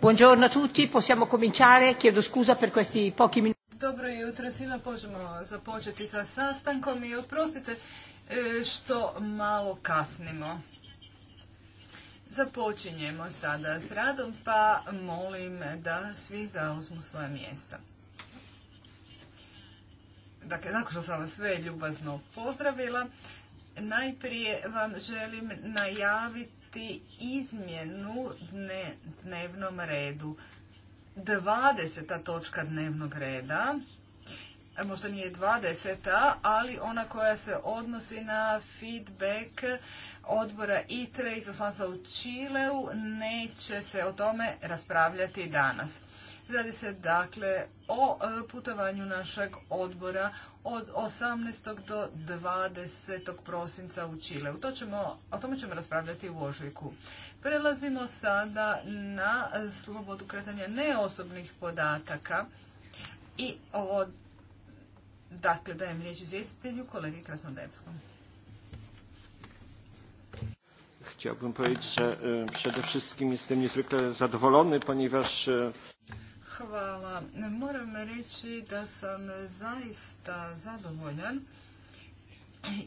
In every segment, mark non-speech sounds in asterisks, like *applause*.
Buongiorno a tutti, possiamo cominciare. Chiedo scusa per questi pochi minuti. Dobro jutro svima, možemo započeti sa sastankom i oprostite e, što malo kasnimo. Započinjemo sada s radom, pa molim da svi zauzmu svoje mjesta. Dakle, nakon što sam vas sve ljubazno pozdravila, najprije vam želim najaviti predložiti izmjenu dnevnom redu. 20. točka dnevnog reda, možda nije 20. ali ona koja se odnosi na feedback odbora ITRE i zaslanca u Čileu, neće se o tome raspravljati danas. Radi se dakle o e, putovanju našeg odbora od 18. do 20. prosinca u Čileu. To ćemo, o tome ćemo raspravljati u ožujku. Prelazimo sada na slobodu kretanja neosobnih podataka i Dakle, dajem riječ izvjestitelju, kolegi Krasnodevskom. Chciałbym powiedzieć, że e, przede wszystkim jestem niezwykle zadowolony, ponieważ... E, Hvala. Moram reći da sam zaista zadovoljan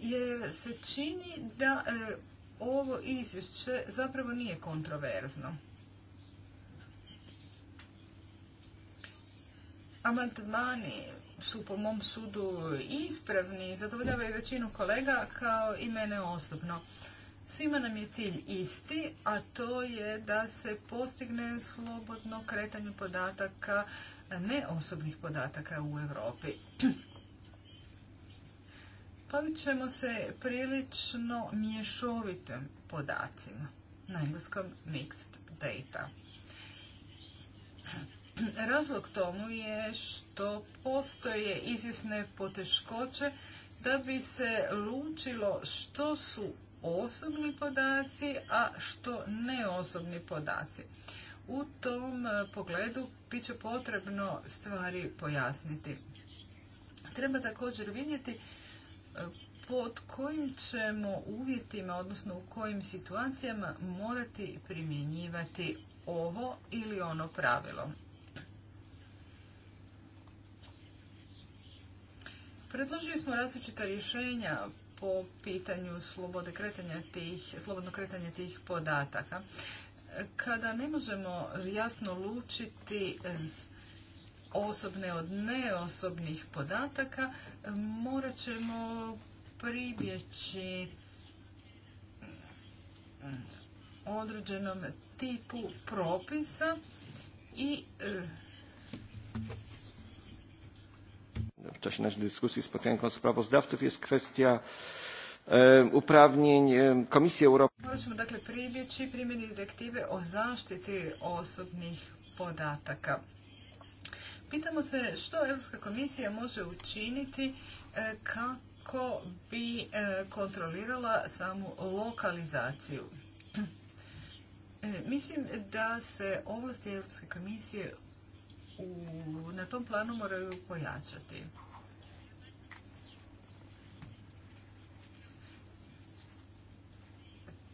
jer se čini da e, ovo izvješće zapravo nije kontroverzno. Amandmani su po mom sudu ispravni, zadovoljavaju većinu kolega kao i mene osobno. Svima nam je cilj isti, a to je da se postigne slobodno kretanje podataka, ne osobnih podataka u Europi. *clears throat* Bavit ćemo se prilično mješovitim podacima, na engleskom mixed data. *clears throat* Razlog tomu je što postoje izvjesne poteškoće da bi se lučilo što su osobni podaci, a što ne osobni podaci. U tom e, pogledu bit će potrebno stvari pojasniti. Treba također vidjeti e, pod kojim ćemo uvjetima, odnosno u kojim situacijama morati primjenjivati ovo ili ono pravilo. Predložili smo različita rješenja po pitanju slobode kretanja tih, slobodno kretanja tih podataka. Kada ne možemo jasno lučiti eh, osobne od neosobnih podataka, morat ćemo pribjeći mm, određenom tipu propisa i eh, w czasie naszej dyskusji z potęgą sprawozdawców jest kwestia uprawnień Komisji Europejskiej. dakle pribjeći primjeni direktive o zaštiti osobnih podataka. Pitamo se što Europska komisija može učiniti e, kako bi e, kontrolirala samu lokalizaciju. *clears throat* E, mislim da se ovlasti Europske komisije na tom planu moraju pojačati.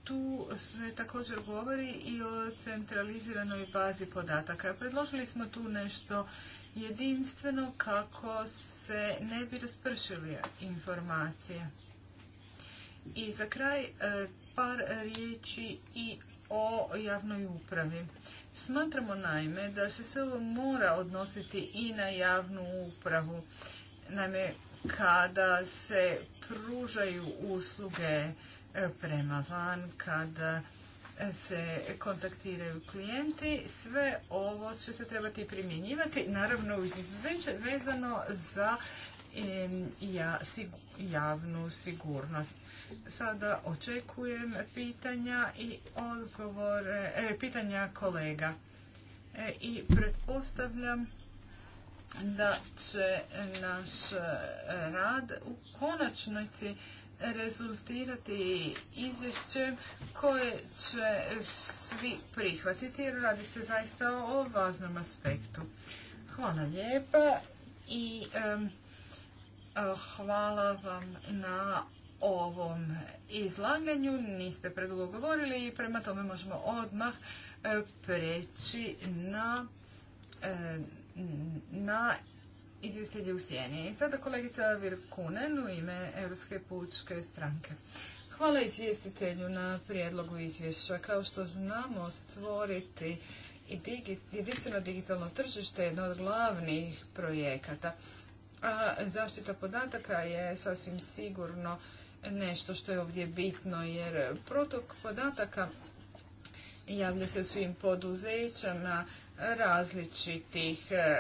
tu se također govori i o centraliziranoj bazi podataka. Predložili smo tu nešto jedinstveno kako se ne bi raspršili informacije. I za kraj e, par riječi i o javnoj upravi. Smatramo naime da se sve ovo mora odnositi i na javnu upravu. Naime, kada se pružaju usluge e, prema van, kada se kontaktiraju klijenti, sve ovo će se trebati primjenjivati, naravno uz izuzeće vezano za javnu sigurnost. Sada očekujem pitanja i odgovore, e, pitanja kolega. E, I pretpostavljam da će naš e, rad u konačnici rezultirati izvješćem koje će svi prihvatiti jer radi se zaista o važnom aspektu. Hvala lijepa i hvala vam na ovom izlaganju. Niste predugo govorili i prema tome možemo odmah e, preći na, e, na u sjeni. I sada kolegica Virkunen u ime Europske pučke stranke. Hvala izvjestitelju na prijedlogu izvješća. Kao što znamo stvoriti i jedinstveno digitalno tržište je jedno od glavnih projekata. A zaštita podataka je sasvim sigurno nešto što je ovdje bitno jer protok podataka javlja se svim poduzećama različitih e,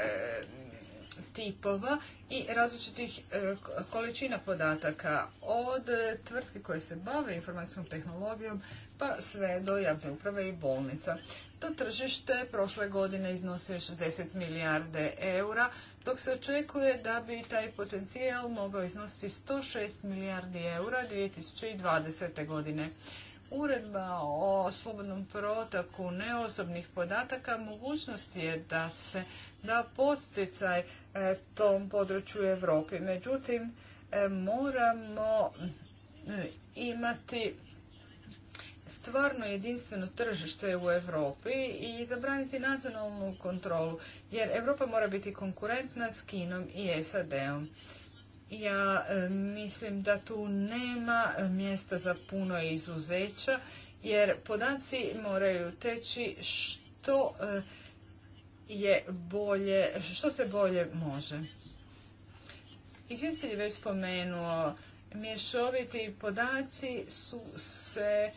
tipova i različitih e, količina podataka od tvrtke koje se bave informacijskom tehnologijom pa sve do javne uprave i bolnica. To tržište prošle godine iznosio 60 milijarde eura, dok se očekuje da bi taj potencijal mogao iznositi 106 milijardi eura 2020. godine. Uredba o slobodnom protoku neosobnih podataka mogućnost je da se da posticaj e, tom području Europi. Međutim, e, moramo e, imati stvarno jedinstveno tržište u Europi i zabraniti nacionalnu kontrolu, jer Europa mora biti konkurentna s Kinom i SAD-om. Ja e, mislim da tu nema mjesta za puno izuzeća, jer podaci moraju teći što e, je bolje, što se bolje može. i je već spomenuo, mješoviti podaci su se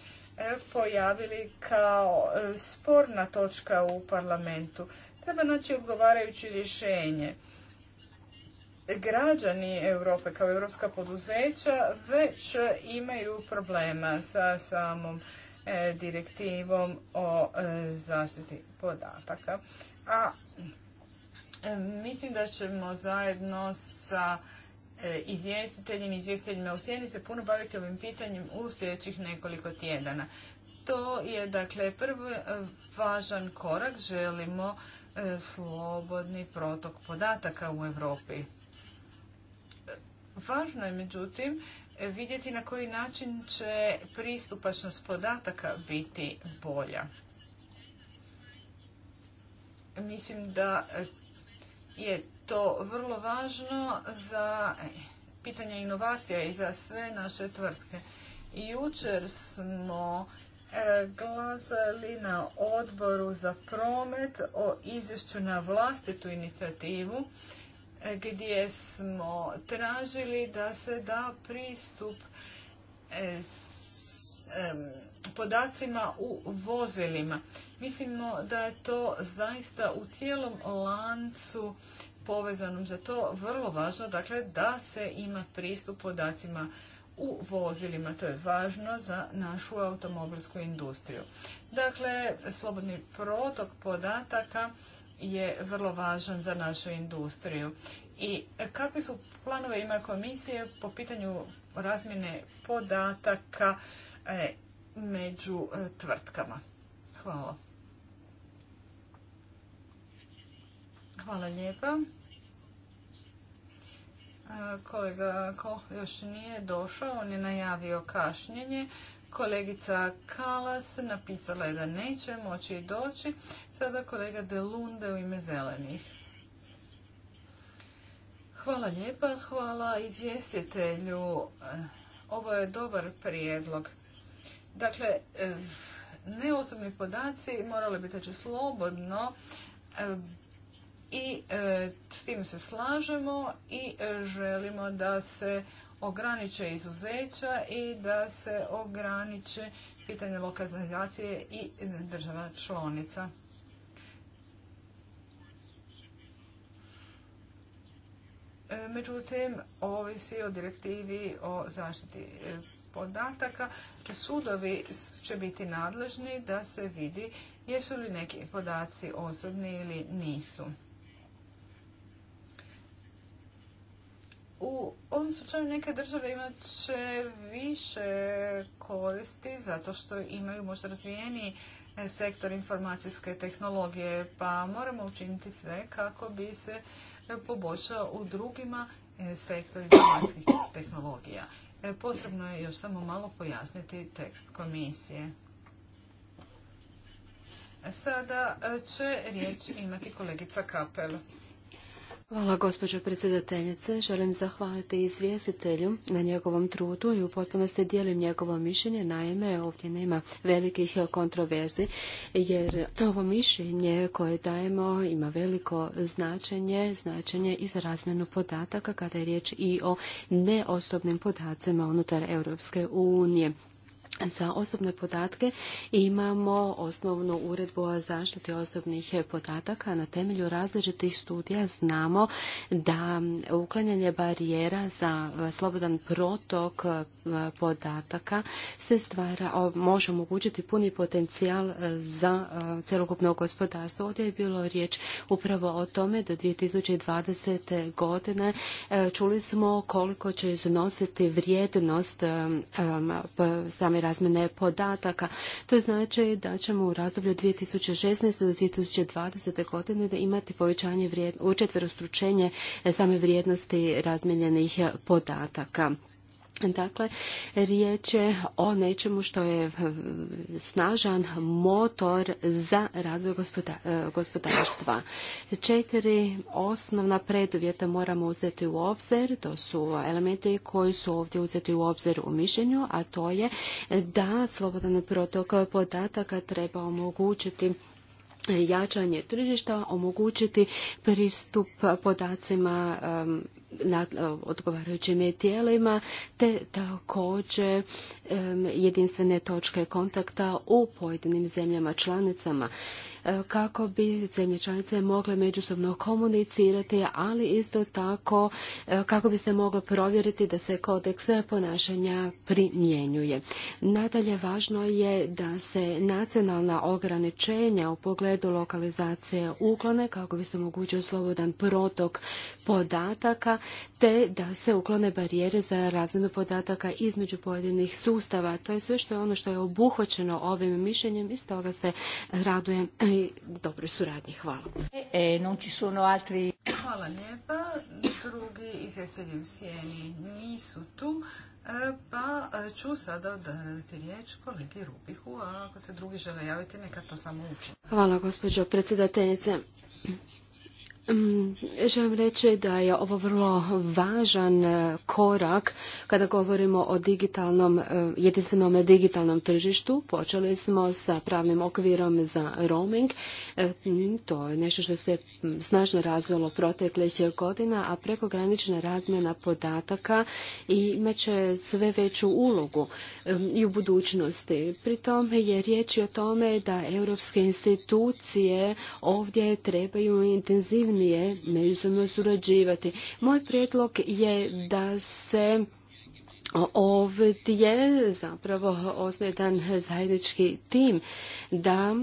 pojavili kao e, sporna točka u parlamentu. Treba naći odgovarajuće rješenje. Građani Europe kao europska poduzeća već imaju problema sa samom e, direktivom o e, zaštiti podataka. A mislim da ćemo zajedno sa E, izvjestiteljima i izvjestiteljima u sjeni se puno baviti ovim pitanjem u sljedećih nekoliko tjedana. To je dakle prvi e, važan korak, želimo e, slobodni protok podataka u Europi. Važno je međutim vidjeti na koji način će pristupačnost podataka biti bolja. Mislim da je to vrlo važno za e, pitanje inovacija i za sve naše tvrtke. Jučer smo e, glasali na odboru za promet o izvješću na vlastitu inicijativu e, gdje smo tražili da se da pristup podacima u vozilima. Mislimo da je to zaista u cijelom lancu povezanom za to vrlo važno dakle, da se ima pristup podacima u vozilima. To je važno za našu automobilsku industriju. Dakle, slobodni protok podataka je vrlo važan za našu industriju. I kakvi su planove ima komisije po pitanju razmjene podataka e, među e, tvrtkama? Hvala. Hvala lijepa. Kolega ko još nije došao, on je najavio kašnjenje. Kolegica Kalas napisala je da neće moći doći. Sada kolega Delunde u ime zelenih. Hvala lijepa, hvala izvjestitelju. Ovo je dobar prijedlog. Dakle, e, neosobni podaci morali bi teći slobodno e, i e, s tim se slažemo i e, želimo da se ograniče izuzeća i da se ograniče pitanje lokalizacije i država članica. E, međutim, ovisi o direktivi o zaštiti e, podataka. Sudovi će biti nadležni da se vidi jesu li neki podaci osobni ili nisu. U ovom slučaju neke države imat će više koristi zato što imaju možda razvijeni e, sektor informacijske tehnologije, pa moramo učiniti sve kako bi se e, poboljšao u drugima e, sektor informacijskih tehnologija. Potrebno je još samo malo pojasniti tekst komisije. Sada će riječ imati kolegica Kapel. Hvala gospođo predsjedateljice. Želim zahvaliti izvjestitelju na njegovom trudu i u potpunosti dijelim njegovo mišljenje. Naime, ovdje nema velikih kontroverzi jer ovo mišljenje koje dajemo ima veliko značenje, značenje i za razmjenu podataka kada je riječ i o neosobnim podacima unutar Europske unije za osobne podatke imamo osnovnu uredbu o zaštiti osobnih podataka. Na temelju različitih studija znamo da uklanjanje barijera za slobodan protok e, podataka se stvara, može omogućiti puni potencijal e, za e, celokupno gospodarstvo. Ovdje je bilo riječ upravo o tome do 2020. godine. Čuli smo koliko će iznositi vrijednost same razmjene podataka. To znači da ćemo u razdoblju 2016. do 2020. godine da imati povećanje u stručenje same vrijednosti razmjenjenih podataka. Dakle, riječ je o nečemu što je snažan motor za razvoj gospodarstva. Četiri osnovna preduvjeta moramo uzeti u obzir, to su elementi koji su ovdje uzeti u obzir u mišljenju, a to je da slobodan protok podataka treba omogućiti jačanje tržišta, omogućiti pristup podacima na odgovarajućim tijelima, te također jedinstvene točke kontakta u pojedinim zemljama članicama kako bi zemlje članice mogle međusobno komunicirati, ali isto tako e, kako bi se moglo provjeriti da se kodeks ponašanja primjenjuje. Nadalje, važno je da se nacionalna ograničenja u pogledu lokalizacije uklone kako bi se omogućio slobodan protok podataka, te da se uklone barijere za razmjenu podataka između pojedinih sustava. To je sve što je ono što je obuhvaćeno ovim mišljenjem i stoga se radujem i dobroj suradnji. Hvala. E, non ci sono altri... Hvala lijepa. Drugi izvjestelji u sjeni nisu tu. E, pa e, ću sada dati riječ kolegi Rubihu, a ako se drugi žele javiti, neka to samo uči. Hvala, gospođo predsjedateljice. Mm, želim reći da je ovo vrlo važan e, korak kada govorimo o digitalnom, e, jedinstvenom digitalnom tržištu. Počeli smo sa pravnim okvirom za roaming. E, mm, to je nešto što se mm, snažno razvilo proteklih godina, a prekogranična razmjena podataka imaće će sve veću ulogu i u budućnosti. Pri tome je riječ o tome da europske institucije ovdje trebaju intenzivno intenzivnije međusobno surađivati. Moj prijedlog je da se ovdje zapravo jedan zajednički tim da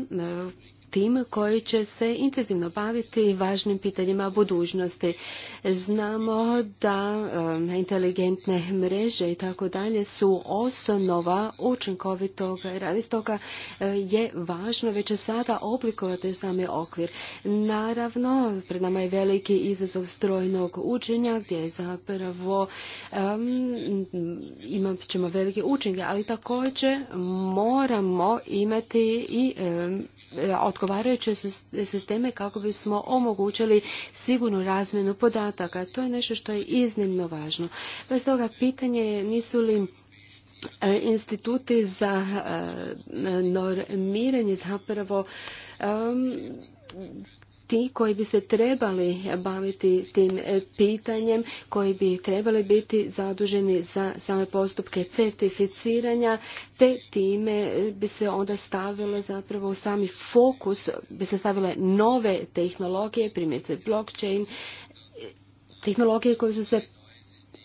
tim koji će se intenzivno baviti važnim pitanjima budućnosti. Znamo da e, inteligentne mreže i tako dalje su osnova učinkovitog radi Stoga e, je važno već sada oblikovati sami okvir. Naravno, pred nama je veliki izazov strojnog učenja gdje zapravo imat ćemo velike učinke, ali također moramo imati i E, odgovarajuće sisteme kako bismo omogućili sigurnu razmjenu podataka. To je nešto što je iznimno važno. Bez toga pitanje je nisu li e, instituti za e, normiranje zapravo ti koji bi se trebali baviti tim e, pitanjem, koji bi trebali biti zaduženi za same postupke certificiranja, te time e, bi se onda stavile zapravo u sami fokus, bi se stavile nove tehnologije, primjerice blockchain, e, tehnologije koje su se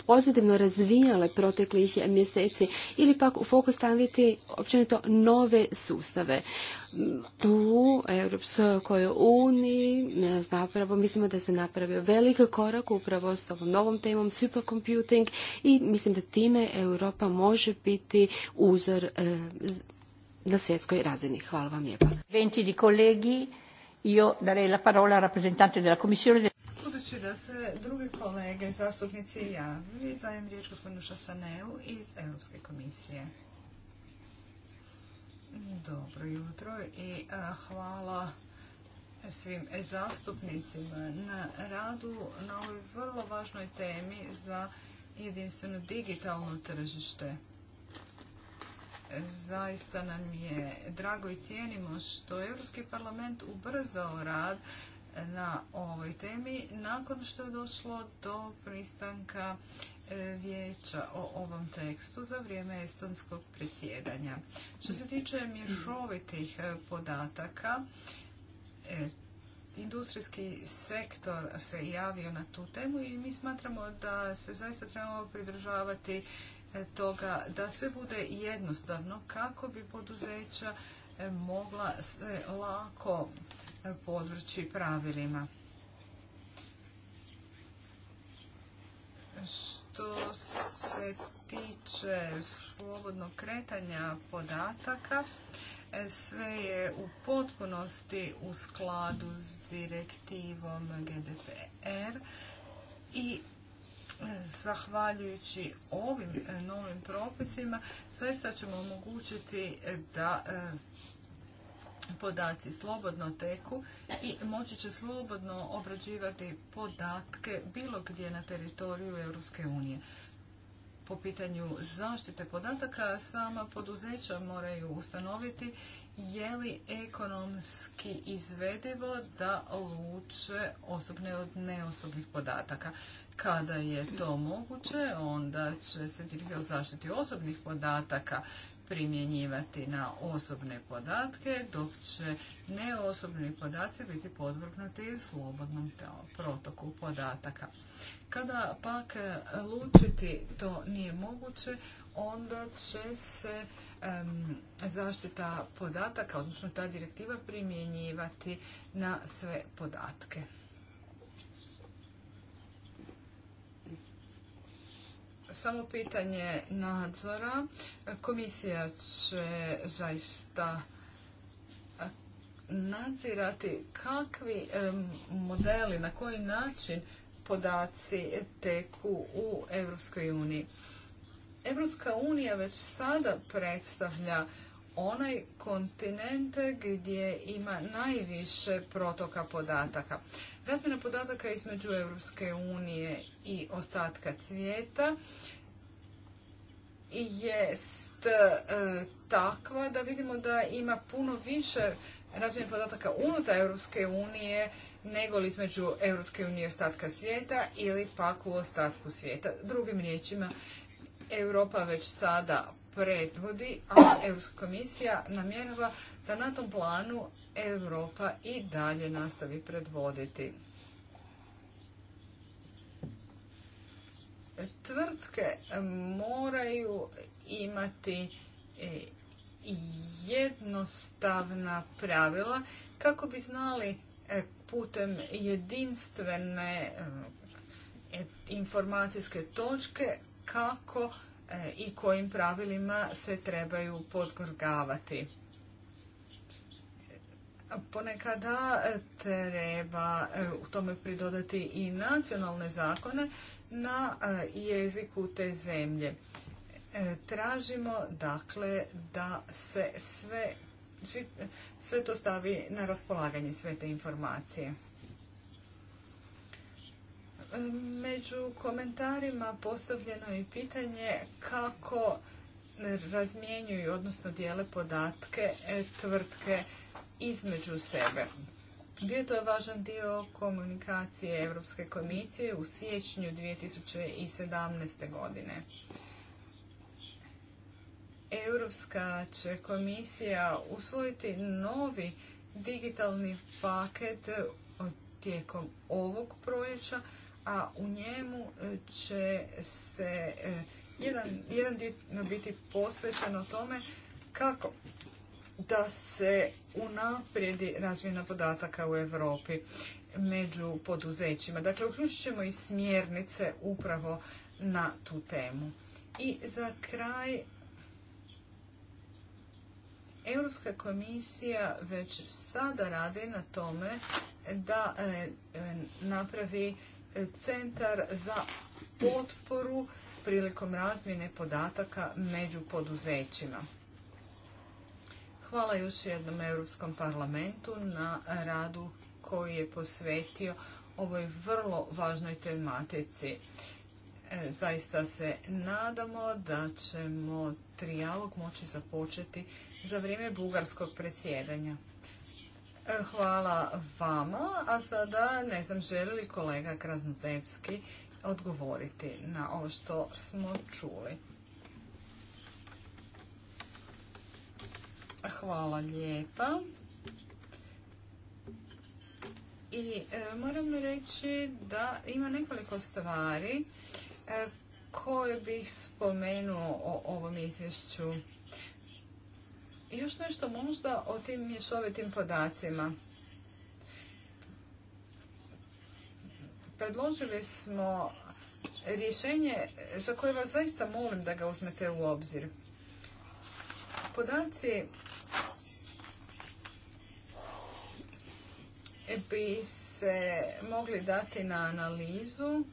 pozitivno razvijale proteklih mjeseci ili pak u fokus staviti općenito nove sustave. U Europskoj uniji zapravo mislimo da se napravio velik korak upravo s ovom novom temom supercomputing i mislim da time Europa može biti uzor e, na svjetskoj razini. Hvala vam lijepa. di kolegi, io la parola Budući da se drugi kolege i zastupnici vi zajem riječ gospodinu Šasaneu iz Europske komisije. Dobro jutro i hvala svim zastupnicima na radu na ovoj vrlo važnoj temi za jedinstveno digitalno tržište. Zaista nam je drago i cijenimo što je Europski parlament ubrzao rad na ovoj temi nakon što je došlo do pristanka e, vijeća o ovom tekstu za vrijeme estonskog predsjedanja. Što se tiče mješovitih e, podataka, e, industrijski sektor se javio na tu temu i mi smatramo da se zaista trebamo pridržavati toga da sve bude jednostavno kako bi poduzeća mogla lako podvrći pravilima. Što se tiče slobodnog kretanja podataka, sve je u potpunosti u skladu s direktivom GDPR i zahvaljujući ovim novim propisima zaista ćemo omogućiti da podaci slobodno teku i moći će slobodno obrađivati podatke bilo gdje na teritoriju Europske unije. Po pitanju zaštite podataka sama poduzeća moraju ustanoviti je li ekonomski izvedivo da luče osobne od neosobnih podataka. Kada je to moguće, onda će se dirigio zaštiti osobnih podataka primjenjivati na osobne podatke, dok će neosobni podaci biti podvrgnuti slobodnom protoku podataka. Kada pak e, lučiti to nije moguće, onda će se zaštita podataka, odnosno ta direktiva primjenjivati na sve podatke. samo pitanje nadzora. Komisija će zaista e, nadzirati kakvi modeli, na koji način podaci teku u Europskoj uniji. Europska unija već sada predstavlja onaj kontinent gdje ima najviše protoka podataka. Razmjena podataka između Europske unije i ostatka svijeta jest e, takva da vidimo da ima puno više razmjene podataka unutar Europske unije nego li između Europske unije i ostatka svijeta ili pak u ostatku svijeta. Drugim riječima, Europa već sada predvodi, a Europska komisija namjerava da na tom planu Europa i dalje nastavi predvoditi. Tvrtke moraju imati e, jednostavna pravila kako bi znali e, putem jedinstvene e, informacijske točke kako E, i kojim pravilima se trebaju podgorgavati. Ponekada e, treba e, u tome pridodati i nacionalne zakone na jeziku te zemlje. Tražimo dakle da se sve, sve to stavi na raspolaganje, sve te informacije. Među komentarima postavljeno je pitanje kako razmjenjuju, odnosno dijele podatke e, tvrtke između sebe. Bio to je važan dio komunikacije Europske komisije u siječnju 2017. godine. Europska će komisija usvojiti novi digitalni paket tijekom ovog proljeća a u njemu e, će se e, jedan, jedan dio biti posvećeno tome kako da se unaprijedi razmjena podataka u Europi među poduzećima. Dakle, uključit ćemo i smjernice upravo na tu temu. I za kraj, Europska komisija već sada radi na tome da e, napravi centar za potporu prilikom razmjene podataka među poduzećima. Hvala još jednom Europskom parlamentu na radu koji je posvetio ovoj vrlo važnoj tematici. E, zaista se nadamo da ćemo trijalog moći započeti za vrijeme bugarskog predsjedanja. Hvala vama, a sada ne znam želi li kolega Krasnodevski odgovoriti na ovo što smo čuli. Hvala lijepa. I e, moram reći da ima nekoliko stvari e, koje bih spomenuo o ovom izvješću. Još nešto možda o tim mješovitim podacima. Predložili smo rješenje za koje vas zaista molim da ga uzmete u obzir. Podaci bi se mogli dati na analizu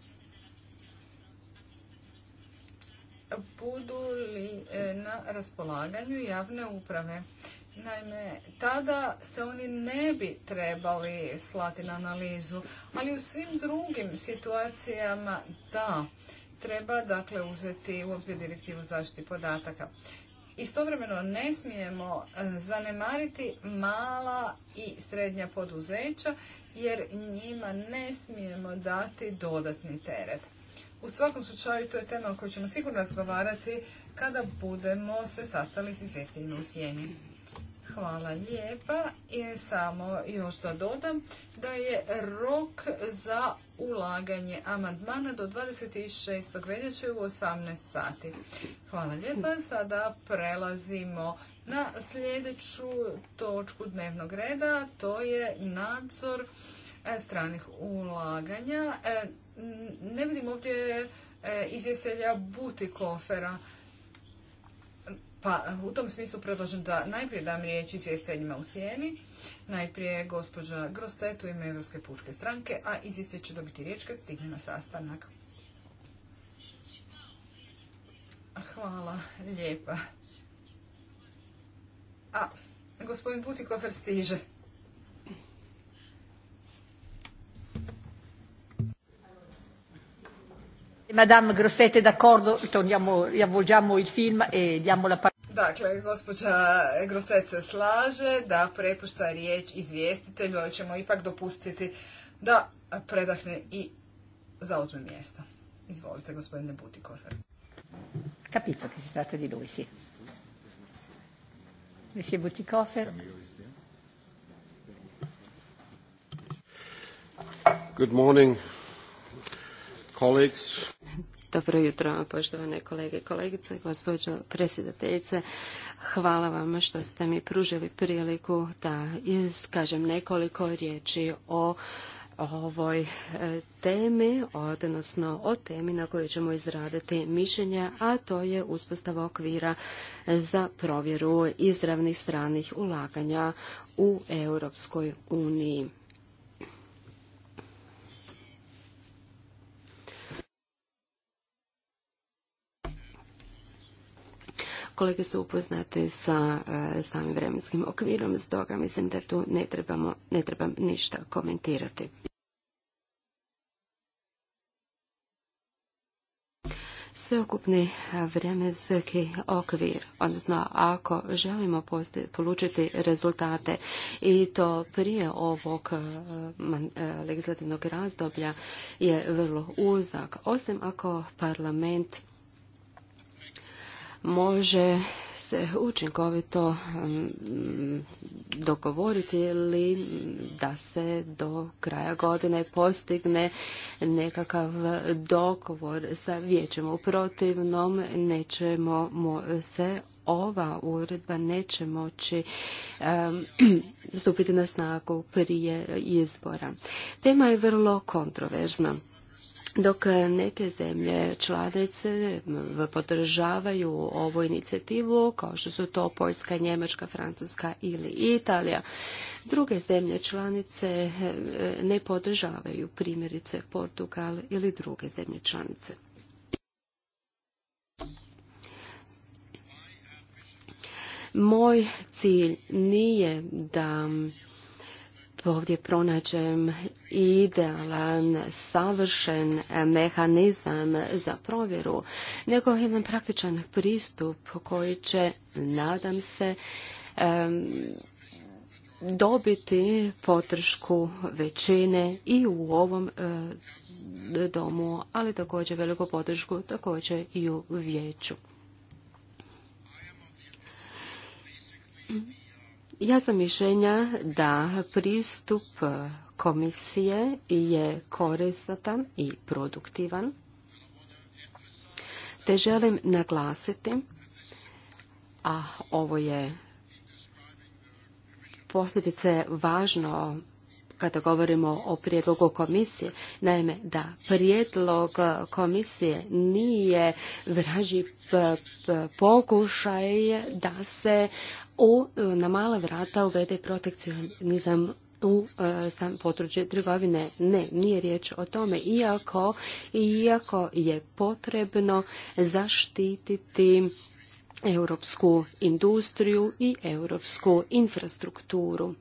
budu li e, na raspolaganju javne uprave. Naime, tada se oni ne bi trebali slati na analizu, ali u svim drugim situacijama da. Treba dakle uzeti u obzir direktivu zaštiti podataka. Istovremeno ne smijemo e, zanemariti mala i srednja poduzeća jer njima ne smijemo dati dodatni teret. U svakom slučaju to je tema o kojoj ćemo sigurno razgovarati kada budemo se sastali s izvjestiteljima u sjeni. Hvala lijepa. I samo još da dodam da je rok za ulaganje amandmana do 26. veljače u 18 sati. Hvala lijepa. Sada prelazimo na sljedeću točku dnevnog reda. To je nadzor e, stranih ulaganja. E, ne vidim ovdje e, izvjestelja Butikofera. Pa u tom smislu predlažem da najprije dam riječ izvjestiteljima u sjeni, najprije gospođa Grostet u ime Europske pučke stranke, a izvjestitelj će dobiti riječ kad stigne na sastanak. Hvala lijepa. A, gospodin Butikofer stiže. E, Madame Grossette d'accordo, torniamo, riavvolgiamo il film e diamo la parola. Dakle, gospođa Grostet se slaže da prepušta riječ izvjestitelju, ali ćemo ipak dopustiti da predahne i zauzme mjesto. Izvolite, gospodine Butikofer. Kapito, che si tratta di lui, sì. Monsieur Butikofer. Good morning, colleagues. Dobro jutro, poštovane kolege i kolegice, gospođo predsjedateljice. Hvala vam što ste mi pružili priliku da iskažem nekoliko riječi o ovoj e, temi, odnosno o temi na kojoj ćemo izraditi mišljenje, a to je uspostava okvira za provjeru izravnih stranih ulaganja u Europskoj uniji. kolege su upoznate sa e, samim vremenskim okvirom, stoga mislim da tu ne, trebamo, ne trebam ništa komentirati. sveukupni vremenski okvir, odnosno ako želimo polučiti rezultate i to prije ovog e, e, legislativnog razdoblja je vrlo uzak, osim ako parlament može se učinkovito mm, dogovoriti ili da se do kraja godine postigne nekakav dogovor sa vijećem. U protivnom nećemo se ova uredba neće moći *clears throat* stupiti na snagu prije izbora. Tema je vrlo kontroverzna dok e, neke zemlje članice podržavaju ovu inicijativu, kao što su to Poljska, Njemačka, Francuska ili Italija. Druge zemlje članice e, ne podržavaju primjerice Portugal ili druge zemlje članice. Moj cilj nije da ovdje pronađem idealan, savršen mehanizam za provjeru, nego jedan praktičan pristup koji će, nadam se, dobiti potršku većine i u ovom e, domu, ali također veliku podršku također i u vijeću. Ja sam mišljenja da pristup e, komisije je koristan i produktivan, te želim naglasiti, a ovo je posljedice važno kada govorimo o prijedlogu komisije. Naime, da prijedlog komisije nije vraži pokušaj da se u, na mala vrata uvede protekcionizam u e, sam područje trgovine. Ne, nije riječ o tome. Iako, iako je potrebno zaštititi europsku industriju i europsku infrastrukturu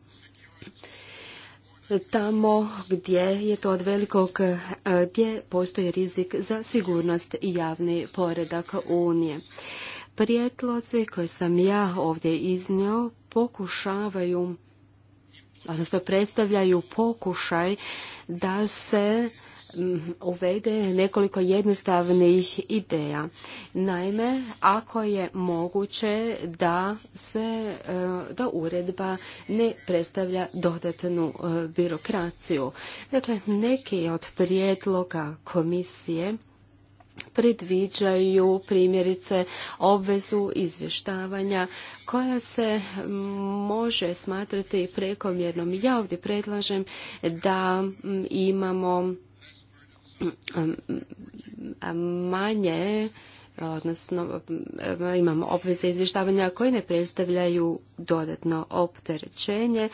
tamo gdje je to od velikog, e, gdje postoji rizik za sigurnost i javni poredak Unije. Prijetloci koje sam ja ovdje iznio pokušavaju, odnosno predstavljaju pokušaj da se uvede nekoliko jednostavnih ideja. Naime, ako je moguće da se e, da uredba ne predstavlja dodatnu e, birokraciju. Dakle, neki od prijedloga komisije predviđaju primjerice obvezu izvještavanja koja se može smatrati prekomjernom. Ja ovdje predlažem da imamo manje odnosno imamo obveze izvještavanja koje ne predstavljaju dodatno opterećenje.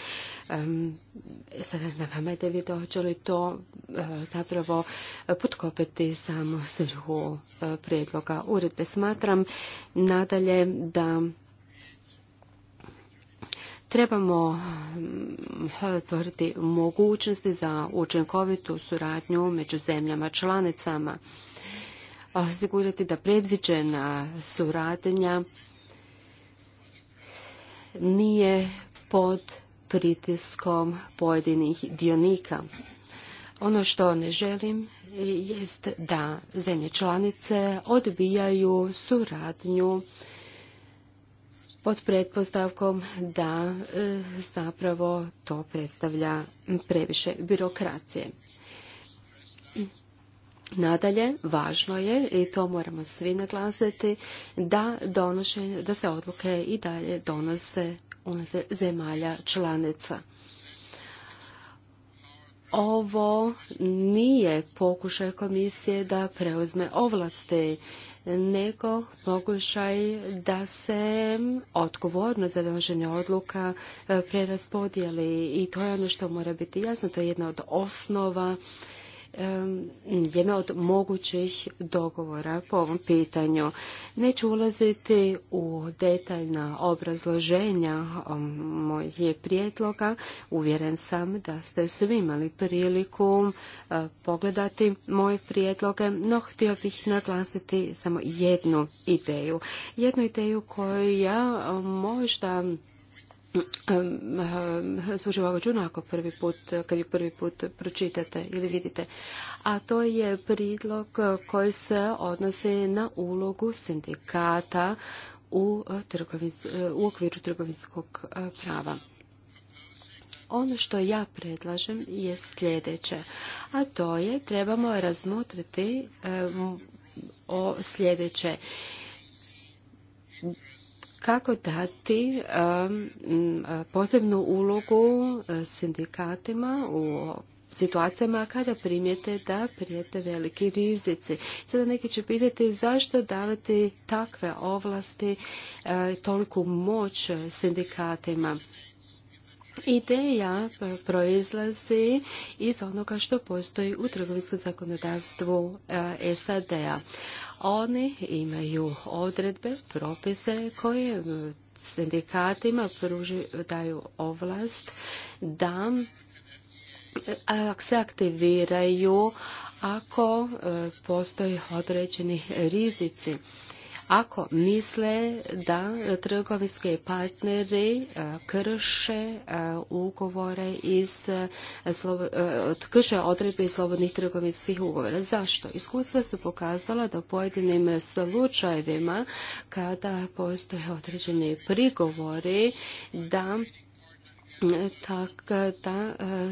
Sada na vama je da vidite hoće li to e, zapravo potkopiti samo svrhu e, prijedloga uredbe. Smatram nadalje da Trebamo otvoriti hm, mogućnosti za učinkovitu suradnju među zemljama članicama, osigurati da predviđena suradnja nije pod pritiskom pojedinih dionika. Ono što ne želim jest da zemlje članice odbijaju suradnju pod pretpostavkom da e, zapravo to predstavlja previše birokracije. Nadalje, važno je, i to moramo svi naglasiti, da, da se odluke i dalje donose unutar zemalja članica. Ovo nije pokušaj komisije da preuzme ovlasti nego pokušaj da se odgovorno za donošenje odluka e, preraspodijeli i to je ono što mora biti jasno, to je jedna od osnova jedna od mogućih dogovora po ovom pitanju. Neću ulaziti u detaljna obrazloženja mojih prijedloga. Uvjeren sam da ste svi imali priliku e, pogledati moje prijedloge, no htio bih naglasiti samo jednu ideju. Jednu ideju koju ja možda ovo računa ako prvi put, kad ju prvi put pročitate ili vidite. A to je pridlog koji se odnosi na ulogu sindikata u, okviru trgovinskog e, prava. Ono što ja predlažem je sljedeće, a to je trebamo razmotriti o sljedeće kako dati posebnu ulogu eh, sindikatima u situacijama kada primijete da prijete veliki rizici. Sada neki će pitati zašto davati takve ovlasti, eh, toliku moć sindikatima. Ideja proizlazi iz onoga što postoji u trgovinskom zakonodavstvu e, SAD-a. Oni imaju odredbe, propise koje sindikatima daju ovlast da e, se aktiviraju ako e, postoji određeni rizici ako misle da trgovinski partneri krše ugovore iz krše odredbe iz slobodnih trgovinskih ugovora. Zašto? Iskustva su pokazala da u pojedinim slučajevima kada postoje određeni prigovori da tako e, da e,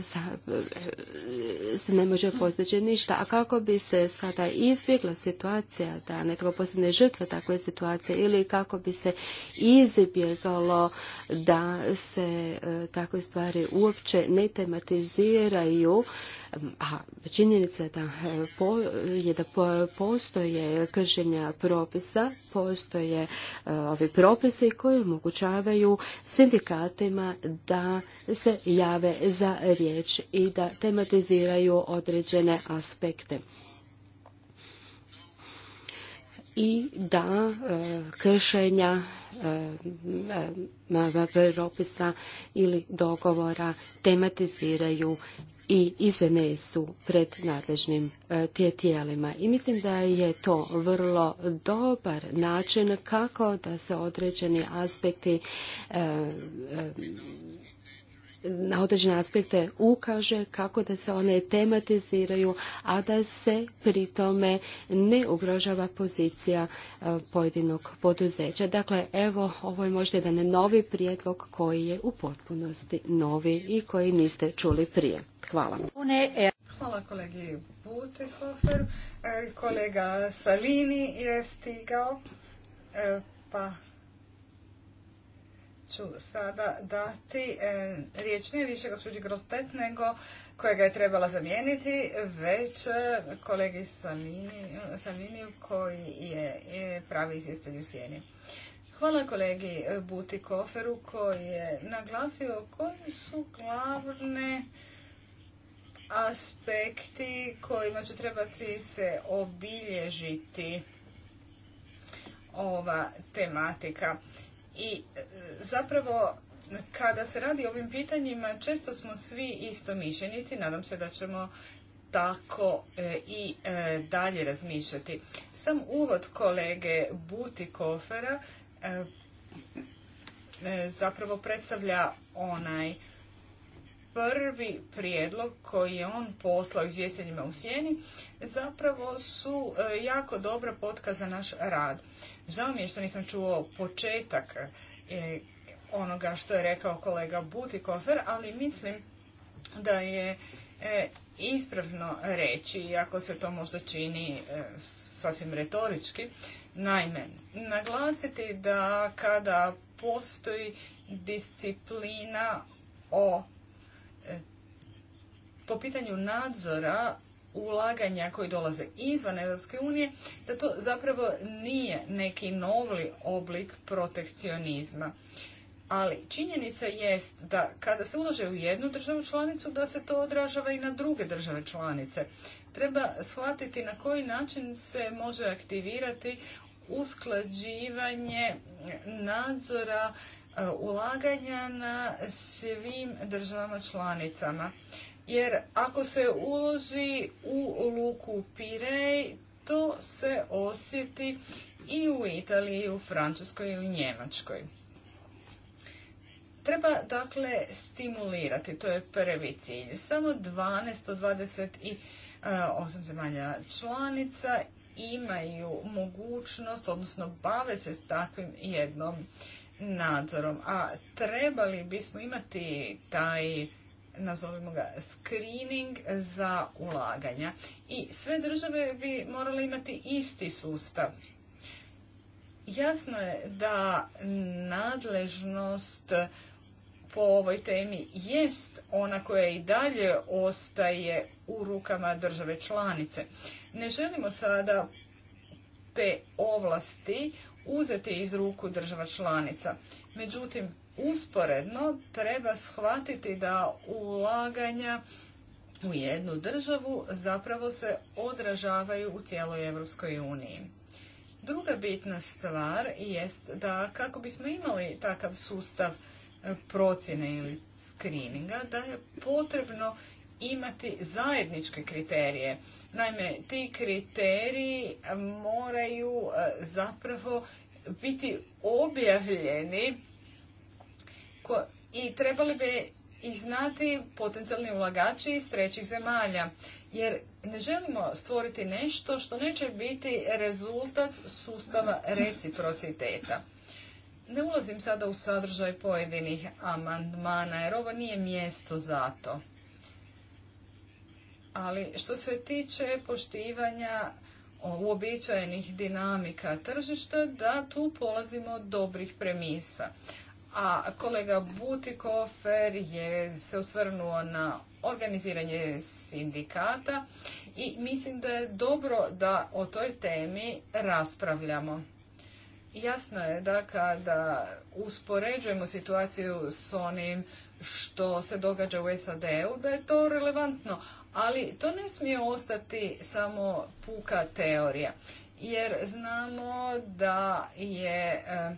e, se ne može postići ništa. A kako bi se sada izbjegla situacija da netko postane žrtva takve situacije ili kako bi se izbjegalo da se takve stvari uopće ne tematiziraju, a činjenica da je da e, postoje kršenja propisa, postoje e, ovi propisi koji omogućavaju sindikatima da se jave za riječ i da tematiziraju određene aspekte i da e, kršenja propisa ili dogovora tematiziraju i izene su pred nadležnim e, tijelima. I mislim da je to vrlo dobar način kako da se određeni aspekti e, e, na određene aspekte ukaže kako da se one tematiziraju, a da se pri tome ne ugrožava pozicija e, pojedinog poduzeća. Dakle, evo, ovo je možda jedan novi prijedlog koji je u potpunosti novi i koji niste čuli prije. Hvala. Hvala kolegi e, Kolega Salini je stigao, e, pa ću sada dati e, riječ ne više gospođi Grostet nego kojega je trebala zamijeniti, već e, kolegi Salini, koji je, je pravi izvjestelj u sjeni. Hvala kolegi Buti Koferu koji je naglasio koji su glavne aspekti kojima će trebati se obilježiti ova tematika. I e, zapravo kada se radi o ovim pitanjima često smo svi isto mišljenici, nadam se da ćemo tako e, i e, dalje razmišljati. Sam uvod kolege Buti Kofera zapravo predstavlja onaj prvi prijedlog koji je on poslao izvjestiteljima u sjeni zapravo su e, jako potka za naš rad. Žao mi je što nisam čuo početak e, onoga što je rekao kolega Butikofer, ali mislim da je e, ispravno reći, iako se to možda čini sasvim retorički, naime, naglasiti da kada postoji disciplina o E, po pitanju nadzora ulaganja koji dolaze izvan Europske unije, da to zapravo nije neki novi oblik protekcionizma. Ali činjenica jest da kada se ulaže u jednu državu članicu, da se to odražava i na druge države članice. Treba shvatiti na koji način se može aktivirati usklađivanje nadzora ulaganja na svim državama članicama. Jer ako se uloži u luku Pirej, to se osjeti i u Italiji, i u Francuskoj, i u Njemačkoj. Treba dakle stimulirati, to je prvi cilj. Samo 12 od 28 e, zemalja članica imaju mogućnost, odnosno bave se s takvim jednom nadzorom. A trebali bismo imati taj nazovimo ga screening za ulaganja i sve države bi morale imati isti sustav. Jasno je da nadležnost po ovoj temi jest ona koja i dalje ostaje u rukama države članice. Ne želimo sada te ovlasti uzeti iz ruku država članica. Međutim, usporedno treba shvatiti da ulaganja u jednu državu zapravo se odražavaju u cijeloj Europskoj uniji. Druga bitna stvar jest da kako bismo imali takav sustav e, procjene ili screeninga, da je potrebno imati zajedničke kriterije. Naime, ti kriteriji eh, moraju eh, zapravo biti objavljeni i trebali bi i znati potencijalni ulagači iz trećih zemalja. Jer ne želimo stvoriti nešto što neće biti rezultat sustava reciprociteta. Ne ulazim sada u sadržaj pojedinih amandmana jer ovo nije mjesto za to. Ali što se tiče poštivanja uobičajenih dinamika tržišta, da tu polazimo od dobrih premisa. A kolega Butikofer je se osvrnuo na organiziranje sindikata i mislim da je dobro da o toj temi raspravljamo. Jasno je da kada uspoređujemo situaciju s onim što se događa u SAD-u, da je to relevantno, ali to ne smije ostati samo puka teorija, jer znamo da je e,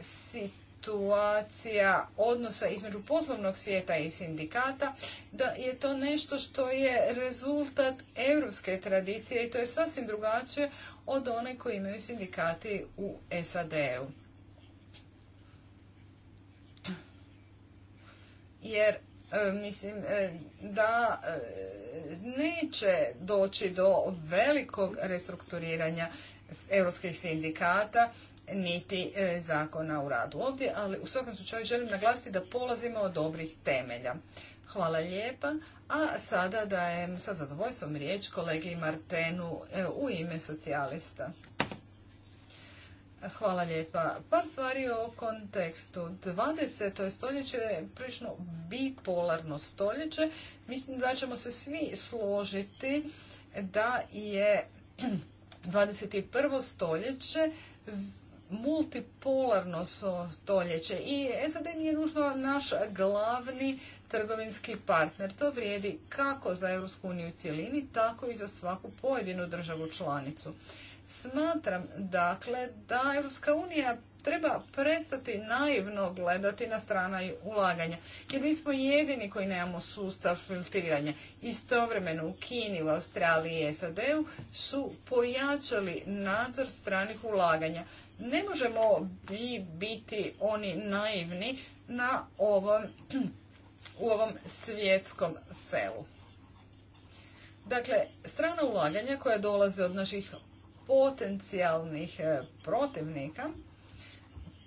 situacija odnosa između poslovnog svijeta i sindikata, da je to nešto što je rezultat europske tradicije i to je sasvim drugačije od one koje imaju sindikati u SAD-u. Jer E, mislim e, da e, neće doći do velikog restrukturiranja europskih sindikata niti zakona u radu ovdje, ali u svakom slučaju želim naglasiti da polazimo od dobrih temelja. Hvala lijepa. A sada dajem sa zadovoljstvom riječ kolegi Martenu u ime socijalista. Hvala lijepa. Par stvari o kontekstu. 20. stoljeće je prilično bipolarno stoljeće. Mislim da ćemo se svi složiti da je 21. *clears throat* stoljeće multipolarno stoljeće i SAD nije nužno naš glavni trgovinski partner. To vrijedi kako za EU u cjelini, tako i za svaku pojedinu državu članicu. Smatram dakle da Europska unija treba prestati naivno gledati na strana i ulaganja. Jer mi smo jedini koji nemamo sustav filtriranja. Istovremeno u Kini, u Australiji i SAD-u su pojačali nadzor stranih ulaganja. Ne možemo biti oni naivni na ovom, *clears throat* u ovom svjetskom selu. Dakle, strana ulaganja koja dolaze od naših potencijalnih e, protivnika,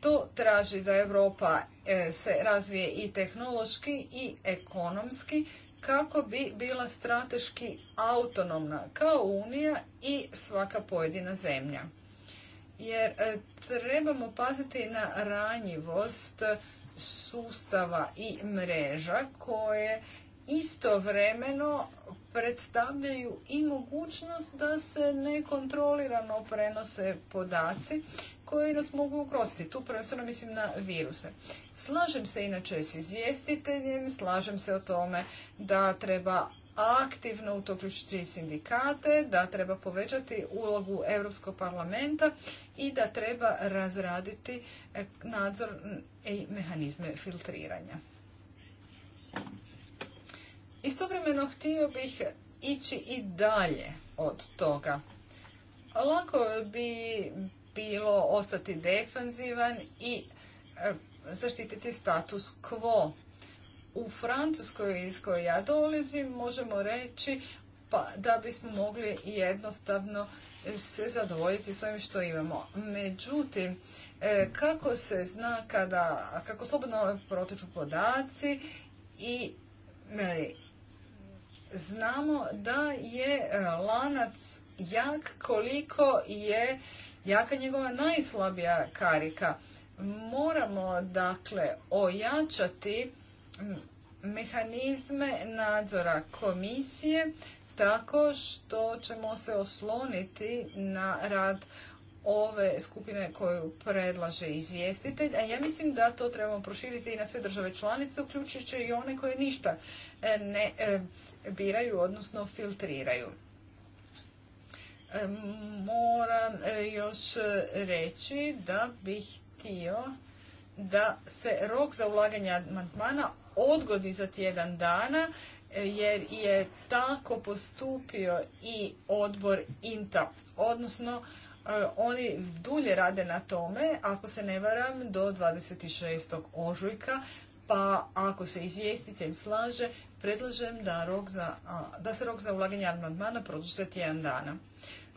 to traži da Europa e, se razvije i tehnološki i ekonomski kako bi bila strateški autonomna kao Unija i svaka pojedina zemlja. Jer e, trebamo paziti na ranjivost sustava i mreža koje istovremeno predstavljaju i mogućnost da se nekontrolirano prenose podaci koji nas mogu ugroziti. Tu prvenstveno mislim na viruse. Slažem se inače s izvjestiteljem, slažem se o tome da treba aktivno u sindikate, da treba povećati ulogu Europskog parlamenta i da treba razraditi eh, nadzor i mehanizme filtriranja. Istovremeno htio bih ići i dalje od toga. Lako bi bilo ostati defanzivan i e, zaštititi status quo. U Francuskoj iz koje ja dolazim možemo reći pa da bismo mogli jednostavno se zadovoljiti s ovim što imamo. Međutim, e, kako se zna kada, kako slobodno protiču podaci i znamo da je e, lanac jak koliko je jaka njegova najslabija karika. Moramo dakle ojačati mehanizme nadzora komisije tako što ćemo se osloniti na rad ove skupine koju predlaže izvjestitelj, a ja mislim da to trebamo proširiti i na sve države članice, uključujući i one koje ništa e, ne e, biraju, odnosno filtriraju. E, moram još reći da bih htio da se rok za ulaganje amandmana odgodi za tjedan dana, jer je tako postupio i odbor INTA, odnosno E, oni dulje rade na tome, ako se ne varam, do 26. ožujka, pa ako se izvjestitelj slaže, predlažem da, da se rok za ulaganje amandmana produži za tjedan dana.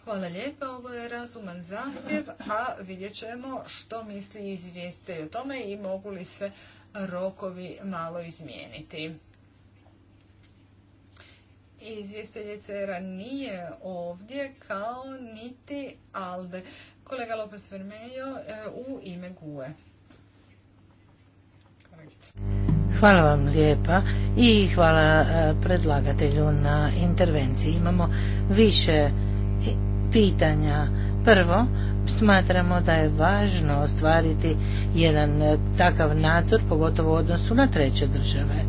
Hvala lijepa, ovo je razuman zahtjev, a vidjet ćemo što misli izvjestitelj o tome i mogu li se rokovi malo izmijeniti izvjestiteljica Era nije ovdje kao niti Alde. Kolega Lopez Vermejo e, u ime GUE. Hvala vam lijepa i hvala e, predlagatelju na intervenciji. Imamo više pitanja. Prvo, smatramo da je važno ostvariti jedan e, takav nadzor, pogotovo u odnosu na treće države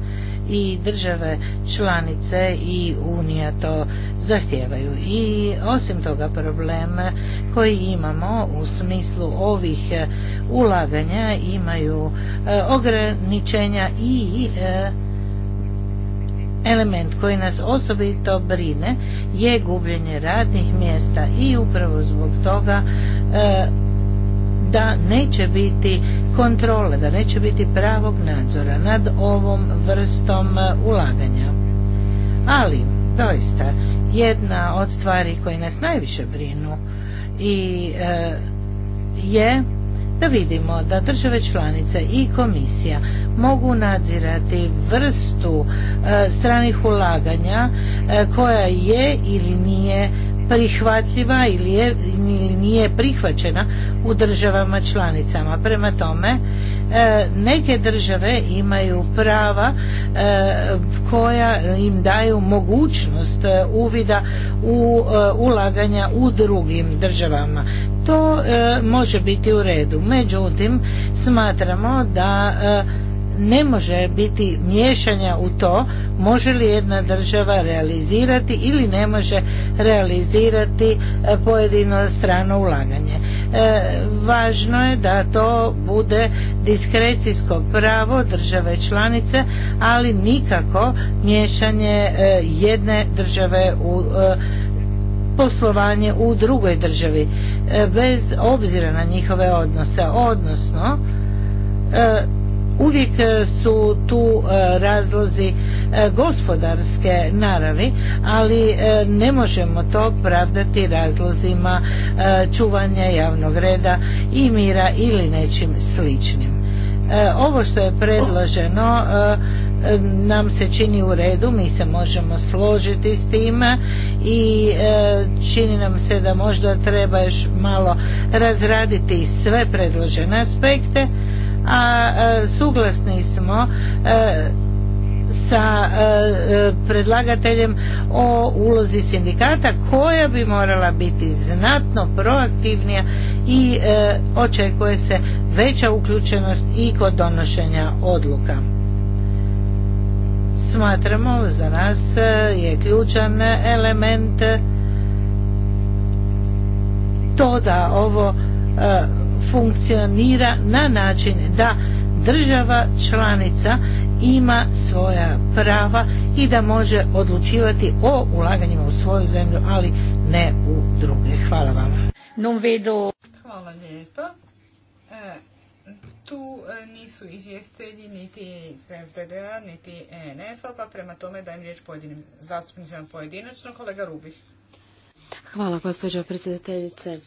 i države članice i Unija to zahtijevaju. I osim toga problem koji imamo u smislu ovih e, ulaganja imaju e, ograničenja i e, element koji nas osobito brine je gubljenje radnih mjesta i upravo zbog toga da neće biti kontrole, da neće biti pravog nadzora nad ovom vrstom e, ulaganja. Ali, doista, jedna od stvari koje nas najviše brinu i e, je da vidimo da države članice i komisija mogu nadzirati vrstu e, stranih ulaganja koja je ili nije prihvatljiva ili, nije prihvaćena u državama članicama. Prema tome, e, neke države imaju prava e, koja im daju mogućnost e, uvida u ulaganja u drugim državama. To može biti u redu. Međutim, smatramo da ne može biti miješanja u to može li jedna država realizirati ili ne može realizirati e, pojedino strano ulaganje. E, važno je da to bude diskrecijsko pravo države članice, ali nikako miješanje e, jedne države u poslovanje u drugoj državi bez obzira na njihove odnose odnosno uvijek e, su tu e, razlozi e, gospodarske naravi, ali ne možemo to pravdati razlozima čuvanja javnog reda i mira ili nečim sličnim. Ovo što je predloženo nam se čini u redu, mi se možemo složiti s time i čini nam se da možda treba još malo razraditi sve predložene aspekte a e, suglasni smo e, sa e, predlagateljem o ulozi sindikata koja bi morala biti znatno proaktivnija i očekuje se veća uključenost i kod donošenja odluka. Smatramo za nas je ključan element to da ovo funkcionira na način da država članica ima svoja prava i da može odlučivati o ulaganjima u svoju zemlju, ali ne u druge. Hvala vam. Hvala lijepa. E, tu e, nisu izvjestelji niti iz niti enf pa prema tome dajem riječ pojedinim zastupnicima pojedinačno. Kolega Rubih. Hvala, gospođo predsjedateljice.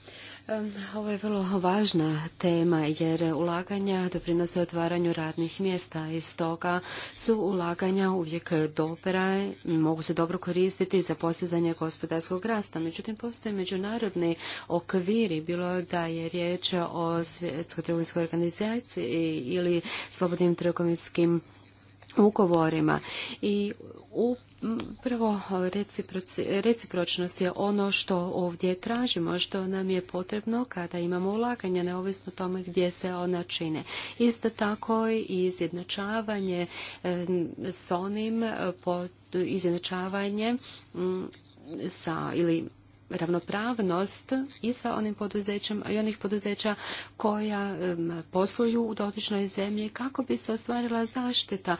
Ovo je vrlo važna tema jer ulaganja doprinose otvaranju radnih mjesta i stoga su ulaganja uvijek dobra, mogu se dobro koristiti za postizanje gospodarskog rasta. Međutim, postoje međunarodni okviri, bilo da je riječ o svjetskoj trgovinskoj organizaciji ili slobodnim trgovinskim ugovorima i u Mm, prvo, recipročnost je ono što ovdje tražimo, što nam je potrebno kada imamo ulaganja, neovisno tome gdje se ona čine. Isto tako i izjednačavanje s onim eh, izjednačavanje mm, sa ili ravnopravnost i sa onim poduzećem i onih poduzeća koja posluju u dotičnoj zemlji kako bi se ostvarila zaštita e,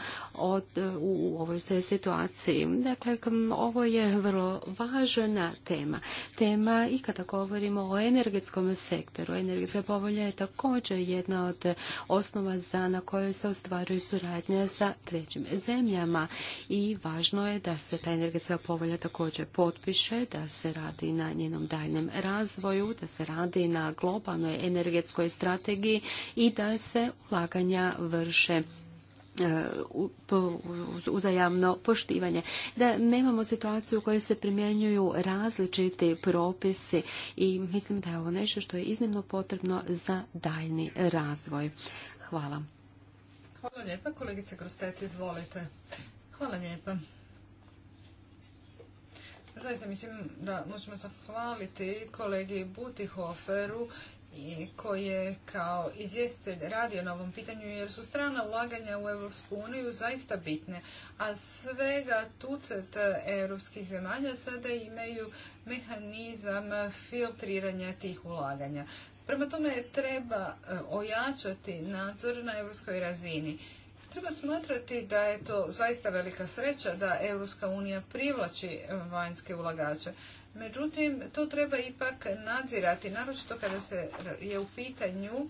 u ovoj situaciji. Dakle, ovo je vrlo važna tema. Tema i kada govorimo o energetskom sektoru. Energetska povolja je također jedna od osnova za na kojoj se ostvaruju suradnja sa trećim zemljama i važno je da se ta energetska povolja također potpiše, da se radi na njenom daljnjem razvoju, da se radi na globalnoj energetskoj strategiji i da se ulaganja vrše e, uzajamno poštivanje. Da nemamo situaciju u kojoj se primjenjuju različiti propisi i mislim da je ovo nešto što je iznimno potrebno za daljni razvoj. Hvala. Hvala lijepa. Kolegice izvolite. Hvala lijepa. Pa zaista mislim da možemo zahvaliti kolegi Butihoferu i koji je kao izvjestitelj radio na ovom pitanju jer su strana ulaganja u Europsku uniju zaista bitne, a svega tucet europskih zemalja sada imaju mehanizam filtriranja tih ulaganja. Prema tome treba e, ojačati nadzor na europskoj razini Treba smatrati da je to zaista velika sreća da Europska unija privlači e, vanjske ulagače. Međutim, to treba ipak nadzirati, naročito kada se je u pitanju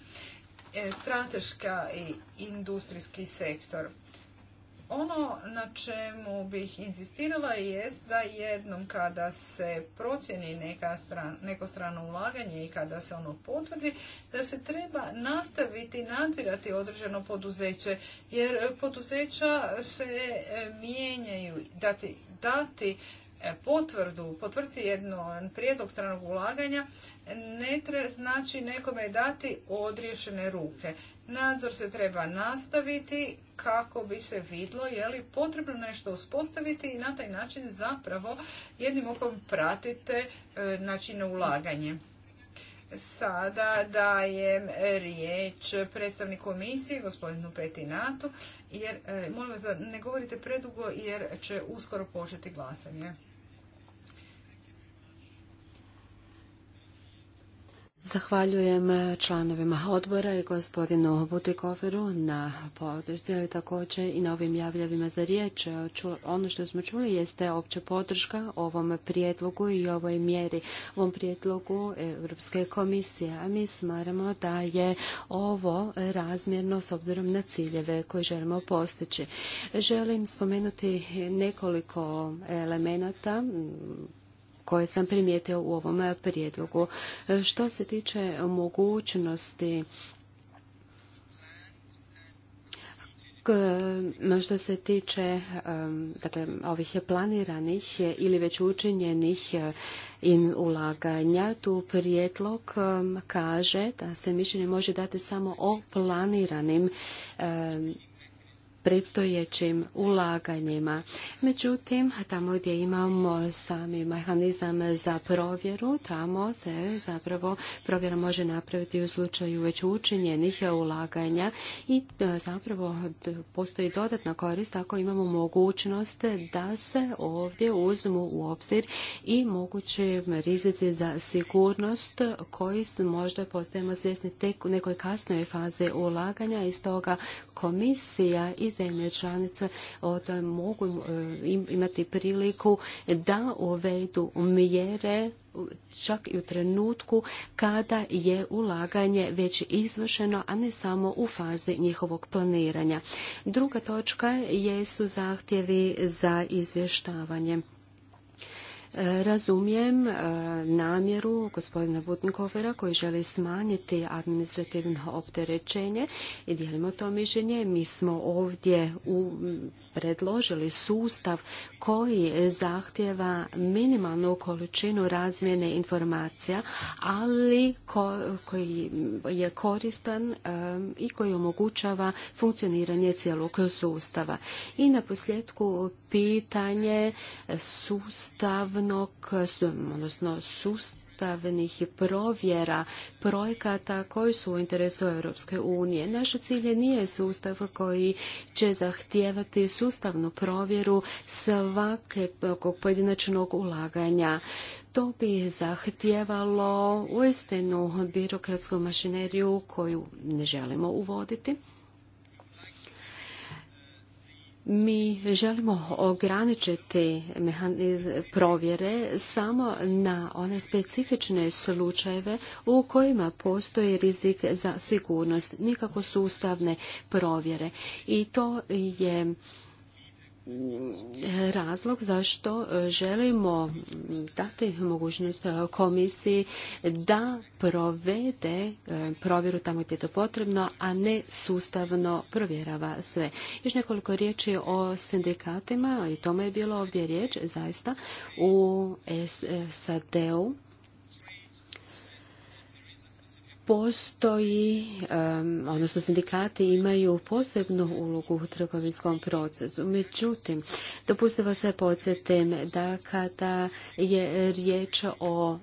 e, strateška i industrijski sektor. Ono na čemu bih insistirala je da jednom kada se procjeni neko strano ulaganje i kada se ono potvrdi, da se treba nastaviti nadzirati određeno poduzeće, jer poduzeća se e, mijenjaju, dati, dati E, potvrdu, potvrditi jedno prijedlog stranog ulaganja, ne treba znači nekome dati odriješene ruke. Nadzor se treba nastaviti kako bi se vidlo je li potrebno nešto uspostaviti i na taj način zapravo jednim okom pratite e, načine ulaganje. Sada dajem riječ predstavnik komisije, gospodinu Petinatu, jer e, molim vas da ne govorite predugo jer će uskoro početi glasanje. Zahvaljujem eh, članovima odbora i gospodinu Butikoferu na podršci, ali također i na ovim javljavima za riječ. Eh, ono što smo čuli jeste opća podrška ovom prijedlogu i ovoj mjeri, ovom prijedlogu Europske komisije. A mi smaramo da je ovo razmjerno s obzirom na ciljeve koje želimo postići. Želim spomenuti nekoliko elemenata koje sam primijetio u ovom prijedlogu. Što se tiče mogućnosti što se tiče dakle, ovih planiranih ili već učinjenih in ulaganja, tu prijedlog kaže da se mišljenje može dati samo o planiranim predstojećim ulaganjima. Međutim, tamo gdje imamo sami mehanizam za provjeru, tamo se zapravo provjera može napraviti u slučaju već učinjenih ulaganja i e, zapravo postoji dodatna korist ako imamo mogućnost da se ovdje uzmu u obzir i moguće rizici za sigurnost koji možda postajemo svjesni tek u nekoj kasnoj fazi ulaganja i stoga komisija iz zemlje članice o tome mogu e, imati priliku da uvedu mjere čak i u trenutku kada je ulaganje već izvršeno, a ne samo u fazi njihovog planiranja. Druga točka jesu zahtjevi za izvještavanje. E, razumijem e, namjeru gospodina Butenkofera koji želi smanjiti administrativno opterećenje i dijelimo to mišljenje. Mi smo ovdje predložili sustav koji zahtjeva minimalnu količinu razmjene informacija, ali koji je koristan e, i koji omogućava funkcioniranje cijelog sustava. I na posljedku pitanje sustav sustavnog, odnosno sustavnih provjera projekata koji su u interesu Europske unije. Naš cilj nije sustav koji će zahtijevati sustavnu provjeru svake pojedinačnog ulaganja to bi zahtijevalo uistinu birokratsku mašineriju koju ne želimo uvoditi. Mi želimo ograničiti provjere samo na one specifične slučajeve u kojima postoji rizik za sigurnost, nikako sustavne provjere. I to je razlog zašto e, želimo dati mogućnost e, komisiji da provede e, provjeru tamo gdje je to potrebno, a ne sustavno provjerava sve. Još nekoliko riječi o sindikatima, i tome je bilo ovdje riječ, zaista, u SAD-u postoji, odnosno sindikati imaju posebnu ulogu u trgovinskom procesu. Međutim, dopustite se podsjetim da kada je riječ o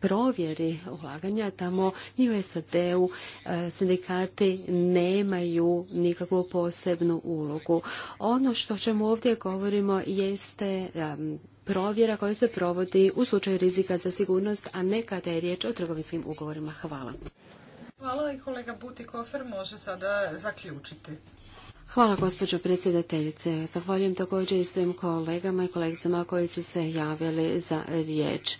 provjeri ulaganja, tamo ni u SAD-u e, sindikati nemaju nikakvu posebnu ulogu. Ono što čemu ovdje govorimo jeste provjera koja se provodi u slučaju rizika za sigurnost, a ne kada je riječ o trgovinskim ugovorima. Hvala. Hvala i kolega Butikofer može sada zaključiti. Hvala gospođo predsjedateljice. Zahvaljujem također i svim kolegama i kolegicama koji su se javili za riječ.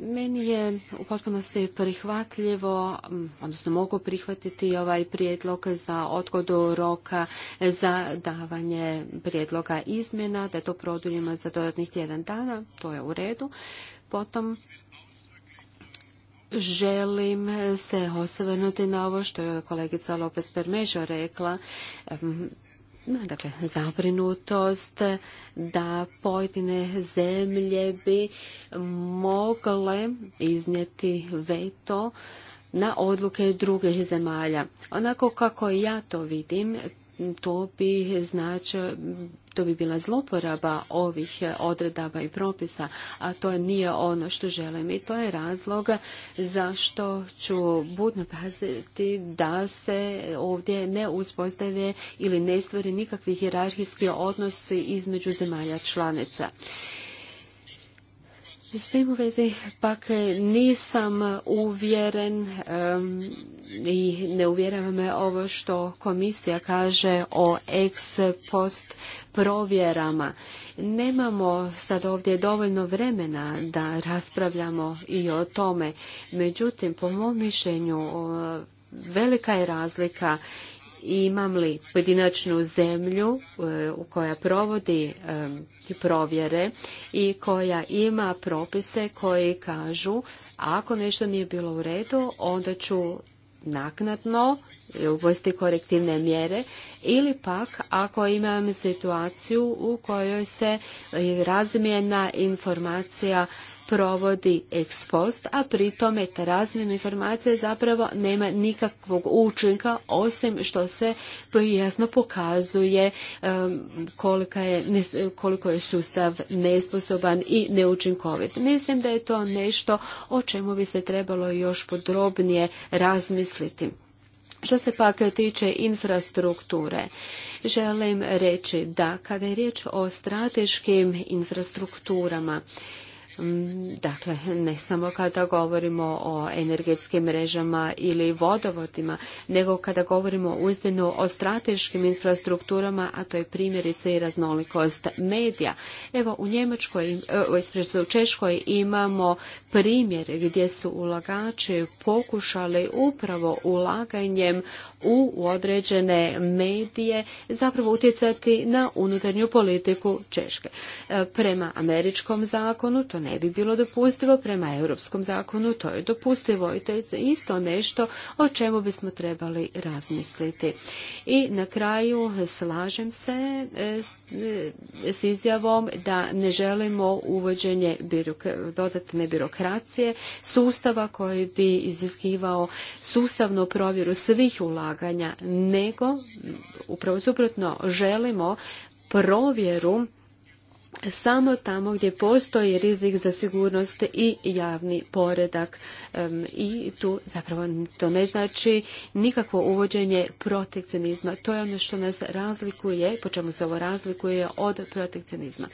Meni je u potpunosti prihvatljivo, odnosno mogu prihvatiti ovaj prijedlog za odgodu roka za davanje prijedloga izmjena, da to produljimo za dodatnih tjedan dana, to je u redu. Potom želim se osvrnuti na ovo što je kolegica Lopez Permežo rekla dakle, zabrinutost da pojedine zemlje bi mogle iznijeti veto na odluke drugih zemalja. Onako kako ja to vidim, to bi značio to bi bila zloporaba ovih e, odredaba i propisa, a to nije ono što želim. I to je razlog zašto ću budno paziti da se ovdje ne uspostave ili ne stvori nikakvi hijerarhijski odnosi između zemalja članica. S tim u vezi pak nisam uvjeren i ne uvjerava me ovo što komisija kaže o ex post provjerama. Nemamo sad ovdje dovoljno vremena da raspravljamo i o tome. Međutim, po mom mišljenju, velika je razlika imam li pojedinačnu zemlju e, koja provodi e, provjere i koja ima propise koji kažu ako nešto nije bilo u redu, onda ću naknadno uvesti korektivne mjere ili pak ako imam situaciju u kojoj se razmjena informacija provodi ex post, a pri tome ta razmjena informacije zapravo nema nikakvog učinka osim što se jasno pokazuje koliko je sustav nesposoban i neučinkovit. Mislim da je to nešto o čemu bi se trebalo još podrobnije razmisliti. Što se pak tiče infrastrukture, želim reći da kada je riječ o strateškim infrastrukturama, Mm, dakle, ne samo kada govorimo o energetskim mrežama ili vodovodima, nego kada govorimo uzdeno o strateškim infrastrukturama, a to je primjerice i raznolikost medija. Evo, u Njemačkoj, e, u Češkoj imamo primjer gdje su ulagači pokušali upravo ulaganjem u određene medije zapravo utjecati na unutarnju politiku Češke. E, prema američkom zakonu to ne bi bilo dopustivo prema europskom zakonu, to je dopustivo i to je isto nešto o čemu bismo trebali razmisliti. I na kraju slažem se e, e, s izjavom da ne želimo uvođenje dodatne birokracije, sustava koji bi iziskivao sustavnu provjeru svih ulaganja, nego upravo suprotno želimo provjeru samo tamo gdje postoji rizik za sigurnost i javni poredak. I tu zapravo to ne znači nikakvo uvođenje protekcionizma. To je ono što nas razlikuje, po čemu se ovo razlikuje od protekcionizma.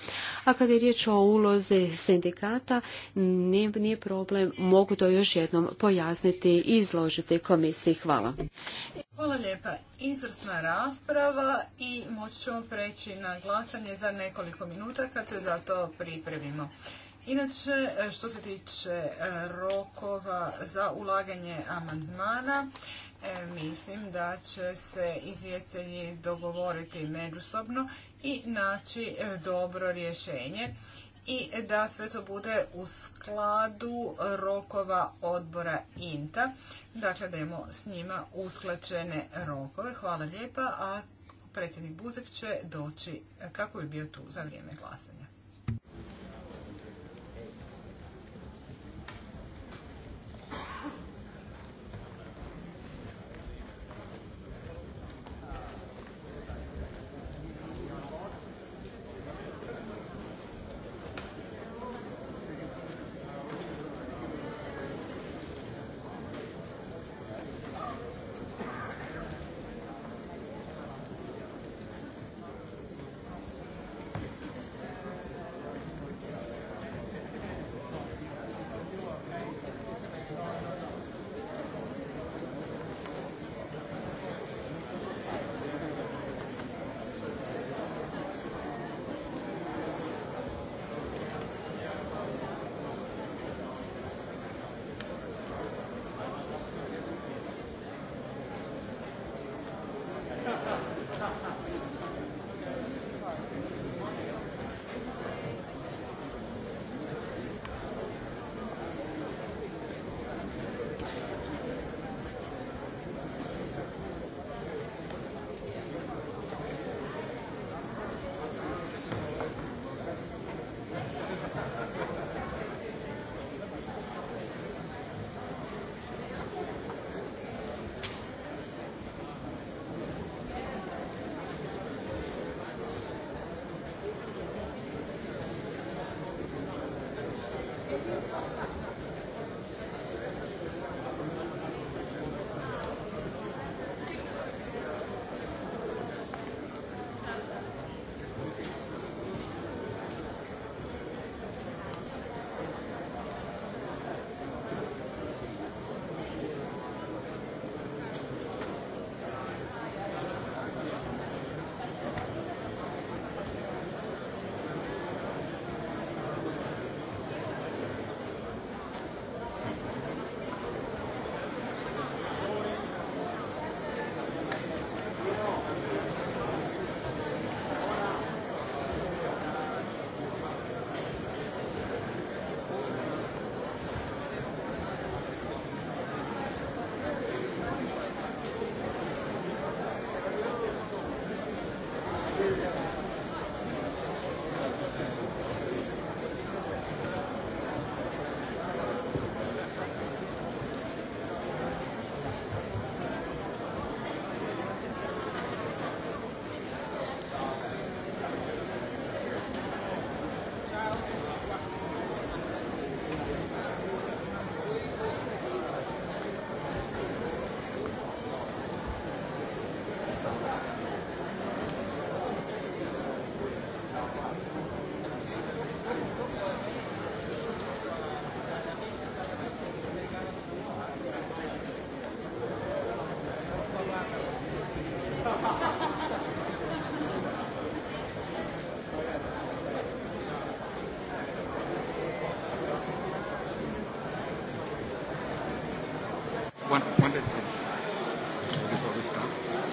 A kada je riječ o ulozi sindikata, nije, nije problem, mogu to još jednom pojasniti i izložiti komisiji. Hvala. Hvala lijepa. Izvrsna rasprava i moći ćemo preći na glasanje za nekoliko minuta kad se za to pripremimo. Inače, što se tiče e, rokova za ulaganje amandmana, e, mislim da će se izvjestitelji dogovoriti međusobno i naći e, dobro rješenje i da sve to bude u skladu rokova odbora INTA. Dakle, da imamo s njima usklačene rokove. Hvala lijepa, a predsjednik Buzek će doći kako je bio tu za vrijeme glasanja.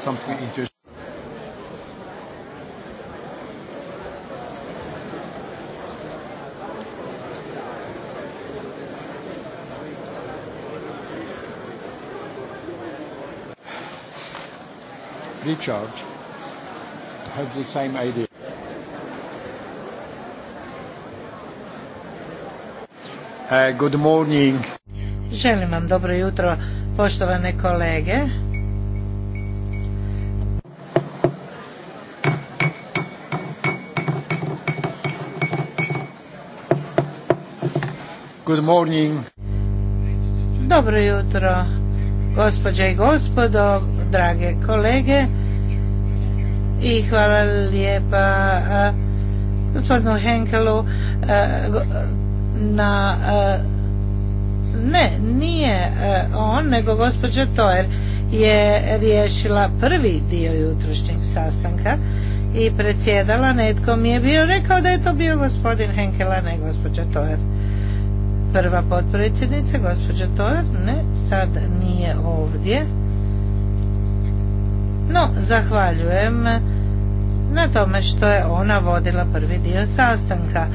something interesting. Richard have the same idea. Uh, good morning. Želim vam dobro jutro, poštovane kolege. Good morning. Dobro jutro, gospođe i gospodo, drage kolege i hvala lijepa gospodinu Henkelu na... ne, nije on, nego gospođa Toer je riješila prvi dio jutrošnjeg sastanka i predsjedala netko mi je bio rekao da je to bio gospodin Henkela, ne gospođa Toer prva potpredsjednica, gospođa Tojer, ne, sad nije ovdje. No, zahvaljujem na tome što je ona vodila prvi dio sastanka.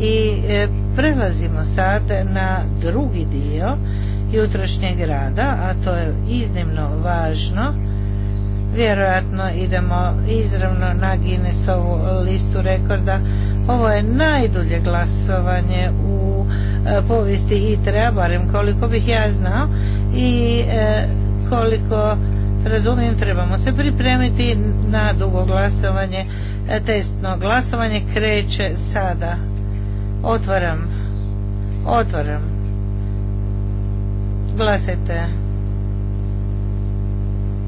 I e, prelazimo sad na drugi dio jutrošnjeg rada, a to je iznimno važno. Vjerojatno idemo izravno na Guinnessovu listu rekorda. Ovo je najdulje glasovanje u E, povijesti treba barem koliko bih ja znao i e, koliko razumijem trebamo se pripremiti na dugo glasovanje e, testno glasovanje kreće sada otvaram otvaram glasajte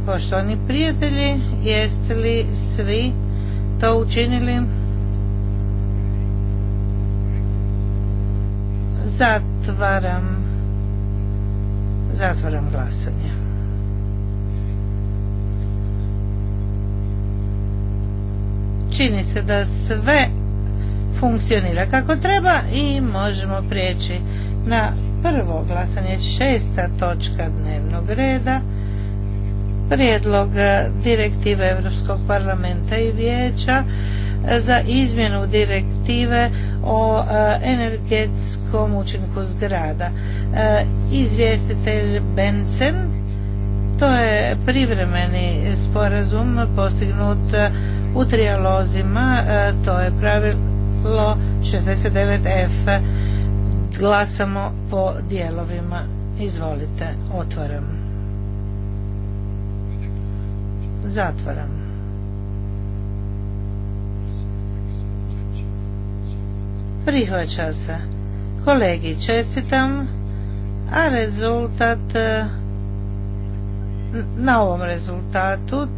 poštovani prijatelji jeste li svi to učinili Zatvaram. Zatvaram glasanje. Čini se da sve funkcionira kako treba i možemo prijeći na prvo glasanje šesta točka dnevnog reda prijedlog eh, direktive Europskog parlamenta i vijeća za izmjenu direktive o e, energetskom učinku zgrada. E, izvjestitelj Bensen, to je privremeni sporazum postignut u trijalozima, e, to je pravilo 69F. Glasamo po dijelovima. Izvolite, otvaram. Zatvaram. Prihvaća se. Kolegi čestitam, a rezultat e, na ovom rezultatu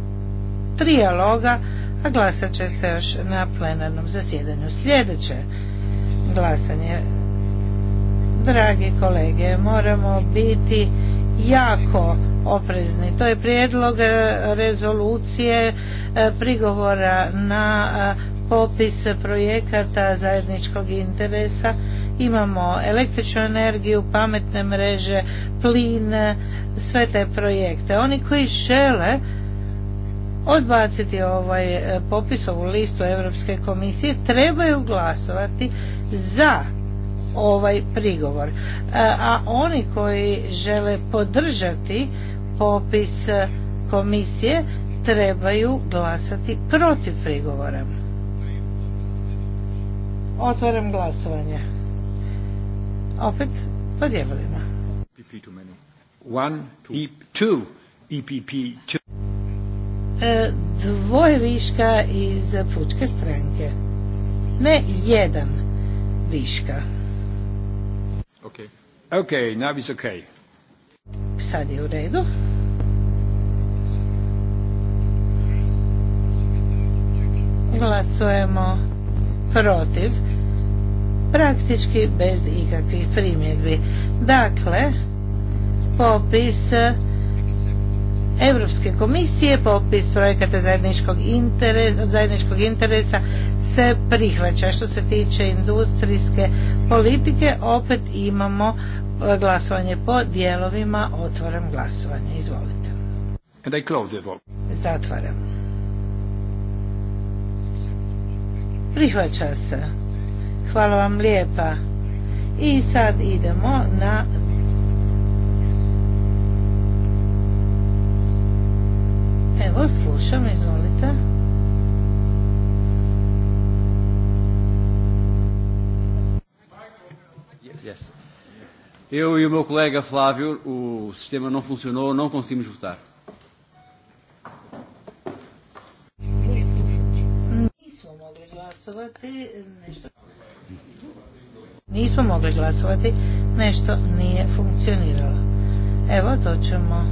trijaloga, a glasat će se još na plenarnom zasjedanju. Sljedeće glasanje. Dragi kolege, moramo biti jako oprezni. To je prijedlog e, rezolucije e, prigovora na popis projekata zajedničkog interesa. Imamo električnu energiju, pametne mreže, plin, sve te projekte. Oni koji žele odbaciti ovaj e, popis, ovu listu Europske komisije, trebaju glasovati za ovaj prigovor. E, a oni koji žele podržati popis e, komisije trebaju glasati protiv prigovora. Otvaram glasovanje. Opet po e e e dvoje viška iz pučke stranke. Ne jedan viška. ok ok now ok Sad je u redu. Glasujemo protiv praktički bez ikakvih primjedbi. Dakle, popis eh, Europske komisije, popis projekata zajedničkog interesa, zajedničkog interesa se prihvaća. Što se tiče industrijske politike, opet imamo eh, glasovanje po dijelovima, otvaram glasovanje. Izvolite. Zatvaram. Prihvaća se. Hvala vam lijepa. I sad idemo na Evo, slušam, izvolite. Yes. Eu e o meu colega Flávio, o sistema não funcionou, não conseguimos votar. glasovati, nešto nismo mogli glasovati, nešto nije funkcioniralo. Evo, to ćemo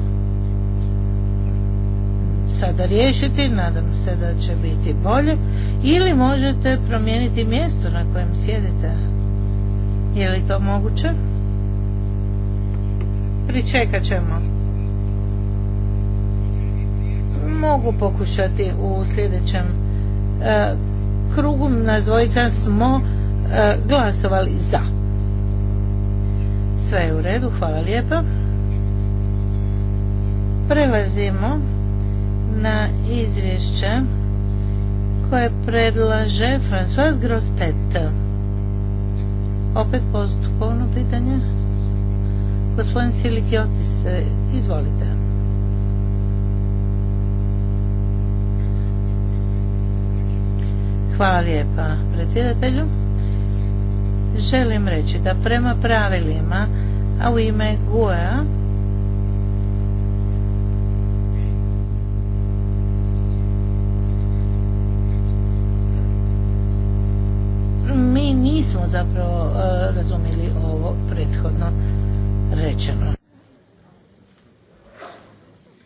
sada riješiti, nadam se da će biti bolje, ili možete promijeniti mjesto na kojem sjedite. Je li to moguće? Pričekat ćemo mogu pokušati u sljedećem e, krugu nas dvojica smo e, glasovali za. Sve je u redu, hvala lijepa. Prelazimo na izvješće koje predlaže François Grostet. Opet postupovno pitanje. Gospodin Silikiotis, e, izvolite. Hvala lijepa predsjedatelju. Želim reći da prema pravilima, a u ime gue mi nismo zapravo e, razumjeli ovo prethodno rečeno.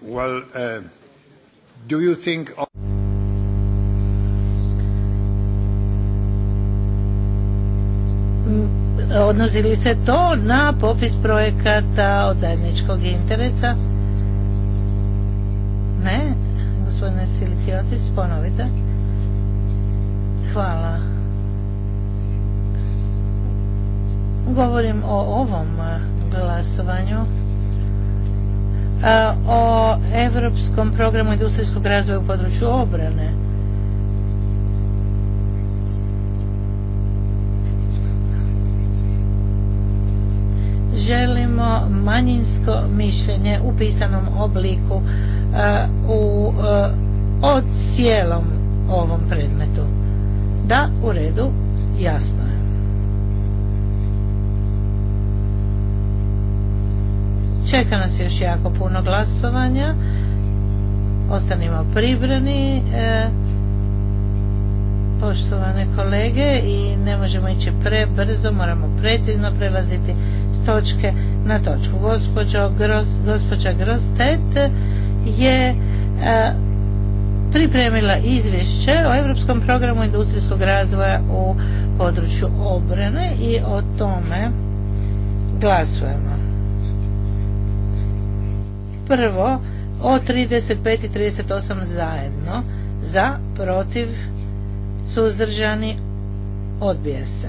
Well, uh, do odnosi li se to na popis projekata od zajedničkog interesa? Ne, gospodine Silikiotis, ponovite. Hvala. Govorim o ovom glasovanju o Europskom programu industrijskog razvoja u području obrane želimo manjinsko mišljenje u pisanom obliku e, u, e, o cijelom ovom predmetu. Da, u redu, jasno je. Čeka nas još jako puno glasovanja. Ostanimo pribrani. E, poštovane kolege i ne možemo ići prebrzo, moramo precizno prelaziti s točke na točku. gospođa Grostet je e, pripremila izvješće o Europskom programu industrijskog razvoja u području obrane i o tome glasujemo. Prvo, o 35 i 38 zajedno, za, protiv, suzdržani, odbija se.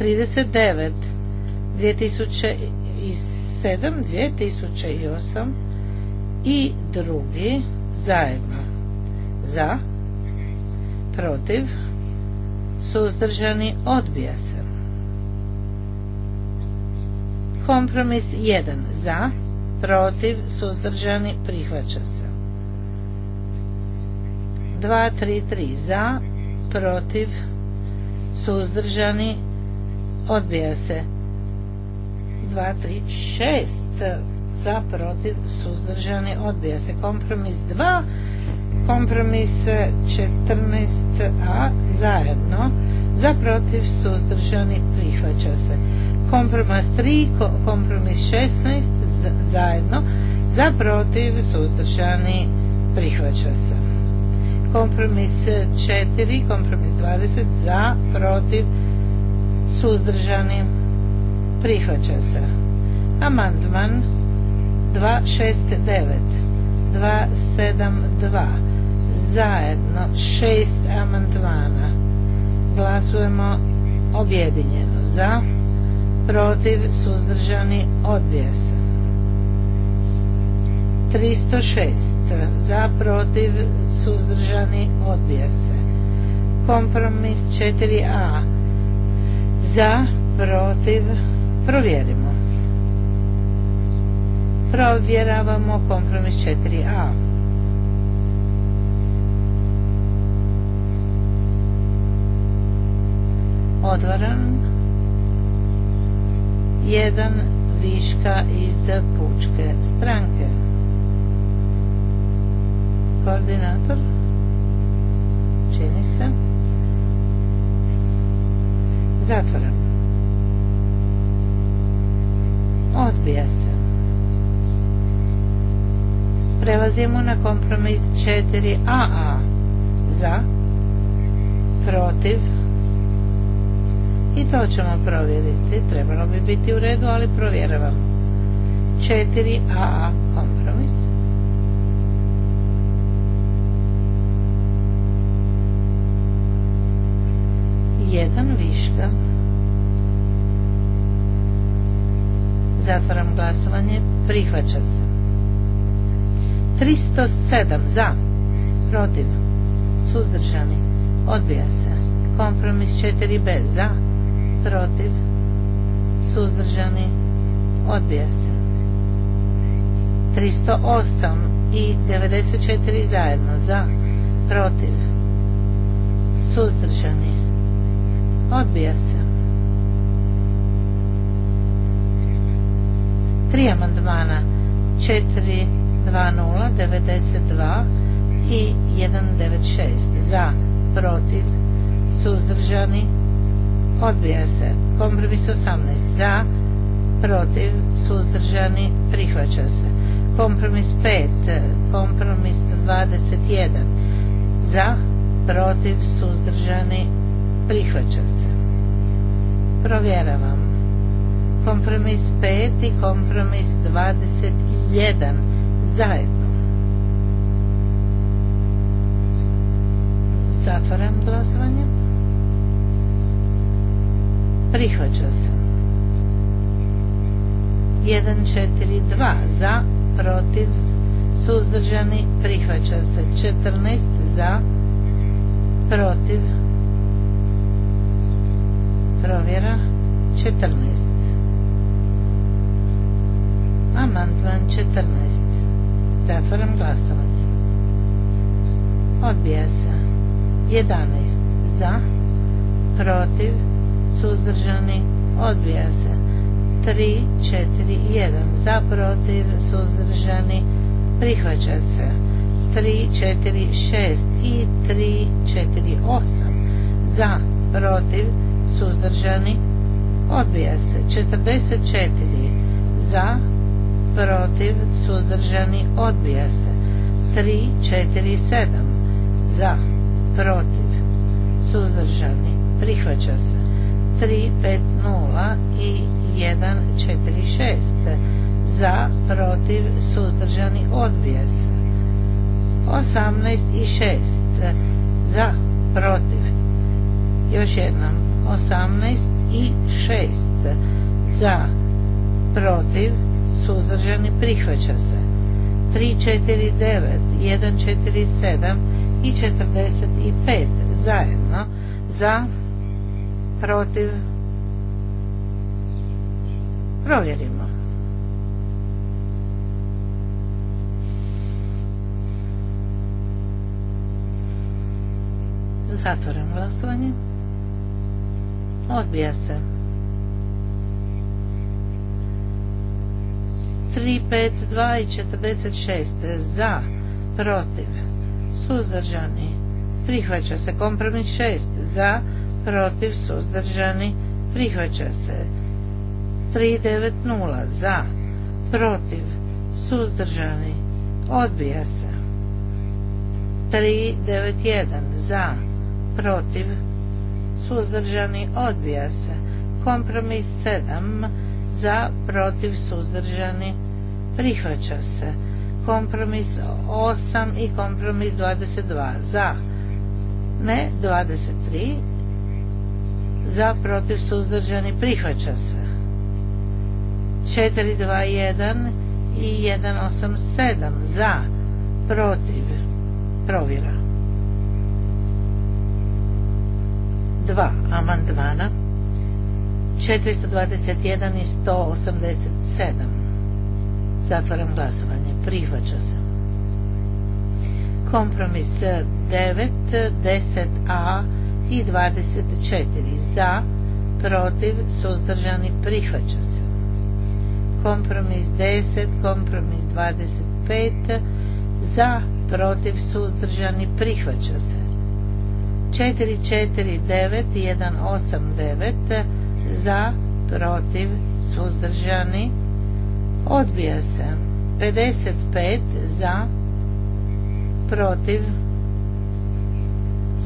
39, 2007, 2008 i drugi zajedno. Za, protiv, suzdržani, odbija se. Kompromis 1 za, protiv, suzdržani, prihvaća se. 233 za, protiv, suzdržani, odbija se. 236 za, protiv, suzdržani, odbija se. Kompromis 2, kompromis 14a zajedno, za, protiv, suzdržani, prihvaća se. Kompromis 3, kompromis 16 zajedno, za, protiv, suzdržani, prihvaća se kompromis 4, e, kompromis 20 za, protiv, suzdržani, prihvaća se. Amandman 269, 272, zajedno šest amandmana. Glasujemo objedinjeno za, protiv, suzdržani, odbija se. 306 za protiv suzdržani odbija se kompromis 4a za protiv provjerimo provjeravamo kompromis 4a otvaram jedan viška iz pučke stranke koordinator čini se zatvoren odbija se prelazimo na kompromis 4AA za protiv i to ćemo provjeriti trebalo bi biti u redu ali provjeravamo 4AA kompromis jedan viška. Zatvaram glasovanje. Prihvaća se. 307 za. Protiv. Suzdržani. Odbija se. Kompromis 4b za. Protiv. Suzdržani. Odbija se. 308 i 94 zajedno za. Protiv. Suzdržani Odbija se. Tri amandmana. 4, 2, 0, 92 i 196. Za, protiv, suzdržani. Odbija se. Kompromis 18. Za, protiv, suzdržani. Prihvaća se. Kompromis 5. Kompromis 21. Za, protiv, suzdržani Prihvaća se. Provjeravam. Kompromis 5 i kompromis 21 zajedno. Zatvaram glasovanje. Prihvaća se. 1 2 za, protiv, suzdržani, prihvaća se. 14 za, protiv, Provjera 14. Amandman 14. Zatvaram glasovanje. Odbija se. 11. Za. Protiv. Suzdržani. Odbija se. 3, 4, 1. Za. Protiv. Suzdržani. Prihvaća se. 3, 4, 6 i 3, 4, 8. Za. Protiv suzdržani, odbija se. 44 za, protiv, suzdržani, odbija se. 3, 4, 7 za, protiv, suzdržani, prihvaća se. 3, 5, 0 i 1, 4, 6 za, protiv, suzdržani, odbija se. 18 i 6 za, protiv. Još jednom 18 i 6 za, protiv, suzdržani prihvaća se. 349, 147 i 45 zajedno za, protiv, provjerimo. Zatvoram glasovanje. Odbija se. 3, 5, 2 i 46. Za. Protiv. Suzdržani. Prihvaća se. Kompromis 6. Za. Protiv. Suzdržani. Prihvaća se. 3, 9, 0. Za. Protiv. Suzdržani. Odbija se. 3, 9, 1. Za. Protiv suzdržani, odbija se. Kompromis 7 za, protiv, suzdržani, prihvaća se. Kompromis 8 i kompromis 22 za, ne, 23 za, protiv, suzdržani, prihvaća se. 421 i 187 za, protiv, provjera. dva amandmana 421 i 187 zatvaram glasovanje prihvaća se kompromis 9 e, 10a i 24 za protiv suzdržani prihvaća se kompromis 10 kompromis 25 za protiv suzdržani prihvaća se 449189 za protiv suzdržani odbija se 55 za protiv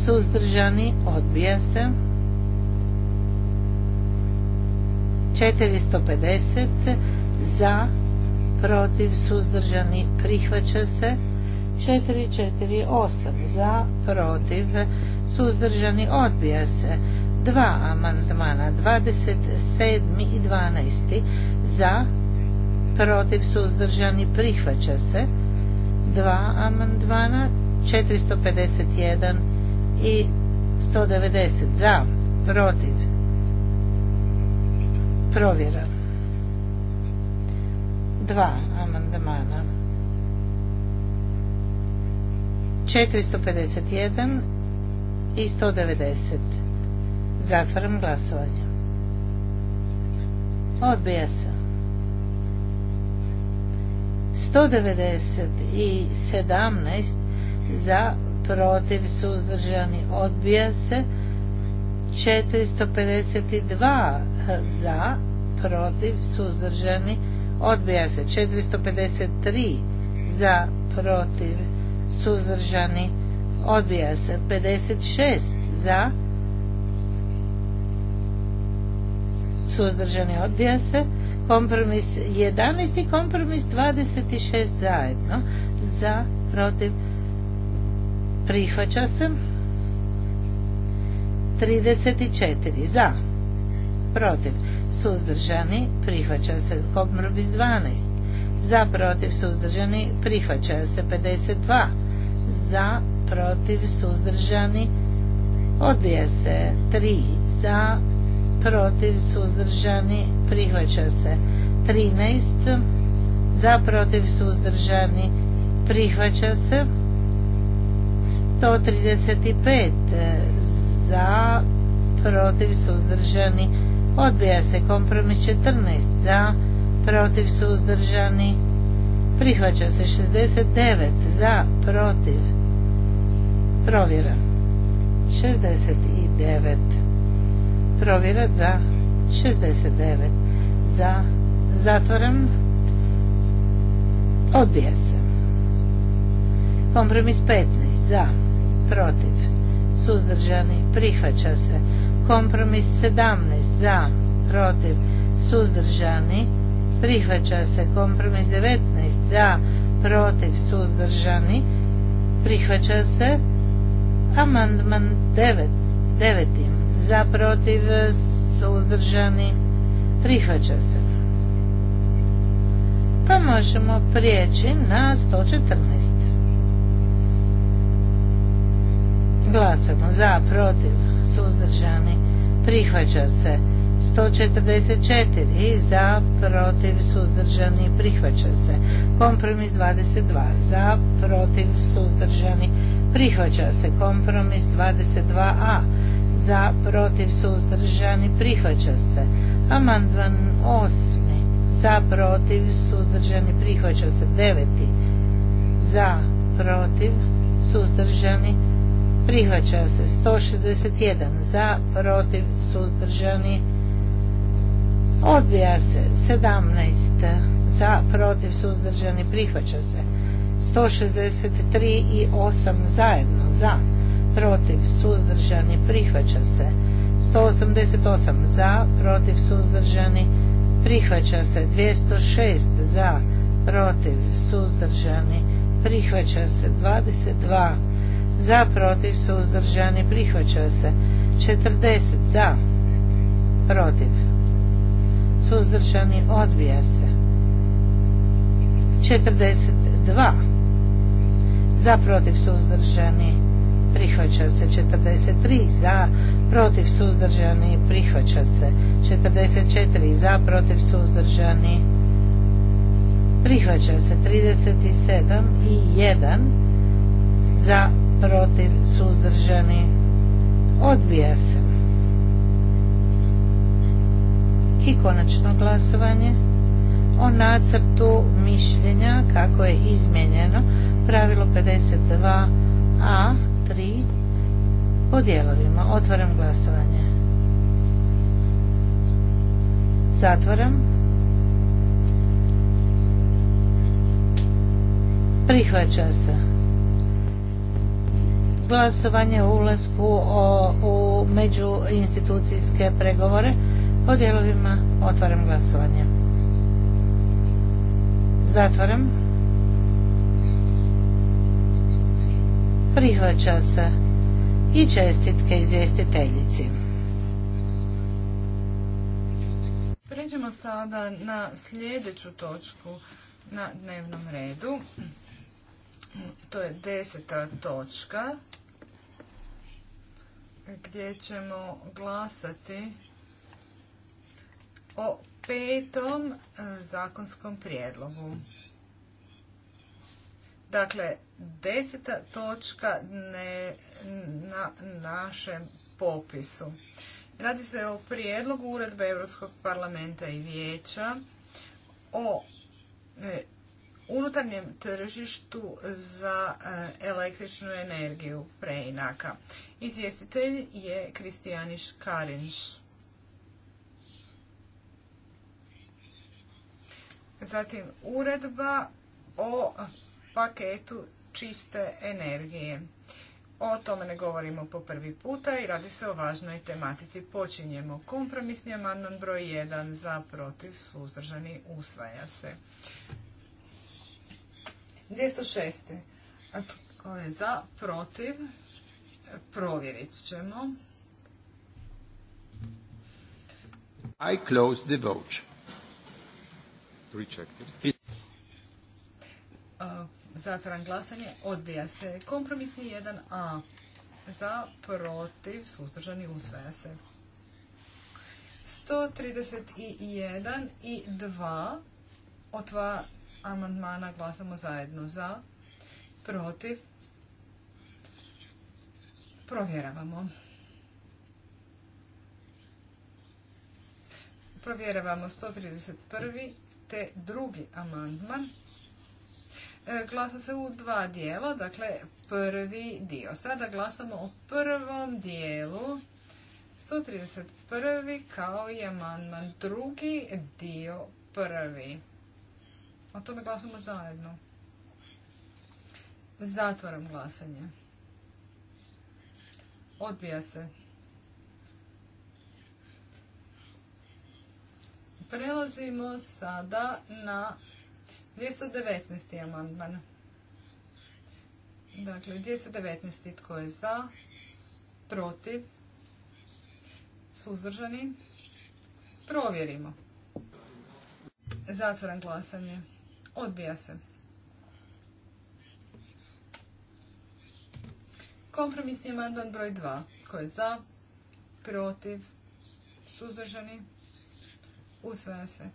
suzdržani odbija se 450 za protiv suzdržani prihvaća se 448 za, protiv, suzdržani odbija se. Dva amandmana, 27. i 12. za, protiv, suzdržani prihvaća se. Dva amandmana, 451 i 190 za, protiv, provjera. 2 amandmana. 451 i 190. Zatvaram glasovanje. Odbija se. 190 i 17 za protiv suzdržani odbija se 452 za protiv suzdržani odbija se 453 za protiv suzdržani, odbija se. 56 za, suzdržani, odbija se. Kompromis 11 i kompromis 26 zajedno, za, protiv, prihvaća se. 34 za, protiv, suzdržani, prihvaća se. Kompromis 12 za, protiv, suzdržani, prihvaća se. 52 za, protiv, suzdržani, odbija se. 3 za, protiv, suzdržani, prihvaća se. 13 za, protiv, suzdržani, prihvaća se. 135 za, protiv, suzdržani, odbija se. Kompromis 14 za, protiv, suzdržani, prihvaća se. 69 za, protiv, Provjera. 69. Provjera za 69. Za zatvoram. Odbija se. Kompromis 15. Za. Protiv. Suzdržani. Prihvaća se. Kompromis 17. Za. Protiv. Suzdržani. Prihvaća se. Kompromis 19. Za. Protiv. Suzdržani. Prihvaća se Amandman 9. Za protiv suzdržani prihvaća se. Pa možemo prijeći na 114. Glasujemo za protiv suzdržani prihvaća se. 144 za protiv suzdržani prihvaća se. Kompromis 22 za protiv suzdržani prihvaća se kompromis 22a za protiv suzdržani prihvaća se amandman 8 za protiv suzdržani prihvaća se 9 za protiv suzdržani prihvaća se 161 za protiv suzdržani odbija se 17 za protiv suzdržani prihvaća se 163 i 8 zajedno za, protiv, suzdržani, prihvaća se. 188 za, protiv, suzdržani, prihvaća se. 206 za, protiv, suzdržani, prihvaća se. 22 za, protiv, suzdržani, prihvaća se. 40 za, protiv, suzdržani, odbija se. 42 za protiv suzdržani prihvaća se 43 za protiv suzdržani prihvaća se 44 za protiv suzdržani prihvaća se 37 i 1 za protiv suzdržani odbija se i konačno glasovanje o nacrtu mišljenja kako je izmijenjeno pravilo 52a 3 po dijelovima. Otvaram glasovanje. Zatvaram. Prihvaća se. Glasovanje u ulasku u međuinstitucijske pregovore po dijelovima. Otvaram glasovanje. Zatvaram. Prihvaća se i čestitke izvjestiteljici. Pređemo sada na sljedeću točku na dnevnom redu. To je deseta točka gdje ćemo glasati o petom eh, zakonskom prijedlogu. Dakle, deseta točka ne, na našem popisu. Radi se o prijedlogu uredbe Europskog parlamenta i vijeća o e, unutarnjem tržištu za e, električnu energiju preinaka. Izvjestitelj je Kristijaniš Karinš. Zatim uredba o paketu čiste energije. O tome ne govorimo po prvi puta i radi se o važnoj tematici. Počinjemo kompromisni amandman broj 1 za protiv suzdržani usvaja se. 206. A tko je za protiv? Provjerit ćemo. I close the vote. Zatvaram glasanje. Odbija se. Kompromisni 1a. Za, protiv, suzdržani, usvaja se. 131 i 2. od dva amandmana glasamo zajedno za, protiv. Provjeravamo. Provjeravamo 131. te drugi amandman. E, glasa se u dva dijela, dakle prvi dio. Sada glasamo o prvom dijelu 131. kao i amandman drugi dio prvi. O tome glasamo zajedno. Zatvaram glasanje. Odbija se. Prelazimo sada na 219. amandman. Dakle, 219. tko je za, protiv, suzdržani. Provjerimo. Zatvoram glasanje. Odbija se. Kompromisni amandman broj 2. Tko je za, protiv, suzdržani. Usvaja se.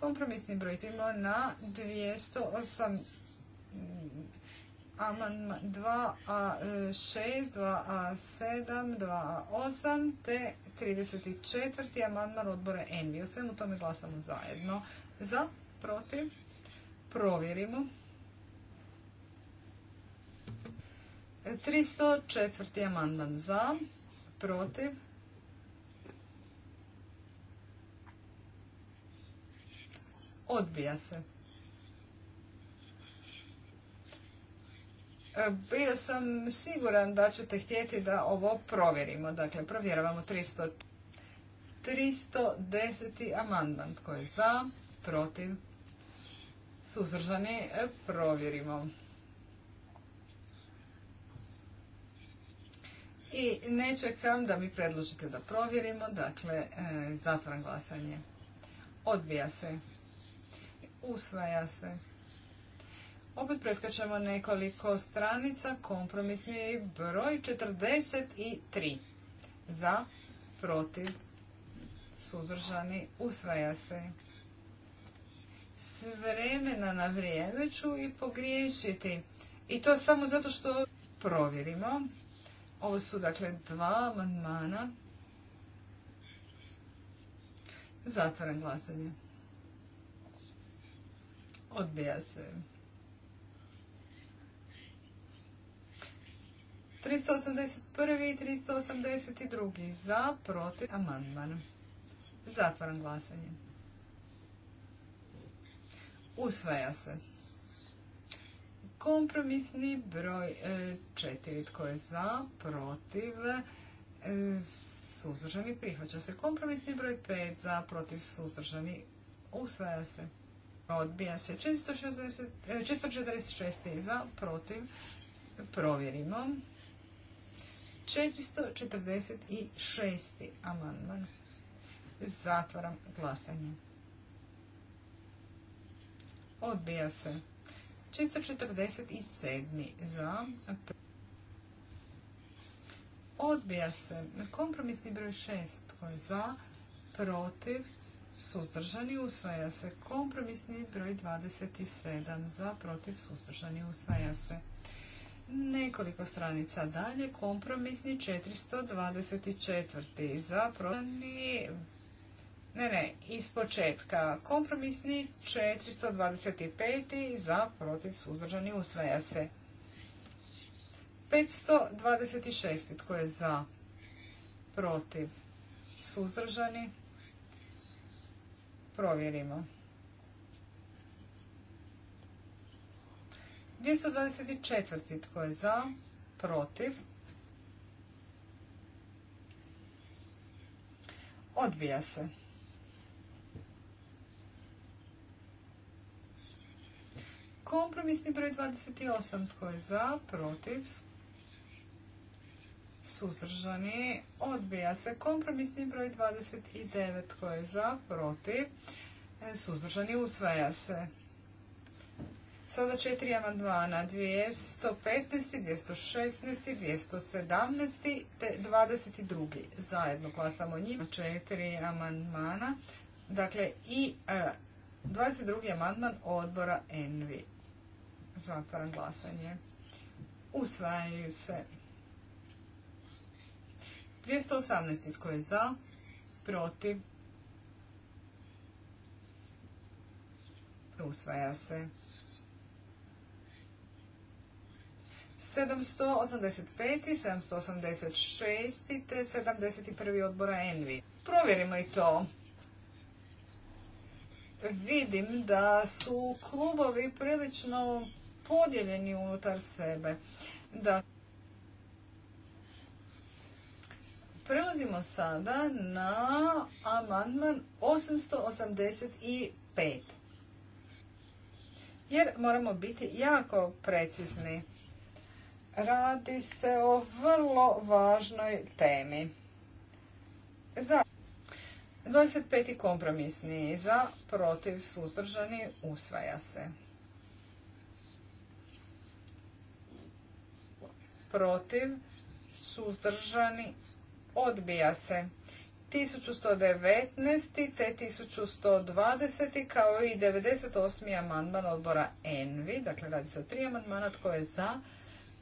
Kompromisni broj timo na 208 amandman 2A6, 2A7, 2A8 te 34. amandman odbora Envi. O svemu tome glasamo zajedno. Za, protiv, provjerimo. 304. amandman za, protiv, odbija se. E, bio sam siguran da ćete htjeti da ovo provjerimo. Dakle, provjeravamo 310. amandman. Tko je za, protiv, suzdržani, e, provjerimo. I ne čekam da mi predložite da provjerimo. Dakle, e, zatvoram glasanje. Odbija se usvaja se. Opet preskačemo nekoliko stranica, kompromisni broj 43. Za, protiv, suzdržani, usvaja se. S vremena na vrijeme ću i pogriješiti. I to samo zato što provjerimo. Ovo su dakle dva amandmana. Zatvaram glasanje. Odbija se. 381. i 382. Za, protiv, amandman. Zatvoran glasanje. Usvaja se. Kompromisni broj 4. E, Tko je za, protiv, e, suzdržani, prihvaća se. Kompromisni broj 5. Za, protiv, suzdržani, usvaja se odbija se 446 e, za, protiv, provjerimo. 446. amandman. Zatvaram glasanje. Odbija se. 447. za. Odbija se. Kompromisni broj 6. Koji je za, protiv, suzdržani usvaja se. Kompromisni broj 27 za protiv suzdržani usvaja se. Nekoliko stranica dalje, kompromisni 424. za protiv ne, ne, iz početka. Kompromisni 425. za protiv suzdržani usvaja se. 526. tko je za protiv suzdržani provjerimo. 224. Tko je za? Protiv? Odbija se. Kompromisni broj 28. Tko je za? Protiv? suzdržani, odbija se. Kompromisni broj 29 tko je za, protiv, e, suzdržani, usvaja se. Sada četiri amandmana, 215, 216, 217 te 22. Zajedno glasamo njima četiri amandmana. Dakle, i 22. E, amandman odbora Envi. Zatvaram glasanje. Usvajaju se. 218. Tko je za? Protiv? Usvaja se. 785. 786. te 71. odbora Envi. Provjerimo i to. Vidim da su klubovi prilično podijeljeni unutar sebe. Da, Prelazimo sada na amandman 885. Jer moramo biti jako precizni. Radi se o vrlo važnoj temi. Za 25. kompromisni za protiv suzdržani usvaja se. Protiv suzdržani odbija se. 1119. te 1120. kao i 98. amandman odbora ENVI. Dakle, radi se o tri amandmana. Tko je za?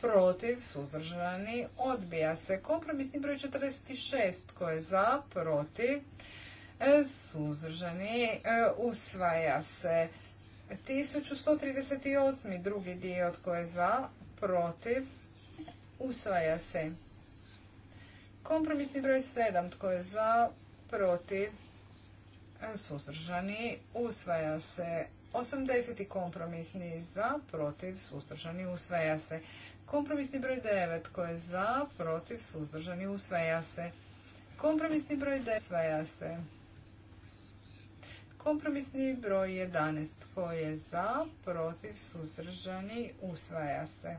Protiv? Suzdržani? Odbija se. Kompromisni broj 46. Tko je za? Protiv? E, suzdržani? E, usvaja se. 1138. drugi dio. Tko je za? Protiv? Usvaja se. Kompromisni broj 7. Tko je za? Protiv? Suzdržani? Usvaja se. 80. kompromisni za, protiv, suzdržani, usvaja se. Kompromisni broj 9 tko je za, protiv, suzdržani, usvaja se. Kompromisni broj 10 usvaja se. Kompromisni broj 11 tko je za, protiv, suzdržani, usvaja se.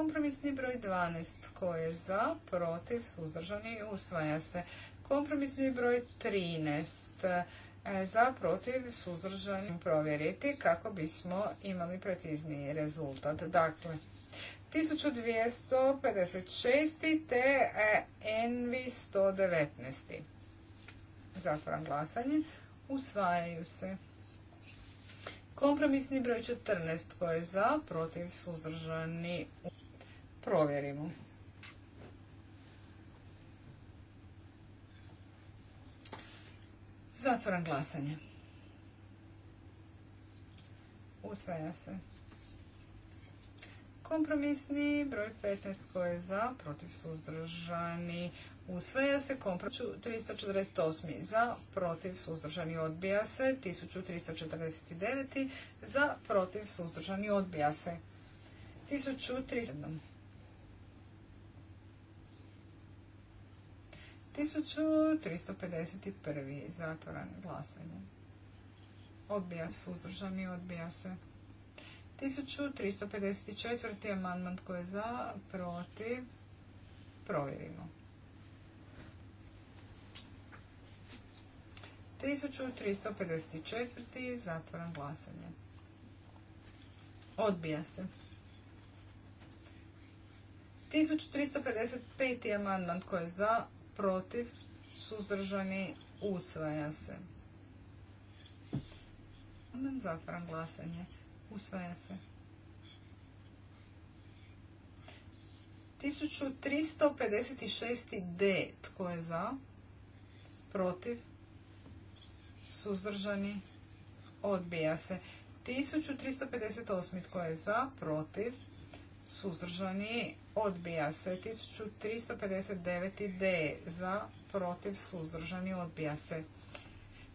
Kompromisni broj 12. Tko je za, protiv, suzdržani, usvaja se. Kompromisni broj 13. E, za, protiv, suzdržani, provjeriti kako bismo imali precizniji rezultat. Dakle, 1256. te Envi 119. Zatvoram glasanje. Usvajaju se. Kompromisni broj 14 tko je za, protiv, suzdržani, provjerimo. Zatvoram glasanje. Usvaja se. Kompromisni broj 15 koji je za, protiv suzdržani. Usvaja se kompromisni 348. za, protiv suzdržani odbija se. 1349. za, protiv suzdržani odbija se. 1300. 1351. Zatvoran glasanje. Odbija i odbija se. 1354. amandman koji je za, protiv, provjerimo. 1354. zatvoran glasanje. Odbija se. 1355. amandman koji je za, protiv, suzdržani, usvaja se. Zatvaram glasanje. Usvaja se. 1356. D. Tko je za? Protiv? Suzdržani? Odbija se. 1358. Tko je za? Protiv? suzdržani, odbija se. 1359 D za, protiv, suzdržani, odbija se.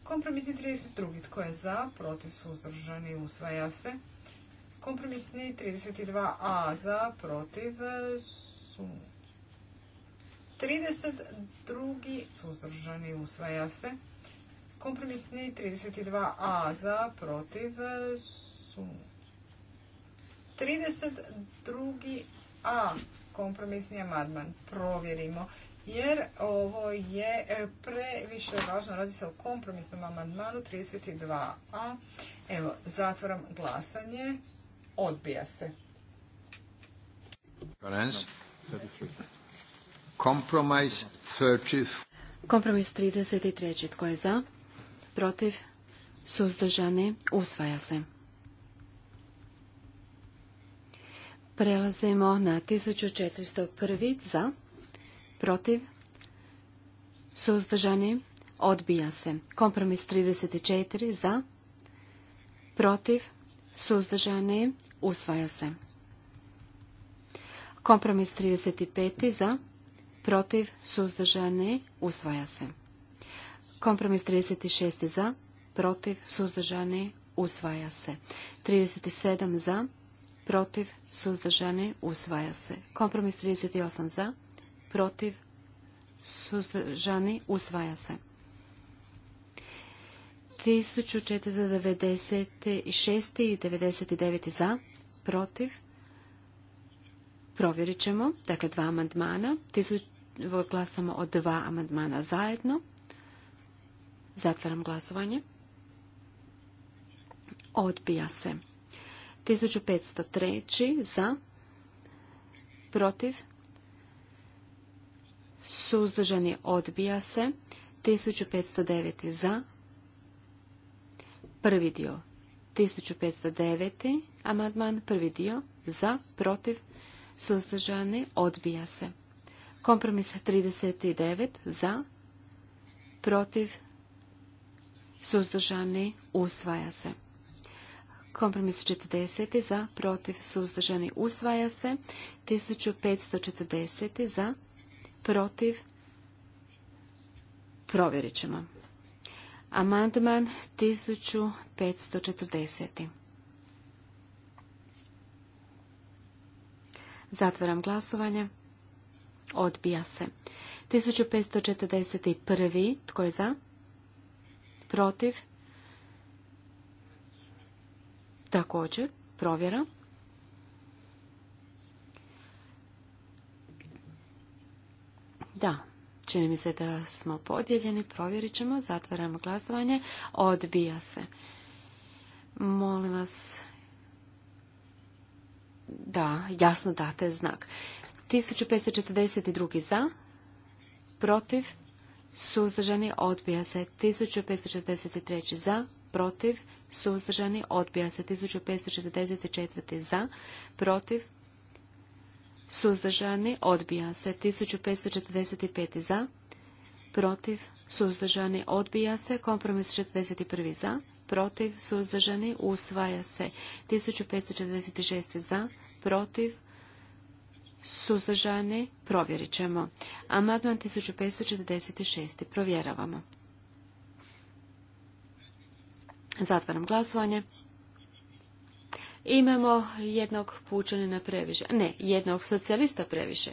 Kompromisni 32. Tko je za, protiv, suzdržani, usvaja se. Kompromisni 32a za, protiv, su... 32. suzdržani, usvaja se. Kompromisni 32a za, protiv, su... 32. a kompromisni amandman provjerimo jer ovo je e, previše važno. Radi se o kompromisnom amandmanu 32a. Evo, zatvoram glasanje. Odbija se. Kompromis 30. Kompromis 33. Tko je za? Protiv? Suzdržani? Usvaja se. Prelazimo na 1401. za, protiv, suzdržani, odbija se. Kompromis 34 za, protiv, suzdržani, usvaja se. Kompromis 35 za, protiv, suzdržani, usvaja se. Kompromis 36 za, protiv, suzdržani, usvaja se. 37 za, protiv, suzdržani, usvaja se. Kompromis 38 za, protiv, suzdržani, usvaja se. 1496 i 99 za, protiv, provjerit ćemo, dakle dva amandmana, glasamo o dva amandmana zajedno, zatvaram glasovanje, odbija se. 1503. za, protiv, suzdržani odbija se, 1509. za, prvi dio, 1509. amadman, prvi dio, za, protiv, suzdržani odbija se. Kompromis 39 za, protiv, suzdržani usvaja se. Kompromis 40. za, protiv, suzdržani, usvaja se. 1540. za, protiv, provjerit ćemo. Amandman 1540. Zatvaram glasovanje. Odbija se. 1541. Tko je za? Protiv? Također, provjera. Da, čini mi se da smo podijeljeni, provjerit ćemo, zatvaramo glasovanje, odbija se. Molim vas, da, jasno date znak. 1542 za, protiv, suzdržani, odbija se. 1543 za, protiv, suzdržani, odbija se 1544 za, protiv, suzdržani, odbija se 1545 za, protiv, suzdržani, odbija se kompromis 41 za, protiv, suzdržani, usvaja se 1546 za, protiv, suzdržani, provjerit ćemo. Amadman 1546. Provjeravamo. Zatvaram glasovanje. Imamo jednog pučanina previše. Ne, jednog socijalista previše.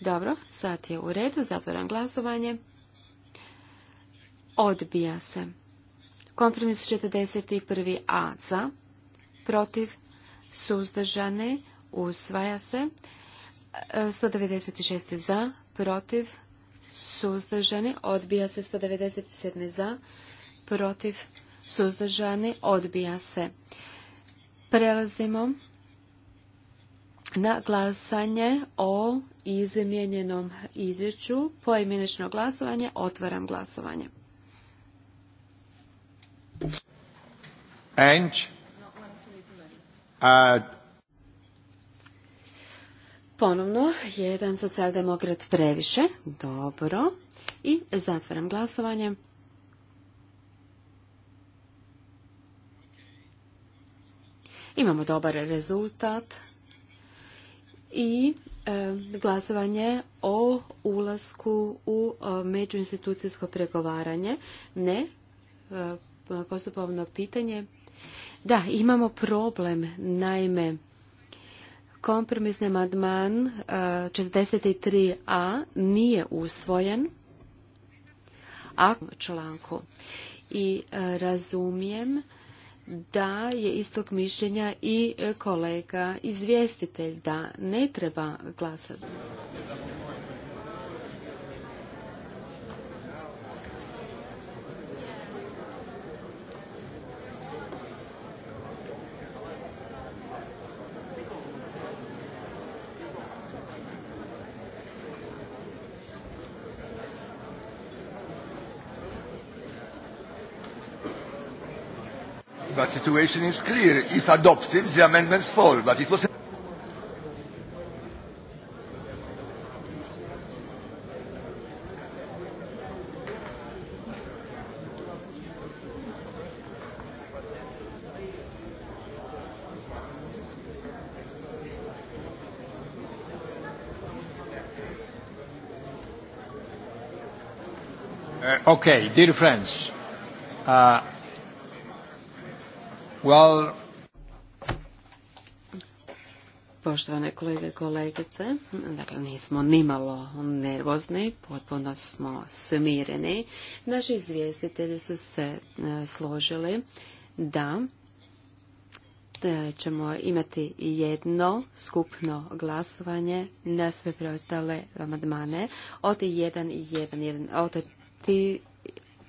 Dobro, sad je u redu. Zatvaram glasovanje. Odbija se. Kompromis 41. A za. Protiv. Suzdržane. Usvaja se. 196. E, za. Protiv suzdržani, odbija se 197 za, protiv, suzdržani, odbija se. Prelazimo na glasanje o izmijenjenom izvješću. Poimenično glasovanje, otvaram glasovanje. Uh, Ponovno, jedan socijaldemokrat previše. Dobro. I zatvaram glasovanje. Imamo dobar rezultat. I e, glasovanje o ulasku u e, međuinstitucijsko pregovaranje. Ne. E, postupovno pitanje. Da, imamo problem. Naime, Kompromisni amandman 43a e, nije usvojen a članku. I e, razumijem da je istog mišljenja i kolega izvjestitelj da ne treba glasati. situation is clear. If adopted, the amendments fall, but it was... Uh, okay, dear friends, uh, Poštovane kolege i kolegice, dakle nismo nimalo nervozni, potpuno smo smireni. Naši izvjestitelji su se e, složili da e, ćemo imati jedno skupno glasovanje na sve preostale amandmane od 1.1.1 od 3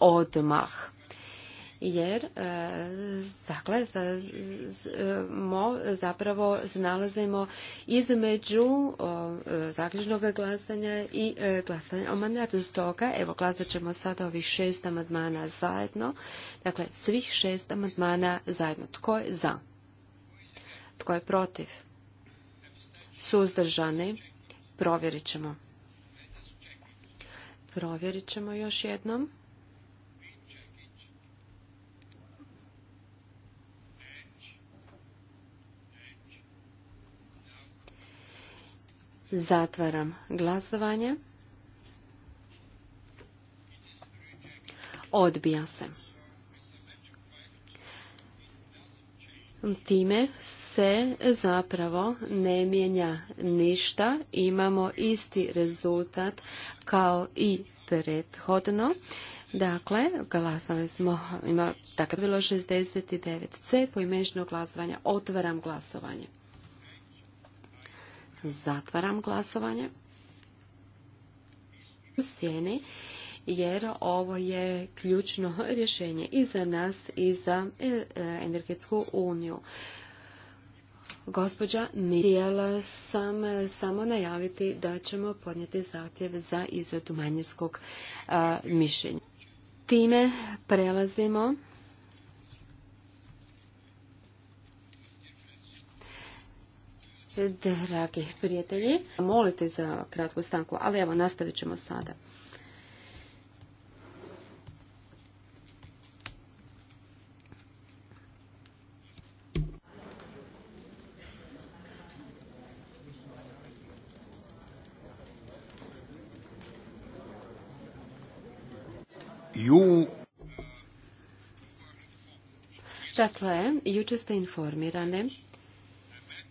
odmah jer e, dakle e, mo zapravo nalazimo između e, zaključnog glasanja i glasanja o mandatu. Stoga, evo, glasat ćemo sada ovih šest amandmana zajedno. Dakle, svih šest amandmana zajedno. Tko je za? Tko je protiv? Suzdržani? Provjerit ćemo. Provjerit ćemo još jednom. Zatvaram glasovanje. Odbija se. Time se zapravo ne mijenja ništa, imamo isti rezultat kao i prethodno. Dakle, glasali smo, ima, dakle, bilo 69C, poimenično glasovanje, otvaram glasovanje. Zatvaram glasovanje. U sjeni jer ovo je ključno rješenje i za nas i za e, e, energetsku uniju. Gospođa, nijela sam samo najaviti da ćemo podnijeti zahtjev za izradu manjinskog mišljenja. Time prelazimo Dragi prijatelji, molite za kratku stanku, ali evo nastavit ćemo sada. Dakle, jučer ste informirane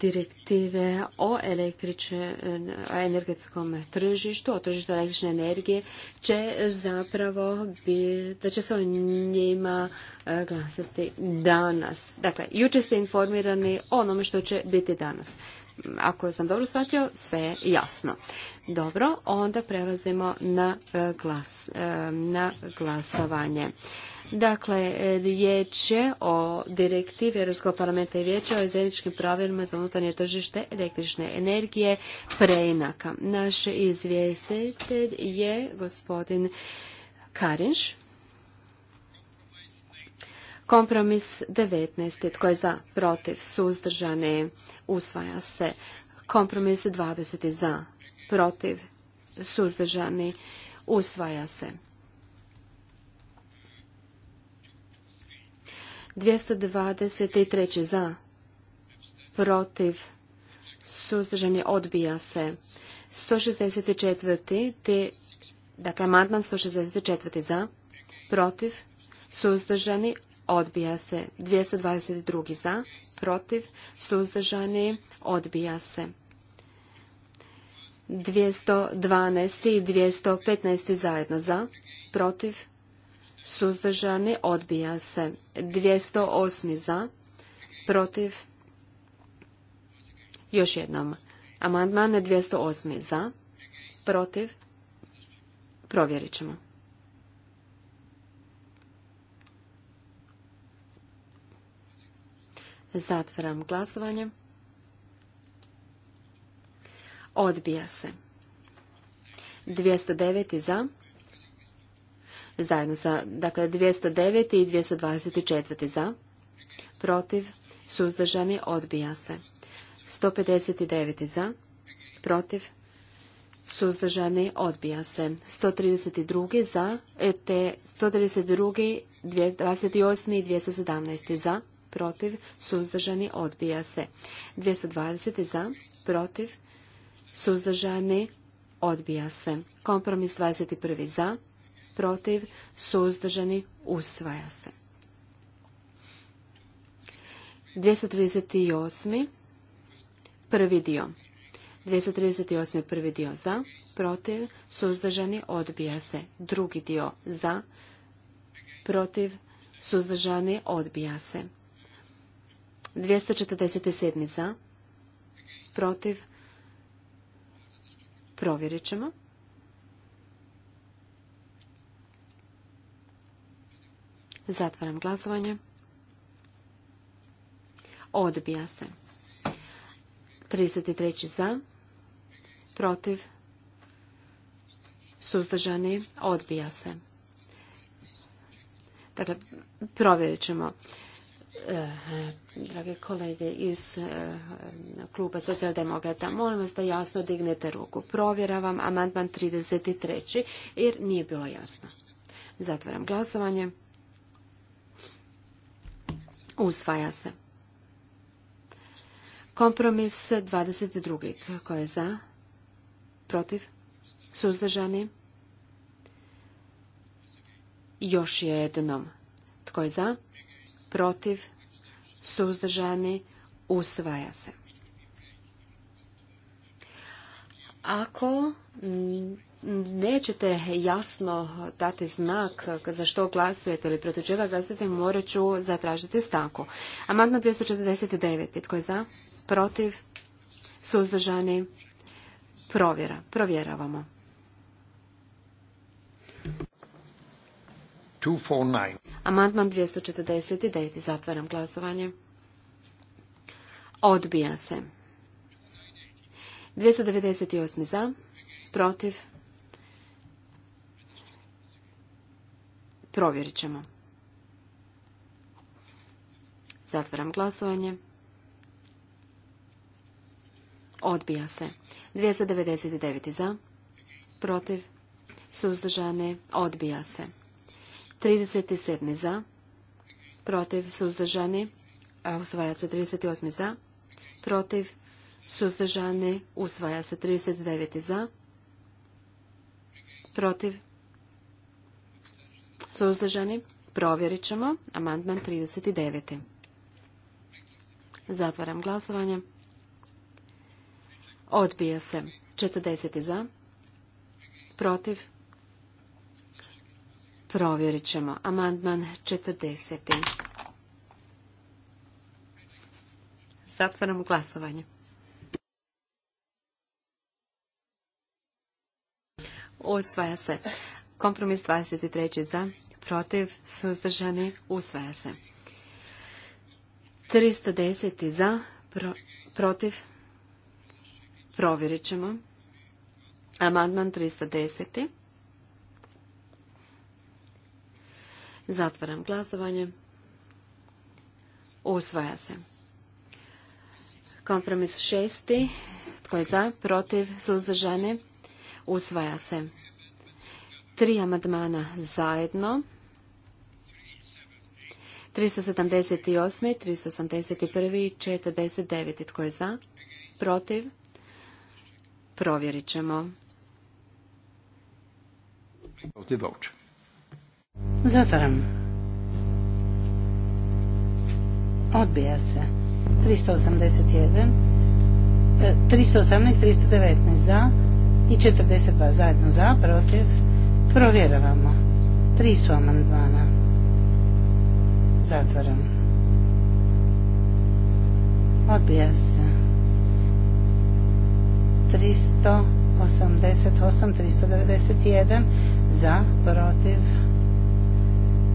direktive o, električnom energetskom tržištu, o tržištu električne energije, će zapravo biti da će se o njima e, glasati danas. Dakle, juče ste informirani o onome što će biti danas ako sam dobro shvatio, sve je jasno. Dobro, onda prelazimo na, e, glas, e, na glasovanje. Dakle, riječ je o direktivi Europskog parlamenta i vijeća o zajedničkim pravilima za unutarnje tržište električne energije preinaka. Naš izvjestitelj je gospodin Karinš. Kompromis 19. Tko je za? Protiv. Suzdržani. Usvaja se. Kompromis 20. Za. Protiv. Suzdržani. Usvaja se. 223. Za. Protiv. Suzdržani. Odbija se. 164. Te, dakle, amandman 164. Za. Protiv. Suzdržani odbija se. 222 za, protiv, suzdržani, odbija se. 212 i 215 zajedno za, protiv, suzdržani, odbija se. 208 za, protiv, još jednom. Amandman 208 za, protiv, provjerit ćemo. Zatvaram glasovanje. Odbija se. 209 za. Zajedno sa, dakle, 209 i 224 za. Protiv. Suzdržani. Odbija se. 159 za. Protiv. Suzdržani. Odbija se. 132 za. E, te 132, 28 i 217 za protiv, suzdržani, odbija se. 220 za, protiv, suzdržani, odbija se. Kompromis 21 za, protiv, suzdržani, usvaja se. 238. prvi dio. 238. prvi dio za, protiv, suzdržani, odbija se. Drugi dio za, protiv, suzdržani, odbija se. 247. za, protiv, provjerit ćemo. Zatvaram glasovanje. Odbija se. 33. za, protiv, suzdržani, odbija se. Dakle, provjerit ćemo. Eh, drage kolege iz eh, kluba socijaldemokrata, molim vas da jasno dignete ruku. Provjeravam amandman 33. jer nije bilo jasno. Zatvaram glasovanje. Usvaja se. Kompromis 22. Ko je za? Protiv? Suzdržani? Još jednom. Tko je za? protiv, suzdržani, usvaja se. Ako nećete jasno dati znak za što glasujete ili protiv čega glasujete, morat ću zatražiti stanku. Amandman 249. Tko je za? Protiv? Suzdržani? Provjera. Provjeravamo. 249. Amandman 249. Zatvaram glasovanje. Odbija se. 298. za. Protiv. Provjerit ćemo. Zatvaram glasovanje. Odbija se. 299. za. Protiv. Suzdržane. Odbija se. 37. za, protiv, suzdržani, usvaja se 38. za, protiv, suzdržani, usvaja se 39. za, protiv, suzdržani, provjerit ćemo, amandman 39. Zatvaram glasovanje. Odbija se 40. za, protiv, Provjerit ćemo. Amandman 40. Zatvaramo glasovanje. Usvaja se. Kompromis 23. za, protiv, suzdržani, usvaja se. 310. za, protiv, provjerit ćemo. Amandman 310. Zatvaram glasovanje. Usvaja se. Kompromis šesti. Tko je za? Protiv? Suzdržani? Usvaja se. Tri amadmana zajedno. 378, 381 i 49. Tko je za? Protiv? Provjerit ćemo. Protiv Zatvaram. Odbija se. 381, 318, 319 za i 42 zajedno za, protiv. Provjeravamo. Tri su amandmana. Zatvaram. Odbija se. 388, 391 za, protiv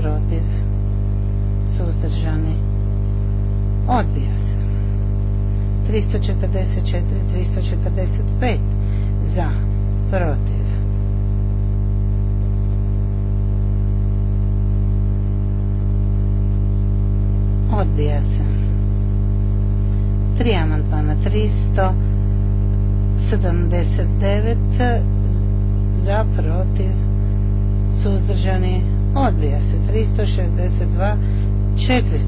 protiv, suzdržani, odbija se. 344, 345 za, protiv. Odbija se. Tri 300 379 za, protiv, suzdržani, odbija se 362 462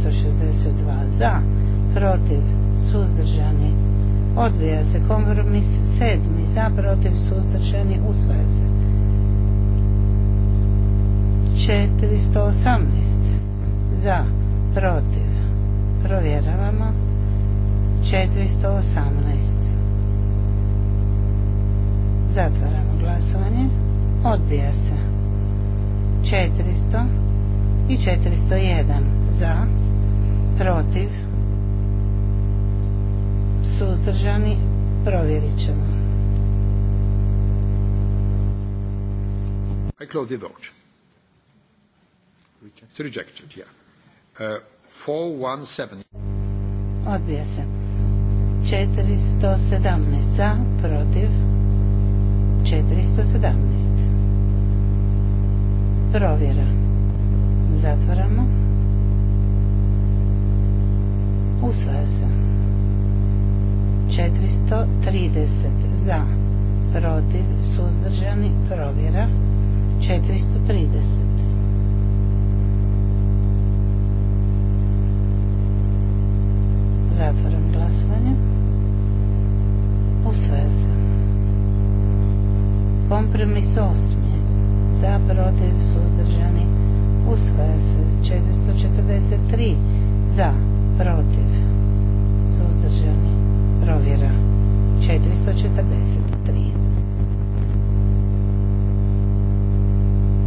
za protiv suzdržani odbija se kompromis 7 za protiv suzdržani usvaja se 418 za protiv provjeravamo 418 zatvaramo glasovanje odbija se 400 i 401 za protiv suzdržani provjerit ćemo I close the vote. It's rejected, yeah. 417. Uh, Odbija se. 417 za, protiv 417. Provjera. Zatvaramo. Usvaja se. 430 za. Protiv. Suzdržani. Provjera. 430. Zatvaram glasovanje. Usvaja se. Kompromis osmi za, protiv, suzdržani, usvaja se. 443 za, protiv, suzdržani, provjera. 443.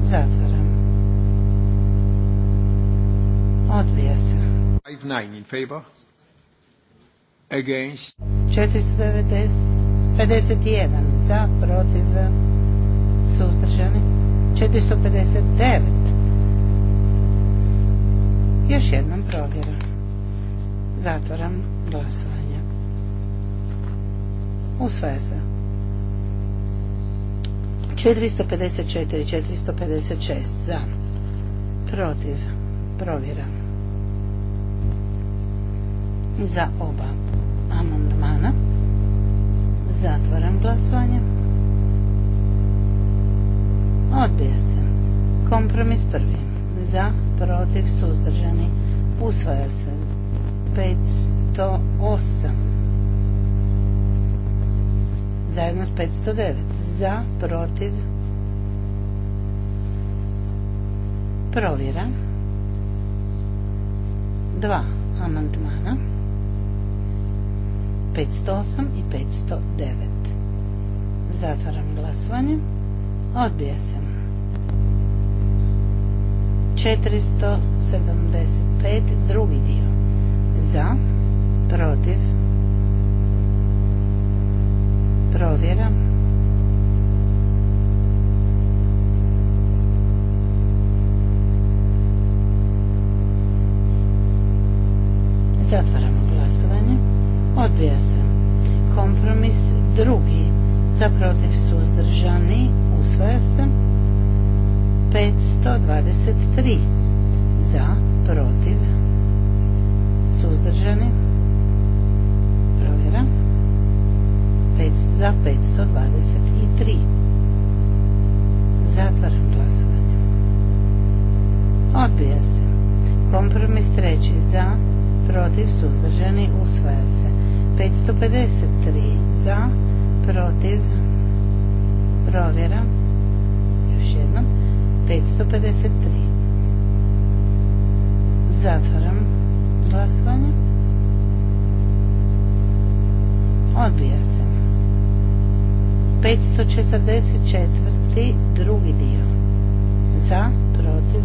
Zatvaram. Odbija se. 59 in favor. Against. 491 za, protiv, suzdržani 459. Još jednom provjera. Zatvoram glasovanje. sve se. 454, 456 za. Protiv. Provjera. Za oba amandmana. Zatvoram glasovanje. Odbija se. Kompromis prvi. Za, protiv, suzdržani. Usvaja se. 508. Zajedno s 509. Za, protiv. Provjera. Dva amantmana. 508 i 509. Zatvaram glasovanje. Odbija se. 475. Drugi dio. Za. Protiv. Provjera. Zatvaramo glasovanje. Odbija se. 123 za, protiv, suzdržani, provjera, za 523. Zatvaram glasovanje. Odbija se. Kompromis treći za, protiv, suzdržani, usvaja se. 553 za, protiv, provjera, još jednom, 553. Zatvaram glasovanje. Odbija se. 544. drugi dio. Za, protiv,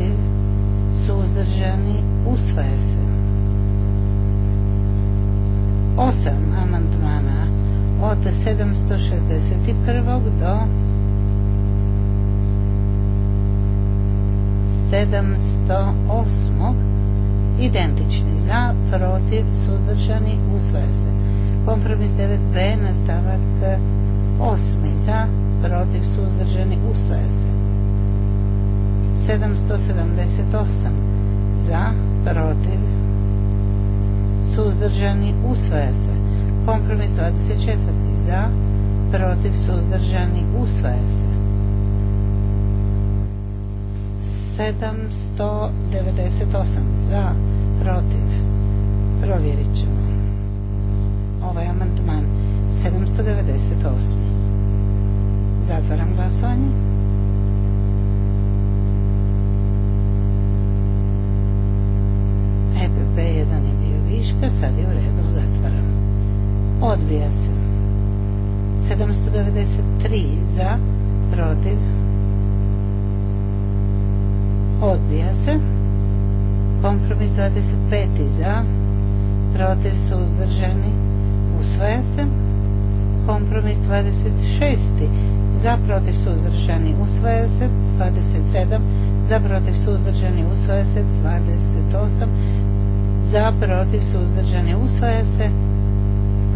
protiv, suzdržani, usvaja se. Osam amandmana od 761. do 708. identični za, protiv, suzdržani, usvaja se. Kompromis 9b nastavak 8. za, protiv, suzdržani, usvaja se. 778 za, protiv, suzdržani, usvaja se. Kompromis 24 za, protiv, suzdržani, usvaja se. 798 za, protiv, provjerit ćemo. Ovaj amantman 798. Zatvaram glasovanje. što sad je u redu zatvaram odbija se 793 za protiv odbija se kompromis 25 za protiv suzdržani usvaja se kompromis 26 za protiv suzdržani usvaja se 27 za protiv suzdržani usvaja se 28 za, protiv, suzdržani, usvaja se.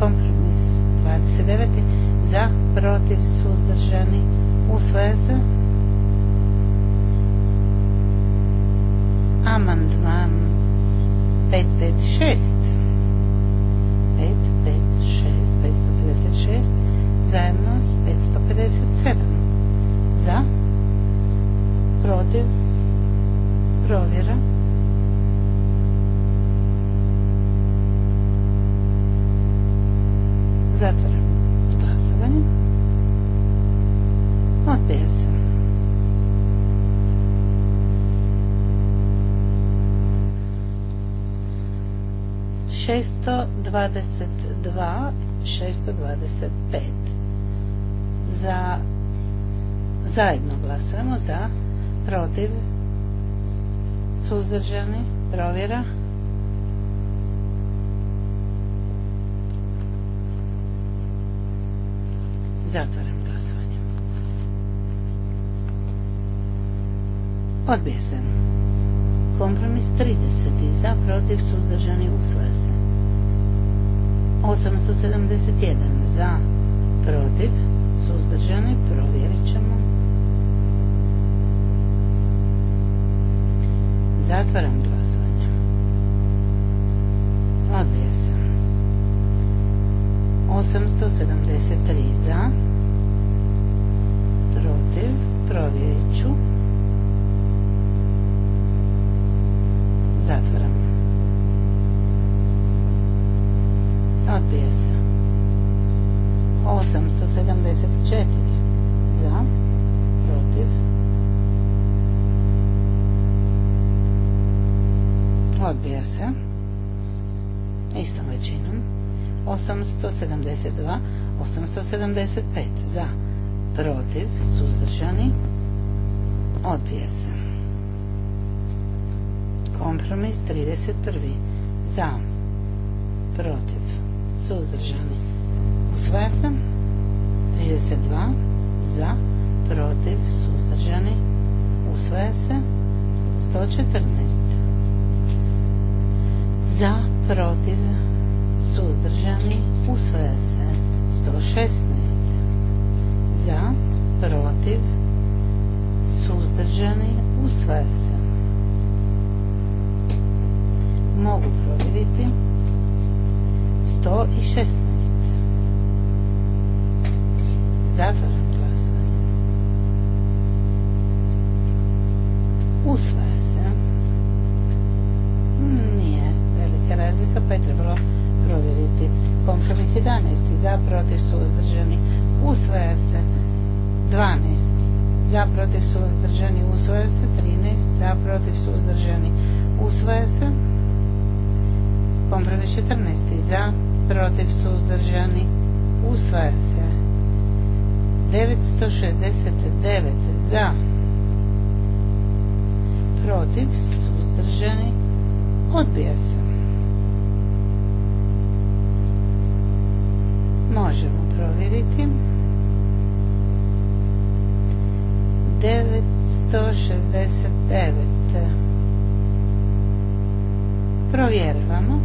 Kompromis 29. za, protiv, suzdržani, usvaja se. Amandman 556. 556, 556 zajedno s 557. Za, protiv, provjera. Zatvaram glasovanje. Odbija se. Šesto dvadeset dva, šesto Za zajedno glasujemo za, protiv, suzdržani, provjera. Zatvaram glasovanje. Odbije Kompromis 30. Za, protiv, suzdržani, usvoja se. 871. Za, protiv, suzdržani, provjerit ćemo. Zatvaram 873 za, protiv, provjerit ću. 875 za, protiv, suzdržani, odbije se. Kompromis 31. Za, protiv, suzdržani, usvaja se. 32. Za, protiv, suzdržani, usvaja se. 114. Za, protiv, suzdržani, usvaja se 116 za protiv suzdržani usvaja se mogu provjeriti 116 zatvor Odbija se. Možemo provjeriti. 969. Provjeravamo.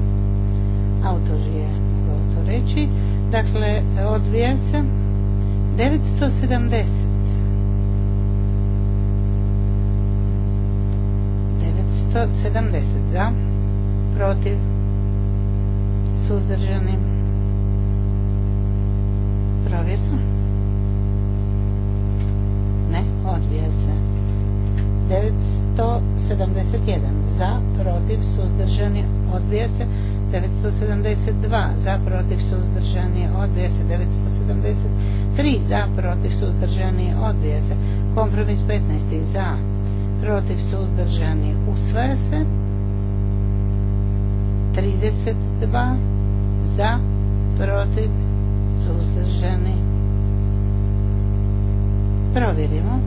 Autor je mogao to reći. Dakle, odbija se. 970. 970 za protiv, suzdržani, provjerno, ne, odvija se. 971 za, protiv, suzdržani, odbije se. 972 za, protiv, suzdržani, odvija se. 973 za, protiv, suzdržani, odbija se. Kompromis 15 za, protiv, suzdržani, usvaja se. 32 za, protiv, suzdržani. Provjerimo.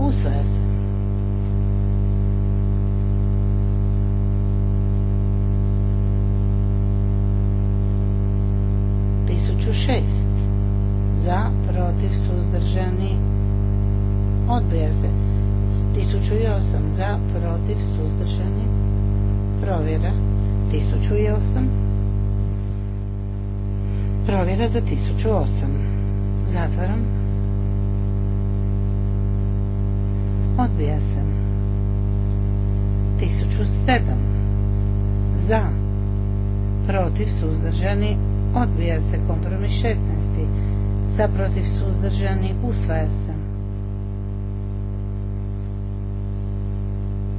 Usvaja se. za osam. Zatvaram. Odbija se. 1007. Za. Protiv suzdržani. Odbija se kompromis 16. Za protiv suzdržani. Usvaja se.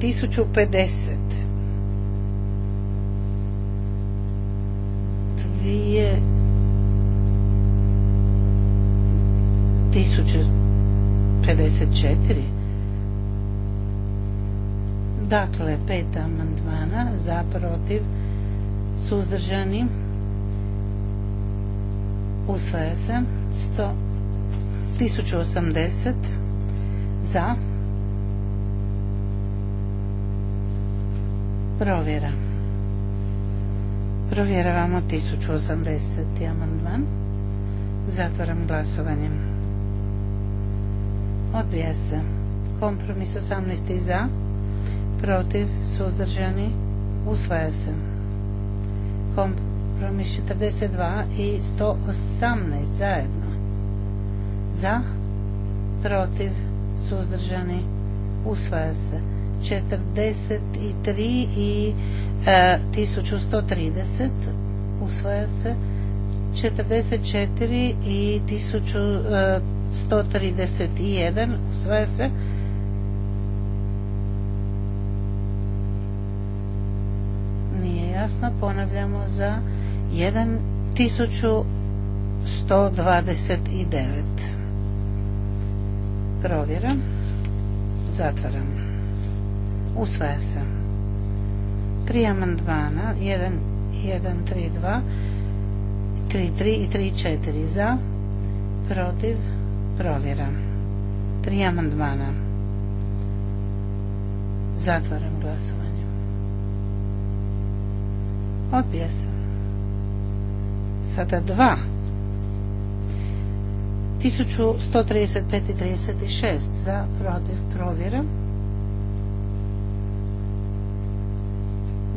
1050 četiri? Dakle, pet amandmana za protiv suzdržani usvaja se 100, 1080 za provjera provjeravamo 1080 amandman zatvaram glasovanjem Odbija se. Kompromis 18. za. Protiv. Suzdržani. Usvaja se. Kompromis 42 i 118 zajedno. Za. Protiv. Suzdržani. Usvaja se. 43 i 1130 e, usvaja se. 44 i 1130 131 usvaja se nije jasno ponavljamo za 1129 provjera zatvaram usvaja se tri amandmana 1, 1, 3, 2 3, 3 i 3, 4 za protiv Provjera. Tri amandmana. Zatvaram glasovanje. Odbija se. Sada dva. 1135 i 36 za protiv provjera.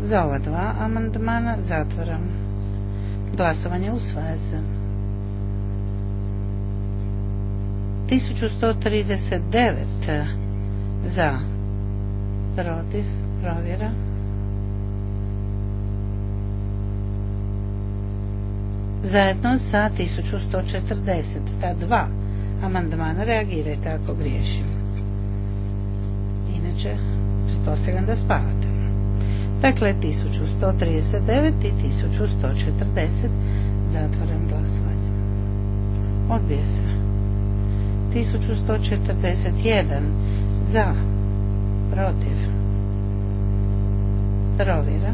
Za ova dva amandmana zatvaram. Glasovanje usvaja se. 1139 za protiv provjera zajedno sa 1140 ta dva amandmana reagirajte ako griješim inače pretpostavljam da spavate dakle 1139 i 1140 zatvoram glasovanje odbije se 1141 za protiv provjera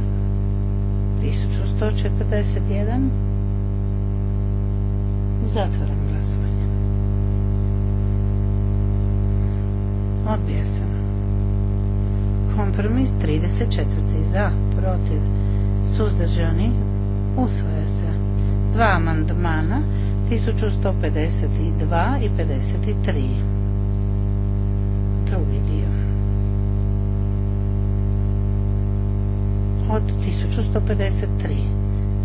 1141 zatvoram glasovanje odbija se kompromis 34 za protiv suzdržani usvoja se dva amandmana 1152 i 53 drugi dio od 1153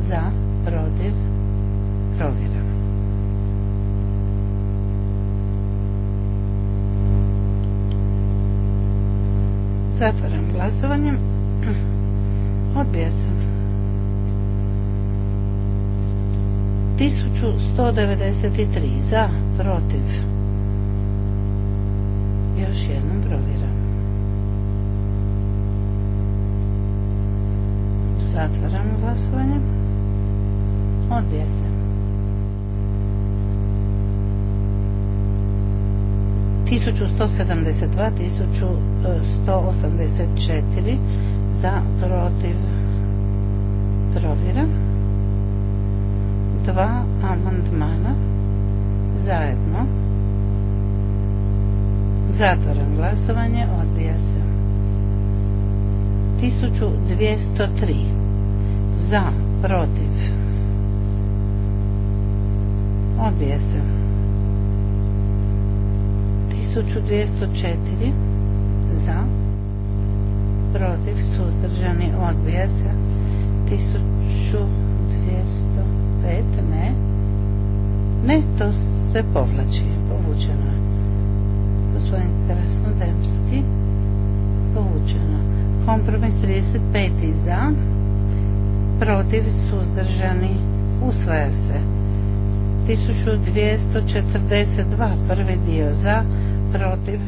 za protiv provjera zatvaram glasovanje *clears throat* odbija se 1193 za, protiv. Još jednom provjeram. Zatvaramo glasovanje. Odbija 1172, 1184 za, protiv. Provjeram dva amandmana zajedno. Zatvoram glasovanje, odbija se. 1203 za, protiv. Odbija se. 1204 za, protiv, suzdržani, odbija se. 1200 pet ne. Ne, to se povlači, povučeno je. Gospodin Krasnodemski, povučeno. Kompromis 35 za, protiv suzdržani, usvaja se. 1242 prvi dio za, protiv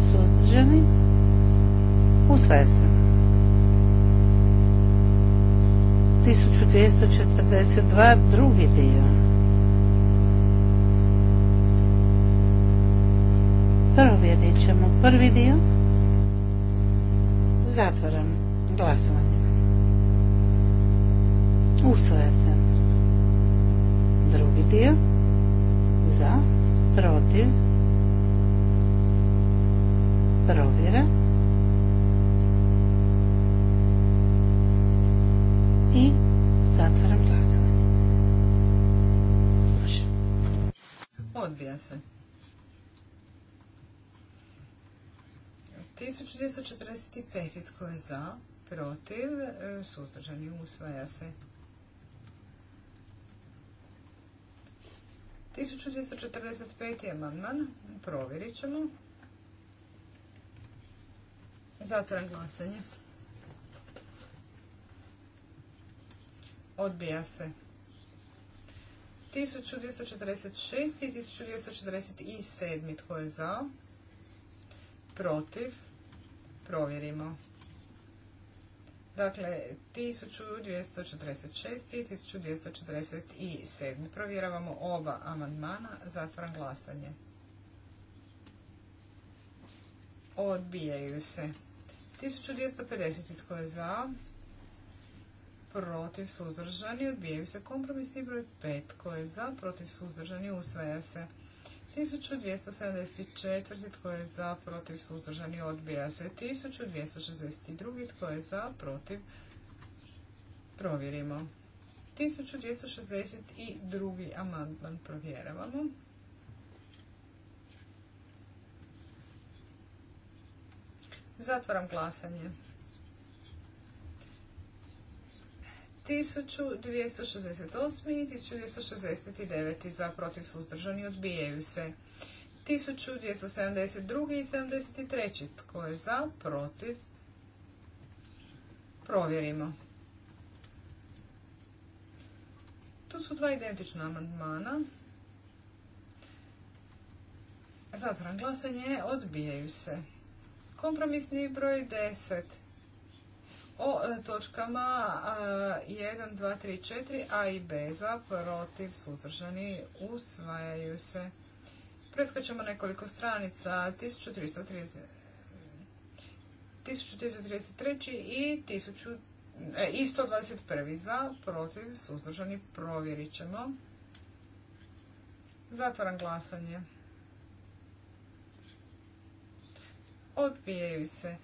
suzdržani, usvaja se. 1242 drugi dio. Provjerit ćemo prvi dio. zatvoram glasovanje. Usvoja se. Drugi dio. Za. Protiv. Provjera. 245. Tko je za? Protiv? E, suzdržani usvaja se. 1245. amandman. Provjerit ćemo. Zatvoram glasanje. Odbija se. 1246 i 1247. Tko je za? Protiv? provjerimo. Dakle, 1246 i 1247. Provjeravamo oba amandmana. Zatvoram glasanje. Odbijaju se. 1250. Tko je za? Protiv suzdržani. Odbijaju se kompromisni broj 5. Tko je za? Protiv suzdržani. Usvaja se. 1274. Tko je za, protiv, suzdržani, odbija se. 1262. Tko je za, protiv, provjerimo. 1262. amandman provjeravamo. Zatvaram glasanje. 1268. i 1269. za protiv suzdržani odbijaju se. 1272. i 73. tko je za protiv? Provjerimo. Tu su dva identična amandmana. Zatvoran glasanje odbijaju se. Kompromisni broj 10 o e, točkama 1, 2, 3, 4, a i b za protiv suzdržani usvajaju se. Preskačemo nekoliko stranica 1333 i e, i 121 za protiv suzdržani provjerit ćemo. Zatvaram glasanje. Odbijaju se.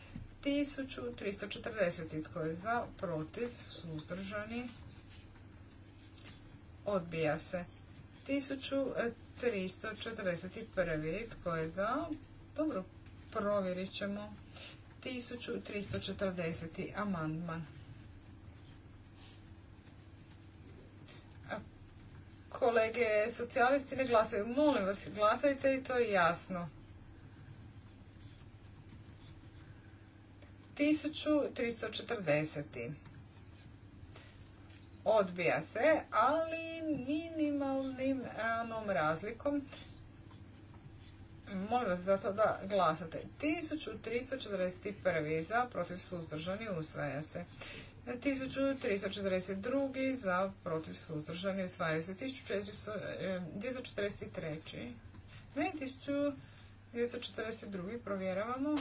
1340. Tko je za? Protiv? Suzdržani? Odbija se. 1341. Tko je za? Dobro, provjerit ćemo. 1340. amandman. Kolege socijalisti ne glasaju. Molim vas, glasajte i to je jasno. 1340. Odbija se, ali minimalnim razlikom. Molim vas zato da glasate. 1341. za, protiv suzdržani, usvaja se. 1342. za, protiv suzdržani, usvaja se. 1443. E, ne, 1242. provjeravamo.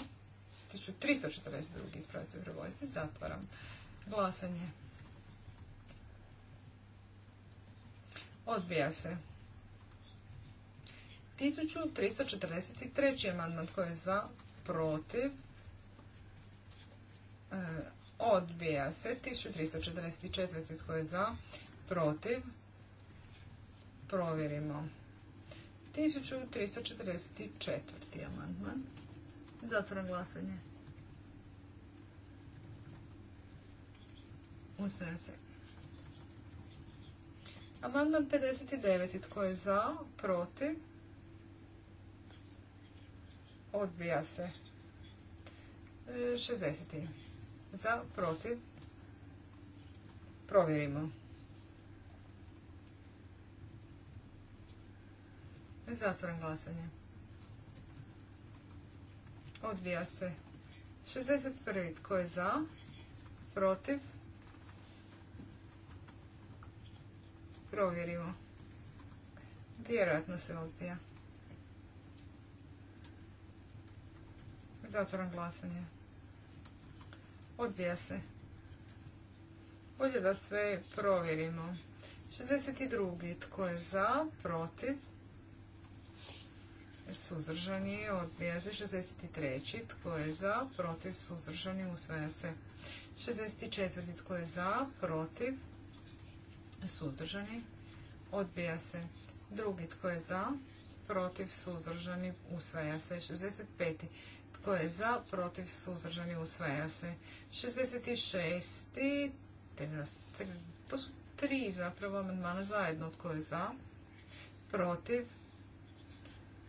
1342. ispravlja se prevoditelj. Zatvaram glasanje. Odbija se. 1343. amandman koji je za, protiv. E, odbija se. 1344. koji je za, protiv. Provjerimo. 1344. amandman. Zatvoram glasanje. Usvaja se. Amandman 59. Tko je za? Protiv? Odbija se. 60. E, za? Protiv? Provjerimo. Zatvoram glasanje. Odvija se. 61. Tko je za? Protiv? Provjerimo. Vjerojatno se odbija. Zatvoram glasanje. Odvija se. Bolje da sve provjerimo. 62. Tko je za? Protiv? suzdržani, odbija se 63. Tko je za, protiv, suzdržani, usvaja se 64. Tko je za, protiv, suzdržani, odbija se drugi. Tko je za, protiv, suzdržani, usvaja se 65. Tko je za, protiv, suzdržani, usvaja se 66. To su tri zapravo amandmana zajedno. Tko je za, protiv,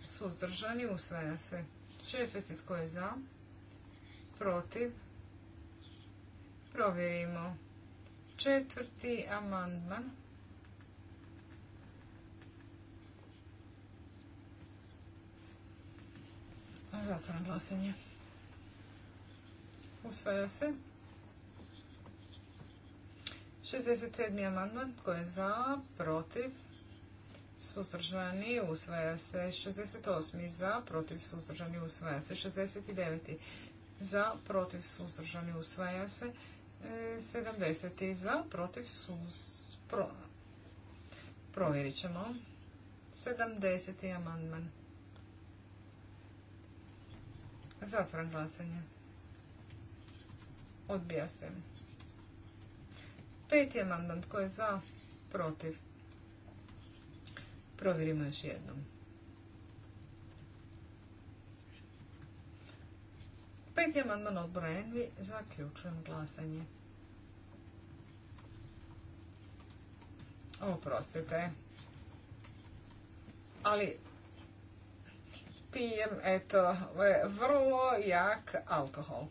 suzdržani, usvaja se. Četvrti tko je za, protiv, provjerimo. Četvrti amandman. Zatvoram glasenje. Usvaja se. 67. amandman. Tko je za? Protiv? suzdržani usvaja se 68. za, protiv suzdržani usvaja se 69. za, protiv suzdržani usvaja se 70. za, protiv sus... Pro... Provjerit ćemo. 70. amandman. Zatvoran glasanje. Odbija se. Peti amandman. Tko je za? Protiv. Provjerimo još jednom. Peti amandman odbora Envi. Zaključujem glasanje. Oprostite. Ali pijem, eto, vrlo jak alkohol.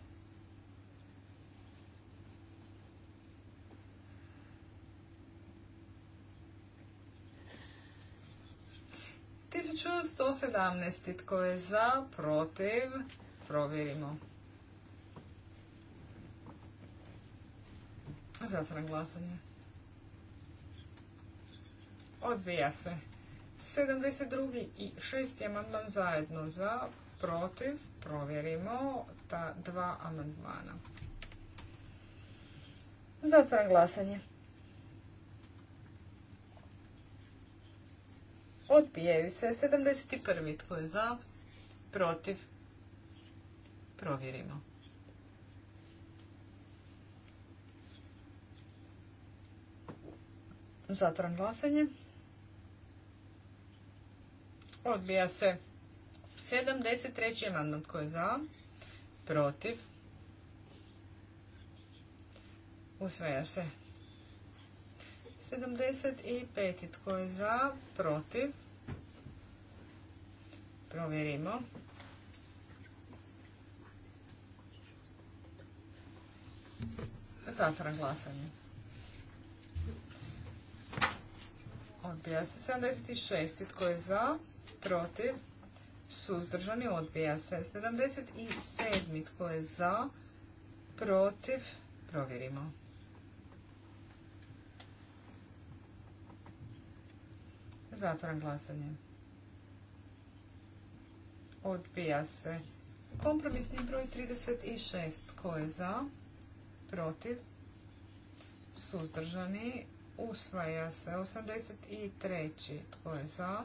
1117. Tko je za, protiv, provjerimo. Zatvoram glasanje. Odbija se. 72. i 6. amandman zajedno za, protiv, provjerimo ta dva amandmana. Zatvoram glasanje. Odbijaju se. 71. Tko je za? Protiv? Provjerimo. zatran glasanje. Odbija se. 73. amandman tko je za? Protiv? Usvaja se. 75. tko je za? Protiv? provjerimo. Zatvoram glasanje. Odbija se 76. Tko je za? Protiv? Suzdržani odbija se. 77. Tko je za? Protiv? Provjerimo. Zatvoram glasanje odbija se. Kompromisni broj 36. Tko je za? Protiv? Suzdržani? Usvaja se. 83. Tko je za?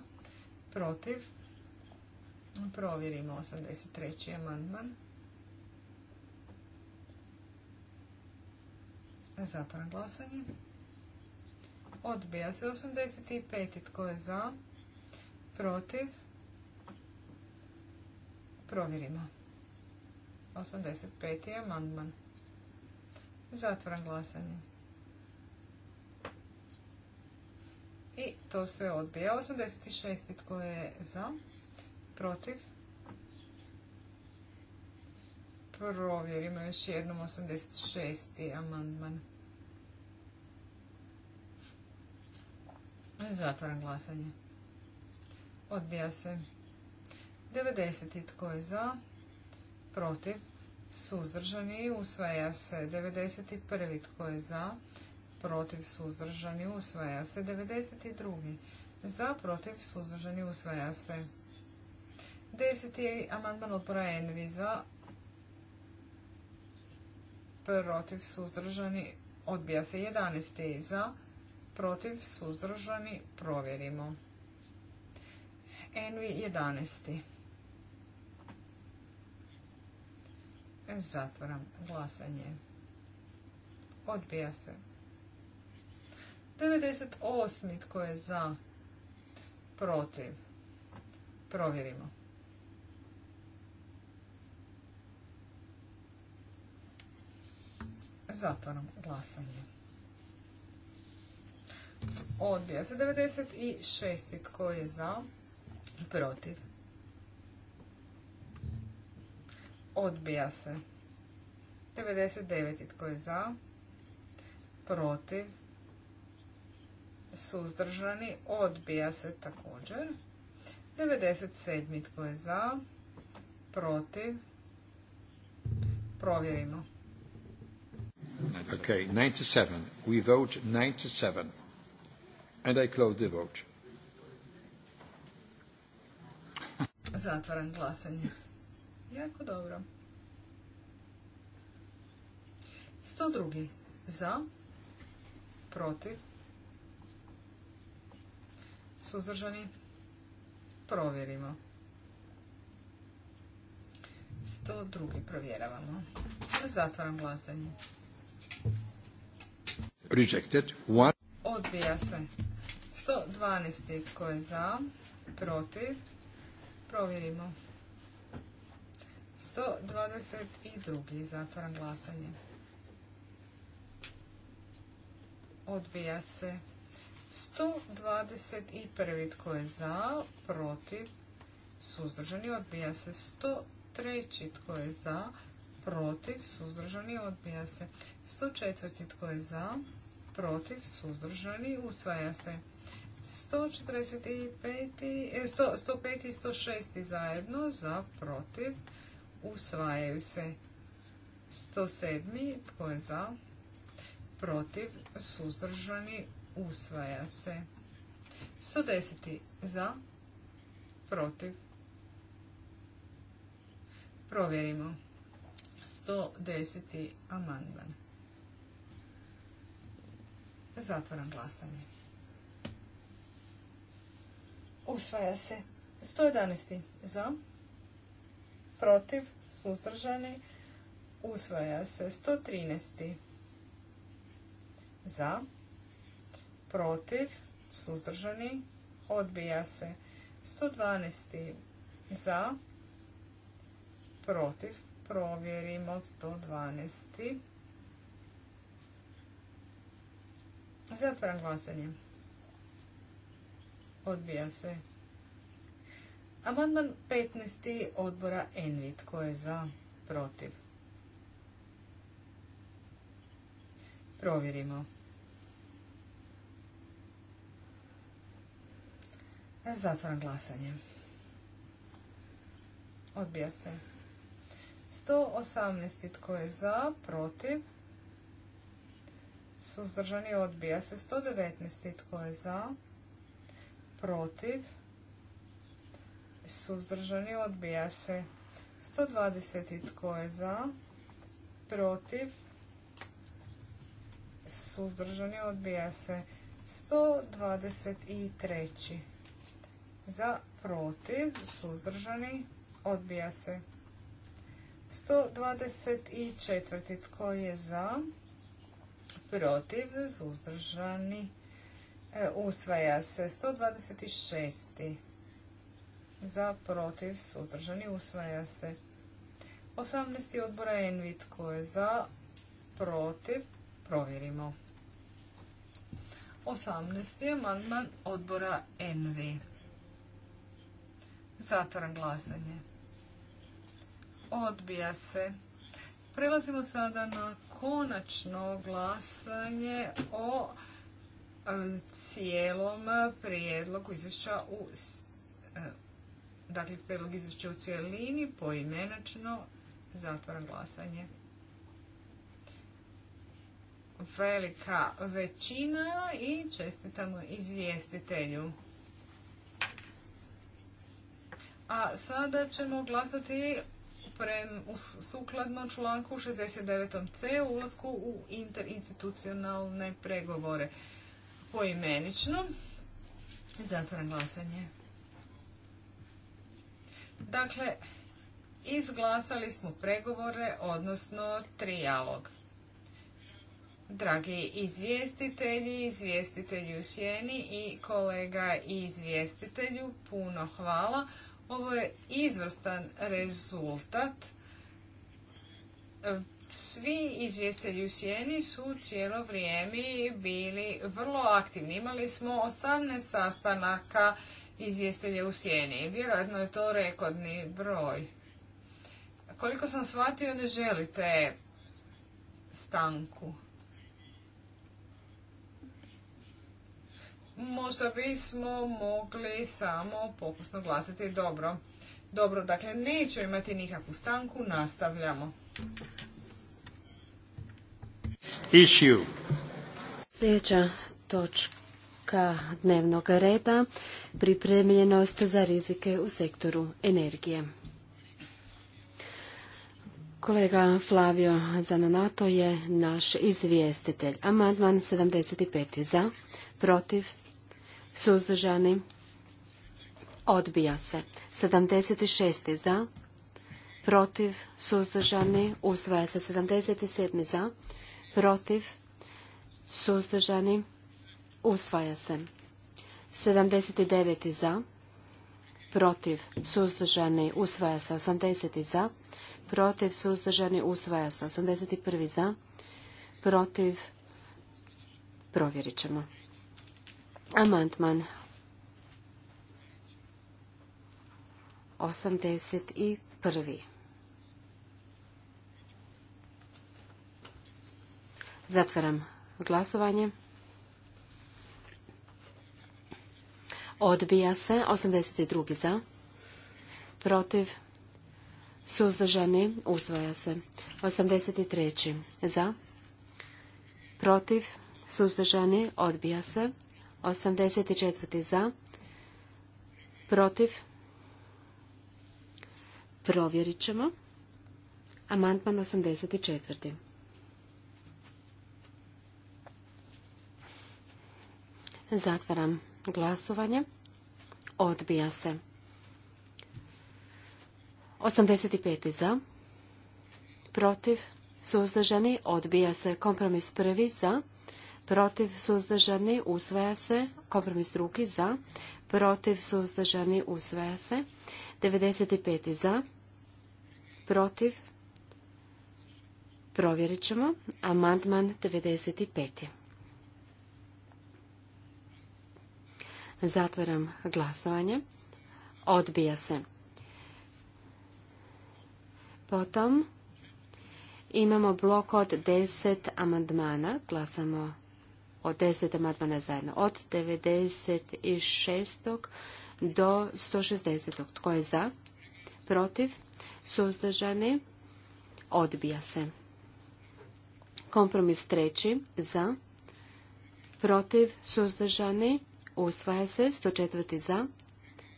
Protiv? Provjerimo 83. amandman. Zatvoram glasanje. Odbija se 85. Tko je za? Protiv? Provjerimo. 85. amandman. Zatvoram glasanje. I to se odbija. 86. tko je za? Protiv? Provjerimo još jednom 86. amandman. Zatvoram glasanje. Odbija se. 90. Tko je za? Protiv? Suzdržani? Usvaja se. 91. Tko je za? Protiv? Suzdržani? Usvaja se. 92. Za? Protiv? Suzdržani? Usvaja se. 10. Amandman odbora Envi za? Protiv? Suzdržani? Odbija se. 11. Za? Protiv? Suzdržani? Provjerimo. Envi 11. Zatvoram glasanje. Odbija se. 98. Tko je za? Protiv. Provjerimo. Zatvaram glasanje. Odbija se 96. Tko je za? Protiv. odbija se. 99. tko je za, protiv, suzdržani, odbija se također. 97. tko je za, protiv, provjerimo. Okay, 97. We vote 97. And I close the vote. Zatvaram glasanje. Jako dobro. 102. Za. Protiv. Suzdržani. Provjerimo. 102. Provjeravamo. Zatvaram glasanje. Rejected. One. Odbija se. 112. Tko je za? Protiv. Provjerimo. 122. Zatvaram glasanje. Odbija se. 121. Tko je za? Protiv? Suzdržani odbija se. 103. Tko je za? Protiv? Suzdržani odbija se. 104. Tko je za? Protiv? Suzdržani usvaja se. 145. 105 i 106 e, zajedno za protiv usvajaju se. 107. Tko je za? Protiv. Suzdržani. Usvaja se. 110. Za. Protiv. Provjerimo. 110. amandman. Zatvoram glasanje. Usvaja se. 111. Za. Protiv suzdržani, usvaja se. 113. za, protiv, suzdržani, odbija se. 112. za, protiv, provjerimo 112. Zatvaram glasanje. Odbija se Amandman 15. odbora Envit, Tko je za? Protiv. Provjerimo. E, Zatvoram glasanje. Odbija se. 118. Tko je za? Protiv. Suzdržani odbija se. 119. Tko je za? Protiv suzdržani, odbija se. 120. Tko je za? Protiv? Suzdržani, odbija se. 123. Za, protiv, suzdržani, odbija se. 124. Tko je za? Protiv, suzdržani, e, usvaja se. 126 za protiv sudržani, usvaja se. 18. odbora Envit koje je za protiv provjerimo. 18. amandman odbora Envi. Zatvoran glasanje. Odbija se. Prelazimo sada na konačno glasanje o e, cijelom prijedlogu izvješća u e, Dakle, predlog izvješća u cijelini, poimenačno, Zatvaram glasanje. Velika većina i čestitamo izvjestitelju. A sada ćemo glasati prem, sukladno članku 69c ulasku u interinstitucionalne pregovore poimenično. Zatvoram glasanje. Dakle, izglasali smo pregovore, odnosno trijalog. Dragi izvjestitelji, izvjestitelji u sjeni i kolega izvjestitelju, puno hvala. Ovo je izvrstan rezultat. Svi izvjestitelji u sjeni su cijelo vrijeme bili vrlo aktivni. Imali smo 18 sastanaka izvjestelje u sjeni. Vjerojatno je to rekordni broj. Koliko sam shvatio, ne želite stanku. Možda bismo mogli samo pokusno glasiti dobro. Dobro, dakle, neću imati nikakvu stanku, nastavljamo. Issue. Sljedeća točka točka dnevnog reda pripremljenost za rizike u sektoru energije. Kolega Flavio Zananato je naš izvjestitelj. Amandman 75. za, protiv, suzdržani, odbija se. 76. za, protiv, suzdržani, usvaja se. 77. za, protiv, suzdržani, Usvaja se. 79. za. Protiv. Suzdržani. Usvaja se. 80. za. Protiv. Suzdržani. Usvaja se. 81. za. Protiv. Provjerit ćemo. Amantman. 81. Zatvaram glasovanje. Odbija se. 82. za. Protiv. Suzdržani. Usvaja se. 83. za. Protiv. Suzdržani. Odbija se. 84. za. Protiv. Provjerit ćemo. Amantman 84. Zatvaram Glasovanje. Odbija se. 85. za. Protiv. Suzdržani. Odbija se. Kompromis prvi za. Protiv. Suzdržani. Usvaja se. Kompromis drugi za. Protiv. Suzdržani. Usvaja se. 95. za. Protiv. Provjerit ćemo. Amandman 95. Zatvaram glasovanje. Odbija se. Potom imamo blok od deset amandmana. Glasamo od deset amandmana zajedno. Od 96. do 160. Tko je za? Protiv? Suzdržani? Odbija se. Kompromis treći. Za? Protiv? Suzdržani? Usvaja se 104. za.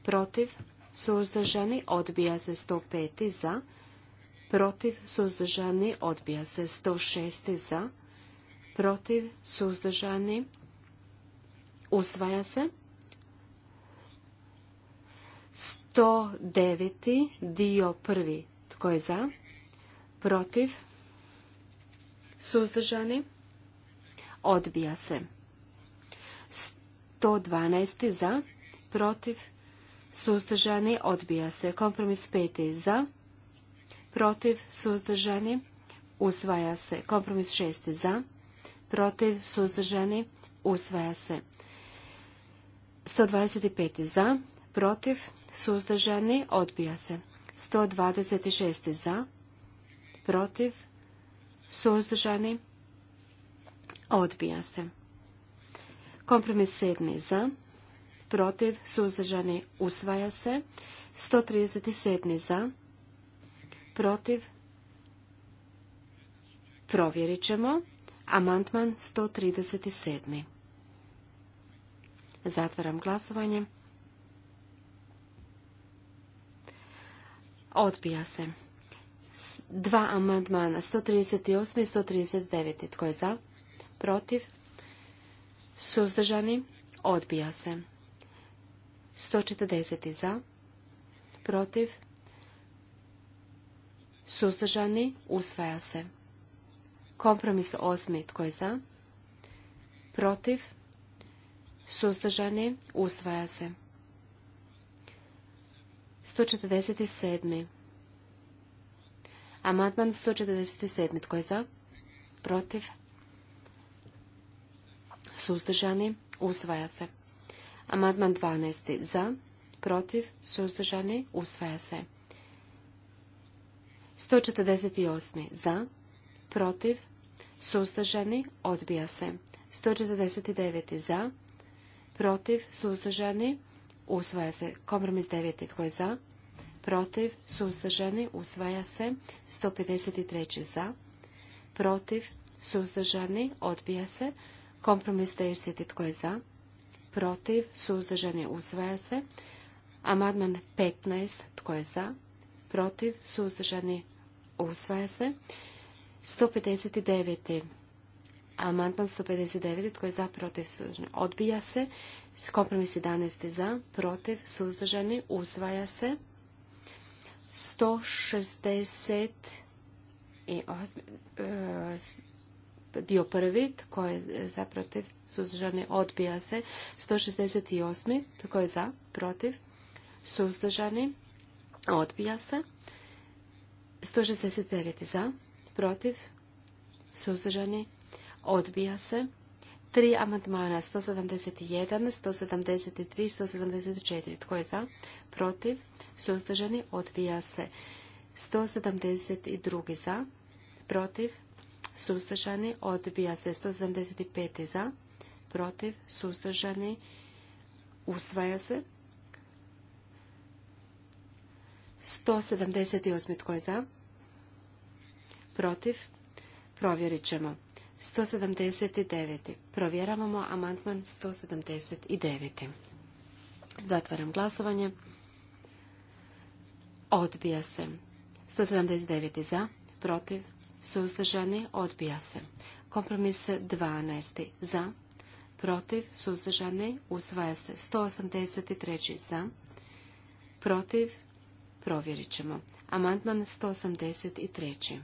Protiv. Suzdržani. Odbija se 105. za. Protiv. Suzdržani. Odbija se 106. za. Protiv. Suzdržani. Usvaja se. 109. dio prvi. Tko je za? Protiv? Suzdržani? Odbija se. 112. za, protiv, suzdržani, odbija se. Kompromis 5. za, protiv, suzdržani, usvaja se. Kompromis 6. za, protiv, suzdržani, usvaja se. 125. za, protiv, suzdržani, odbija se. 126. za, protiv, suzdržani, odbija se. Kompromis sedmi za, protiv, suzdržani, usvaja se. 137. za, protiv, provjerit ćemo. Amantman 137. Zatvaram glasovanje. Odbija se. Dva amandmana, 138. i 139. Tko je za? Protiv? Suzdržani? Odbija se. 140. za. Protiv? Suzdržani? Usvaja se. Kompromis osmi. Tko je za? Protiv? Suzdržani? Usvaja se. 147. Amatman 147. Tko je za? Protiv? suzdržani, usvaja se. Amandman 12. za, protiv, suzdržani, usvaja se. 148. za, protiv, suzdržani, odbija se. 149. za, protiv, suzdržani, usvaja se. Kompromis 9. tko je za, protiv, suzdržani, usvaja se. 153. za, protiv, suzdržani, odbija se. Kompromis 10. Tko je za? Protiv? Suzdržani? Usvaja se. Amadman 15. Tko je za? Protiv? Suzdržani? Usvaja se. 159. Amandman 159. Tko je za? Protiv? Suzdržani? Odbija se. Kompromis 11. Za? Protiv? Suzdržani? Usvaja se. 160. I e, dio prvi, e, tko je za, protiv, suzdržani, odbija se. 168. tko je za, protiv, suzdržani, odbija se. 169. za, protiv, suzdržani, odbija se. Tri amandmana, 171, 173, 174. Tko je za? Protiv? Suzdržani? Odbija se. 172 za? Protiv? suzdržani, odbija se 175. za, protiv, suzdržani, usvaja se. 178. tko je za? Protiv? Provjerit ćemo. 179. Provjeravamo amantman 179. Zatvaram glasovanje. Odbija se. 179. za, protiv, suzdržani, odbija se. Kompromis 12. za, protiv, suzdržani, usvaja se. 183. za, protiv, provjerit ćemo. Amandman 183.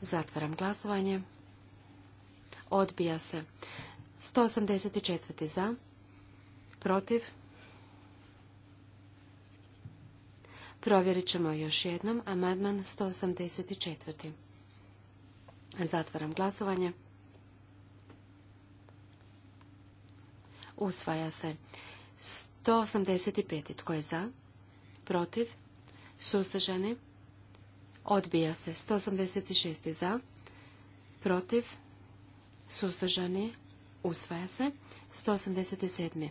Zatvaram glasovanje. Odbija se. 184. za, protiv, Provjerit ćemo još jednom amandman 184. Zatvaram glasovanje. Usvaja se. 185. Tko je za? Protiv? Suzdržani? Odbija se. 186. Za? Protiv? Suzdržani? Usvaja se. 187.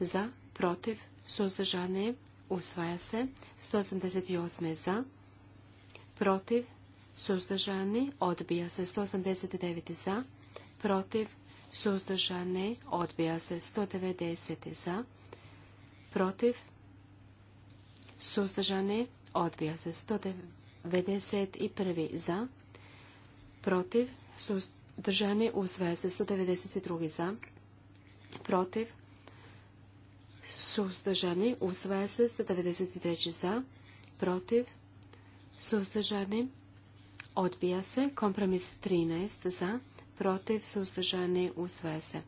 Za? Protiv? Suzdržani? usvaja se. 188. za, protiv, suzdržani, odbija se. 189. za, protiv, suzdržani, odbija se. 190. za, protiv, suzdržani, odbija se. 191. za, protiv, suzdržani, usvaja se. 192. za, protiv, suzdržani, usvaja se 93 za, protiv, suzdržani, odbija se, kompromis 13 za, protiv, suzdržani, usvaja se.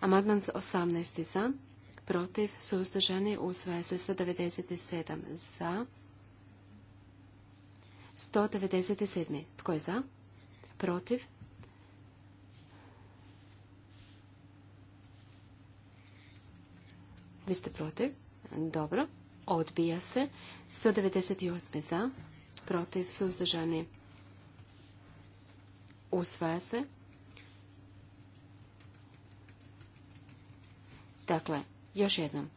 Amandman 18 za, protiv, suzdržani, usvaja se 197 za, 197. Tko je za? Protiv? Vi ste protiv? Dobro. Odbija se. 198. za. Protiv. Suzdržani. Usvaja se. Dakle, još jednom.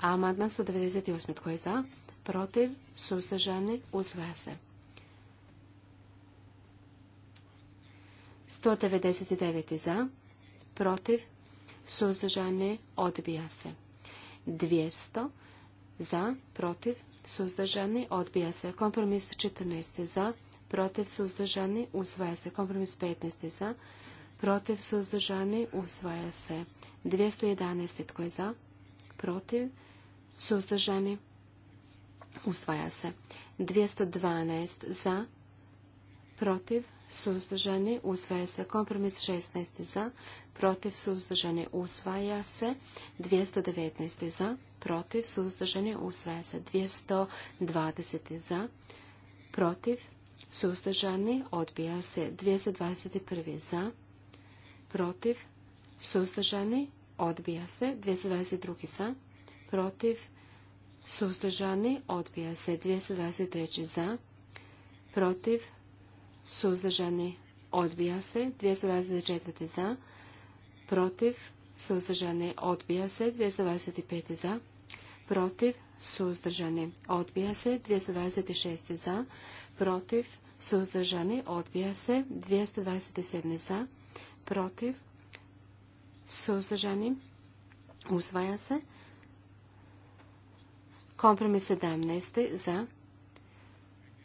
Amandman 198. Tko je za? Protiv. Suzdržani. Usvaja se. 199. za. Protiv. Suzdržani. Odbija se. 200 za, protiv, suzdržani, odbija se. Kompromis 14 za, protiv, suzdržani, usvaja se. Kompromis 15 za, protiv, suzdržani, usvaja se. 211 tko je za, protiv, suzdržani, usvaja se. 212 za, protiv, suzdržani, usvaja se. Kompromis 16 za, protiv suzdržani usvaja se, 219. za, protiv suzdržani usvaja se, 220. za, protiv suzdržani odbija se, 221. za, protiv suzdržani odbija se, 222. za, protiv suzdržani odbija se, 223. za, protiv suzdržani odbija se, 224. za, protiv, suzdržani, odbija se. 225. za, protiv, suzdržani, odbija se. 226. za, protiv, suzdržani, odbija se. 227. za, protiv, suzdržani, usvaja se. Kompromis 17. za,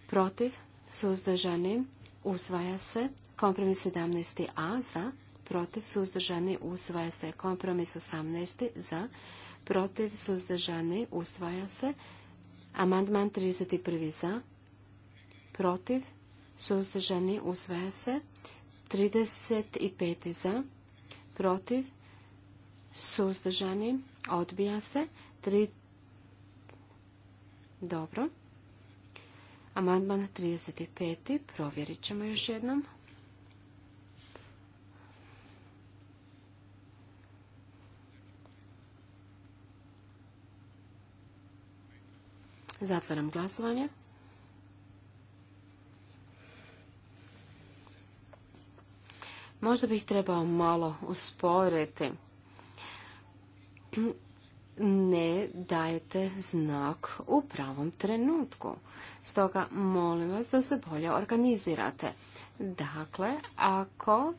protiv, suzdržani, usvaja se. Kompromis 17a za, protiv, suzdržani, usvaja se. Kompromis 18. za, protiv, suzdržani, usvaja se. Amandman 31. za, protiv, suzdržani, usvaja se. 35. za, protiv, suzdržani, odbija se. 3. Dobro. Amandman 35. Provjerit ćemo još jednom. Zatvaram glasovanje. Možda bih trebao malo usporiti. Ne dajete znak u pravom trenutku. Stoga molim vas da se bolje organizirate. Dakle, ako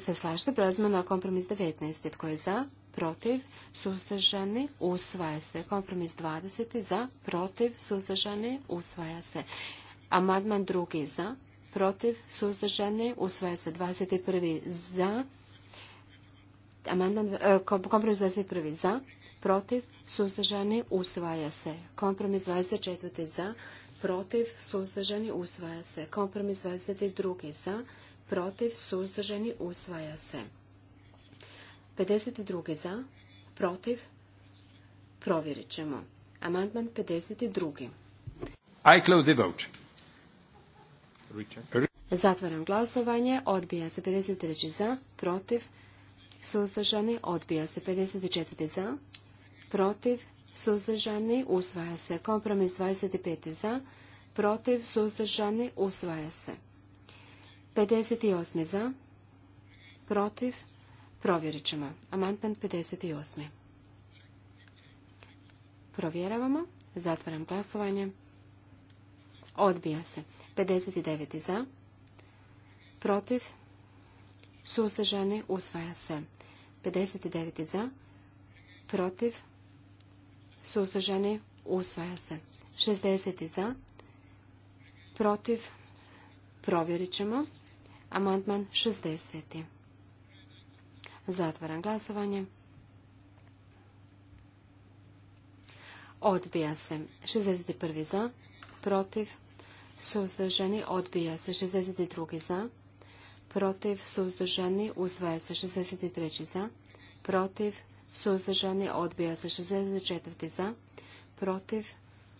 se slažete, prelazimo na kompromis 19. Tko je za? protiv, suzdržani, usvaja se. Kompromis 20. za, protiv, suzdržani, usvaja se. Amadman drugi za, protiv, suzdržani, usvaja se. 21. za, amandman, e, kompromis 21. za, protiv, suzdržani, usvaja se. Kompromis 24. za, protiv, suzdržani, usvaja se. Kompromis 22. za, protiv, suzdržani, usvaja se. 52. za, protiv, provjerit ćemo. Amandman 52. I close the vote. Zatvaram glasovanje, odbija se 53. za, protiv, suzdržani, odbija se 54. za, protiv, suzdržani, usvaja se. Kompromis 25. za, protiv, suzdržani, usvaja se. 58. za, protiv, Provjerit ćemo. Amantman 58. Provjeravamo. Zatvaram glasovanje. Odbija se. 59. za. Protiv. Suzdržani. Usvaja se. 59. za. Protiv. Suzdržani. Usvaja se. 60. za. Protiv. Provjerit ćemo. Amandman 60. Zatvaram glasovanje. Odbija se. 61. za. Protiv. Suzdržani. Odbija se. 62. za. Protiv. Suzdržani. Uzvaja se. 63. za. Protiv. Suzdržani. Odbija se. 64. za. Protiv.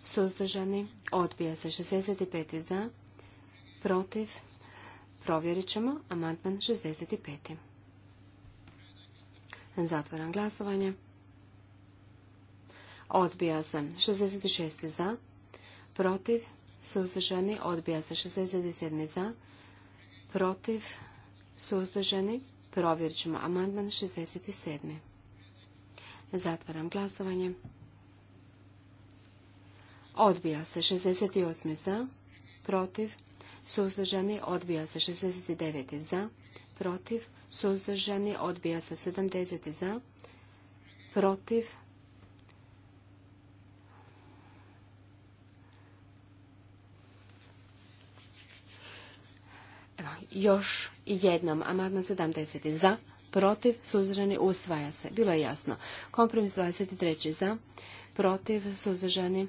Suzdržani. Odbija se. 65. za. Protiv. Provjerit ćemo. Amantman 65. Zatvaram glasovanje. Odbija se. 66. za. Protiv. Suzdržani. Odbija se. 67. za. Protiv. Suzdržani. Provjerit ćemo amandman 67. Zatvaram glasovanje. Odbija se 68 za, protiv, suzdržani, odbija se 69 za, protiv, suzdržani, odbija se 70 za, protiv, još jednom, amadman 70 za, protiv, suzdržani, usvaja se. Bilo je jasno. Kompromis 23 za, protiv, suzdržani,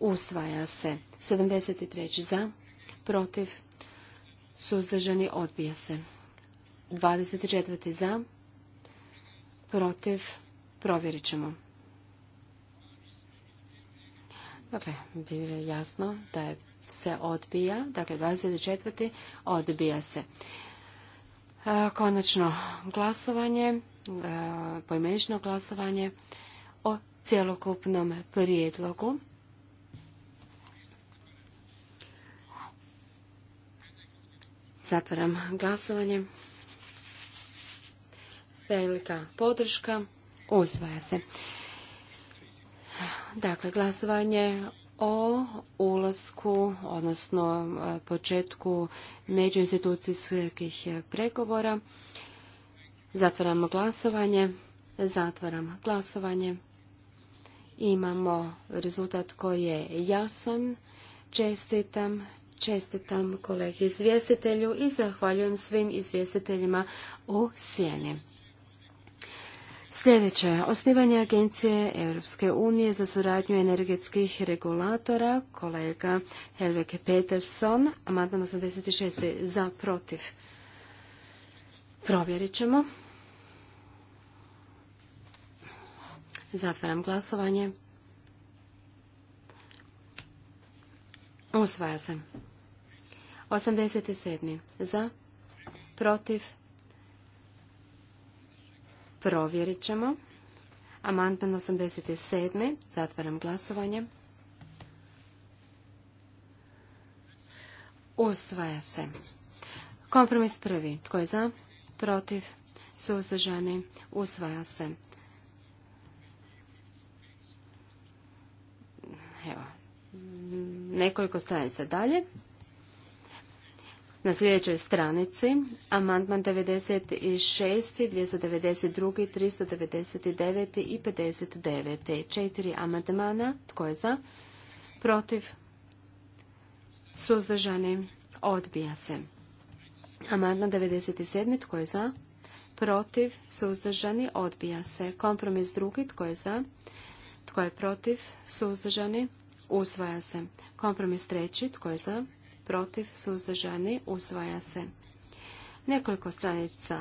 usvaja se. 73 za, protiv, suzdržani, odbija se. 24. za, protiv, provjerit ćemo. Dakle, bilo je jasno da je se odbija, dakle 24. odbija se. E, konačno glasovanje, e, pojmenično glasovanje o cjelokupnom prijedlogu. Zatvaram glasovanje. Velika podrška. Usvaja se. Dakle, glasovanje o ulasku, odnosno e, početku međuinstitucijskih pregovora. Zatvaramo glasovanje. Zatvaram glasovanje. Imamo rezultat koji je jasan. Čestitam, čestitam kolegi izvjestitelju i zahvaljujem svim izvjestiteljima u sjeni. Sljedeće, osnivanje Agencije Europske unije za suradnju energetskih regulatora, kolega Helveke Peterson, amandman 86. za protiv. Provjerit ćemo. Zatvaram glasovanje. Usvaja se. 87. za protiv Provjerit ćemo. Amandman 87. Zatvaram glasovanje. Usvaja se. Kompromis prvi. Tko je za? Protiv? Suzdržani? Usvaja se. Evo. Nekoliko stranica dalje. Na sljedećoj stranici, amandman 96, 292, 399 i 59. Četiri amandmana. Tko je za? Protiv? Suzdržani? Odbija se. Amandman 97. Tko je za? Protiv? Suzdržani? Odbija se. Kompromis drugi. Tko je za? Tko je protiv? Suzdržani? Usvaja se. Kompromis treći. Tko je za? protiv, suzdržani, usvaja se. Nekoliko stranica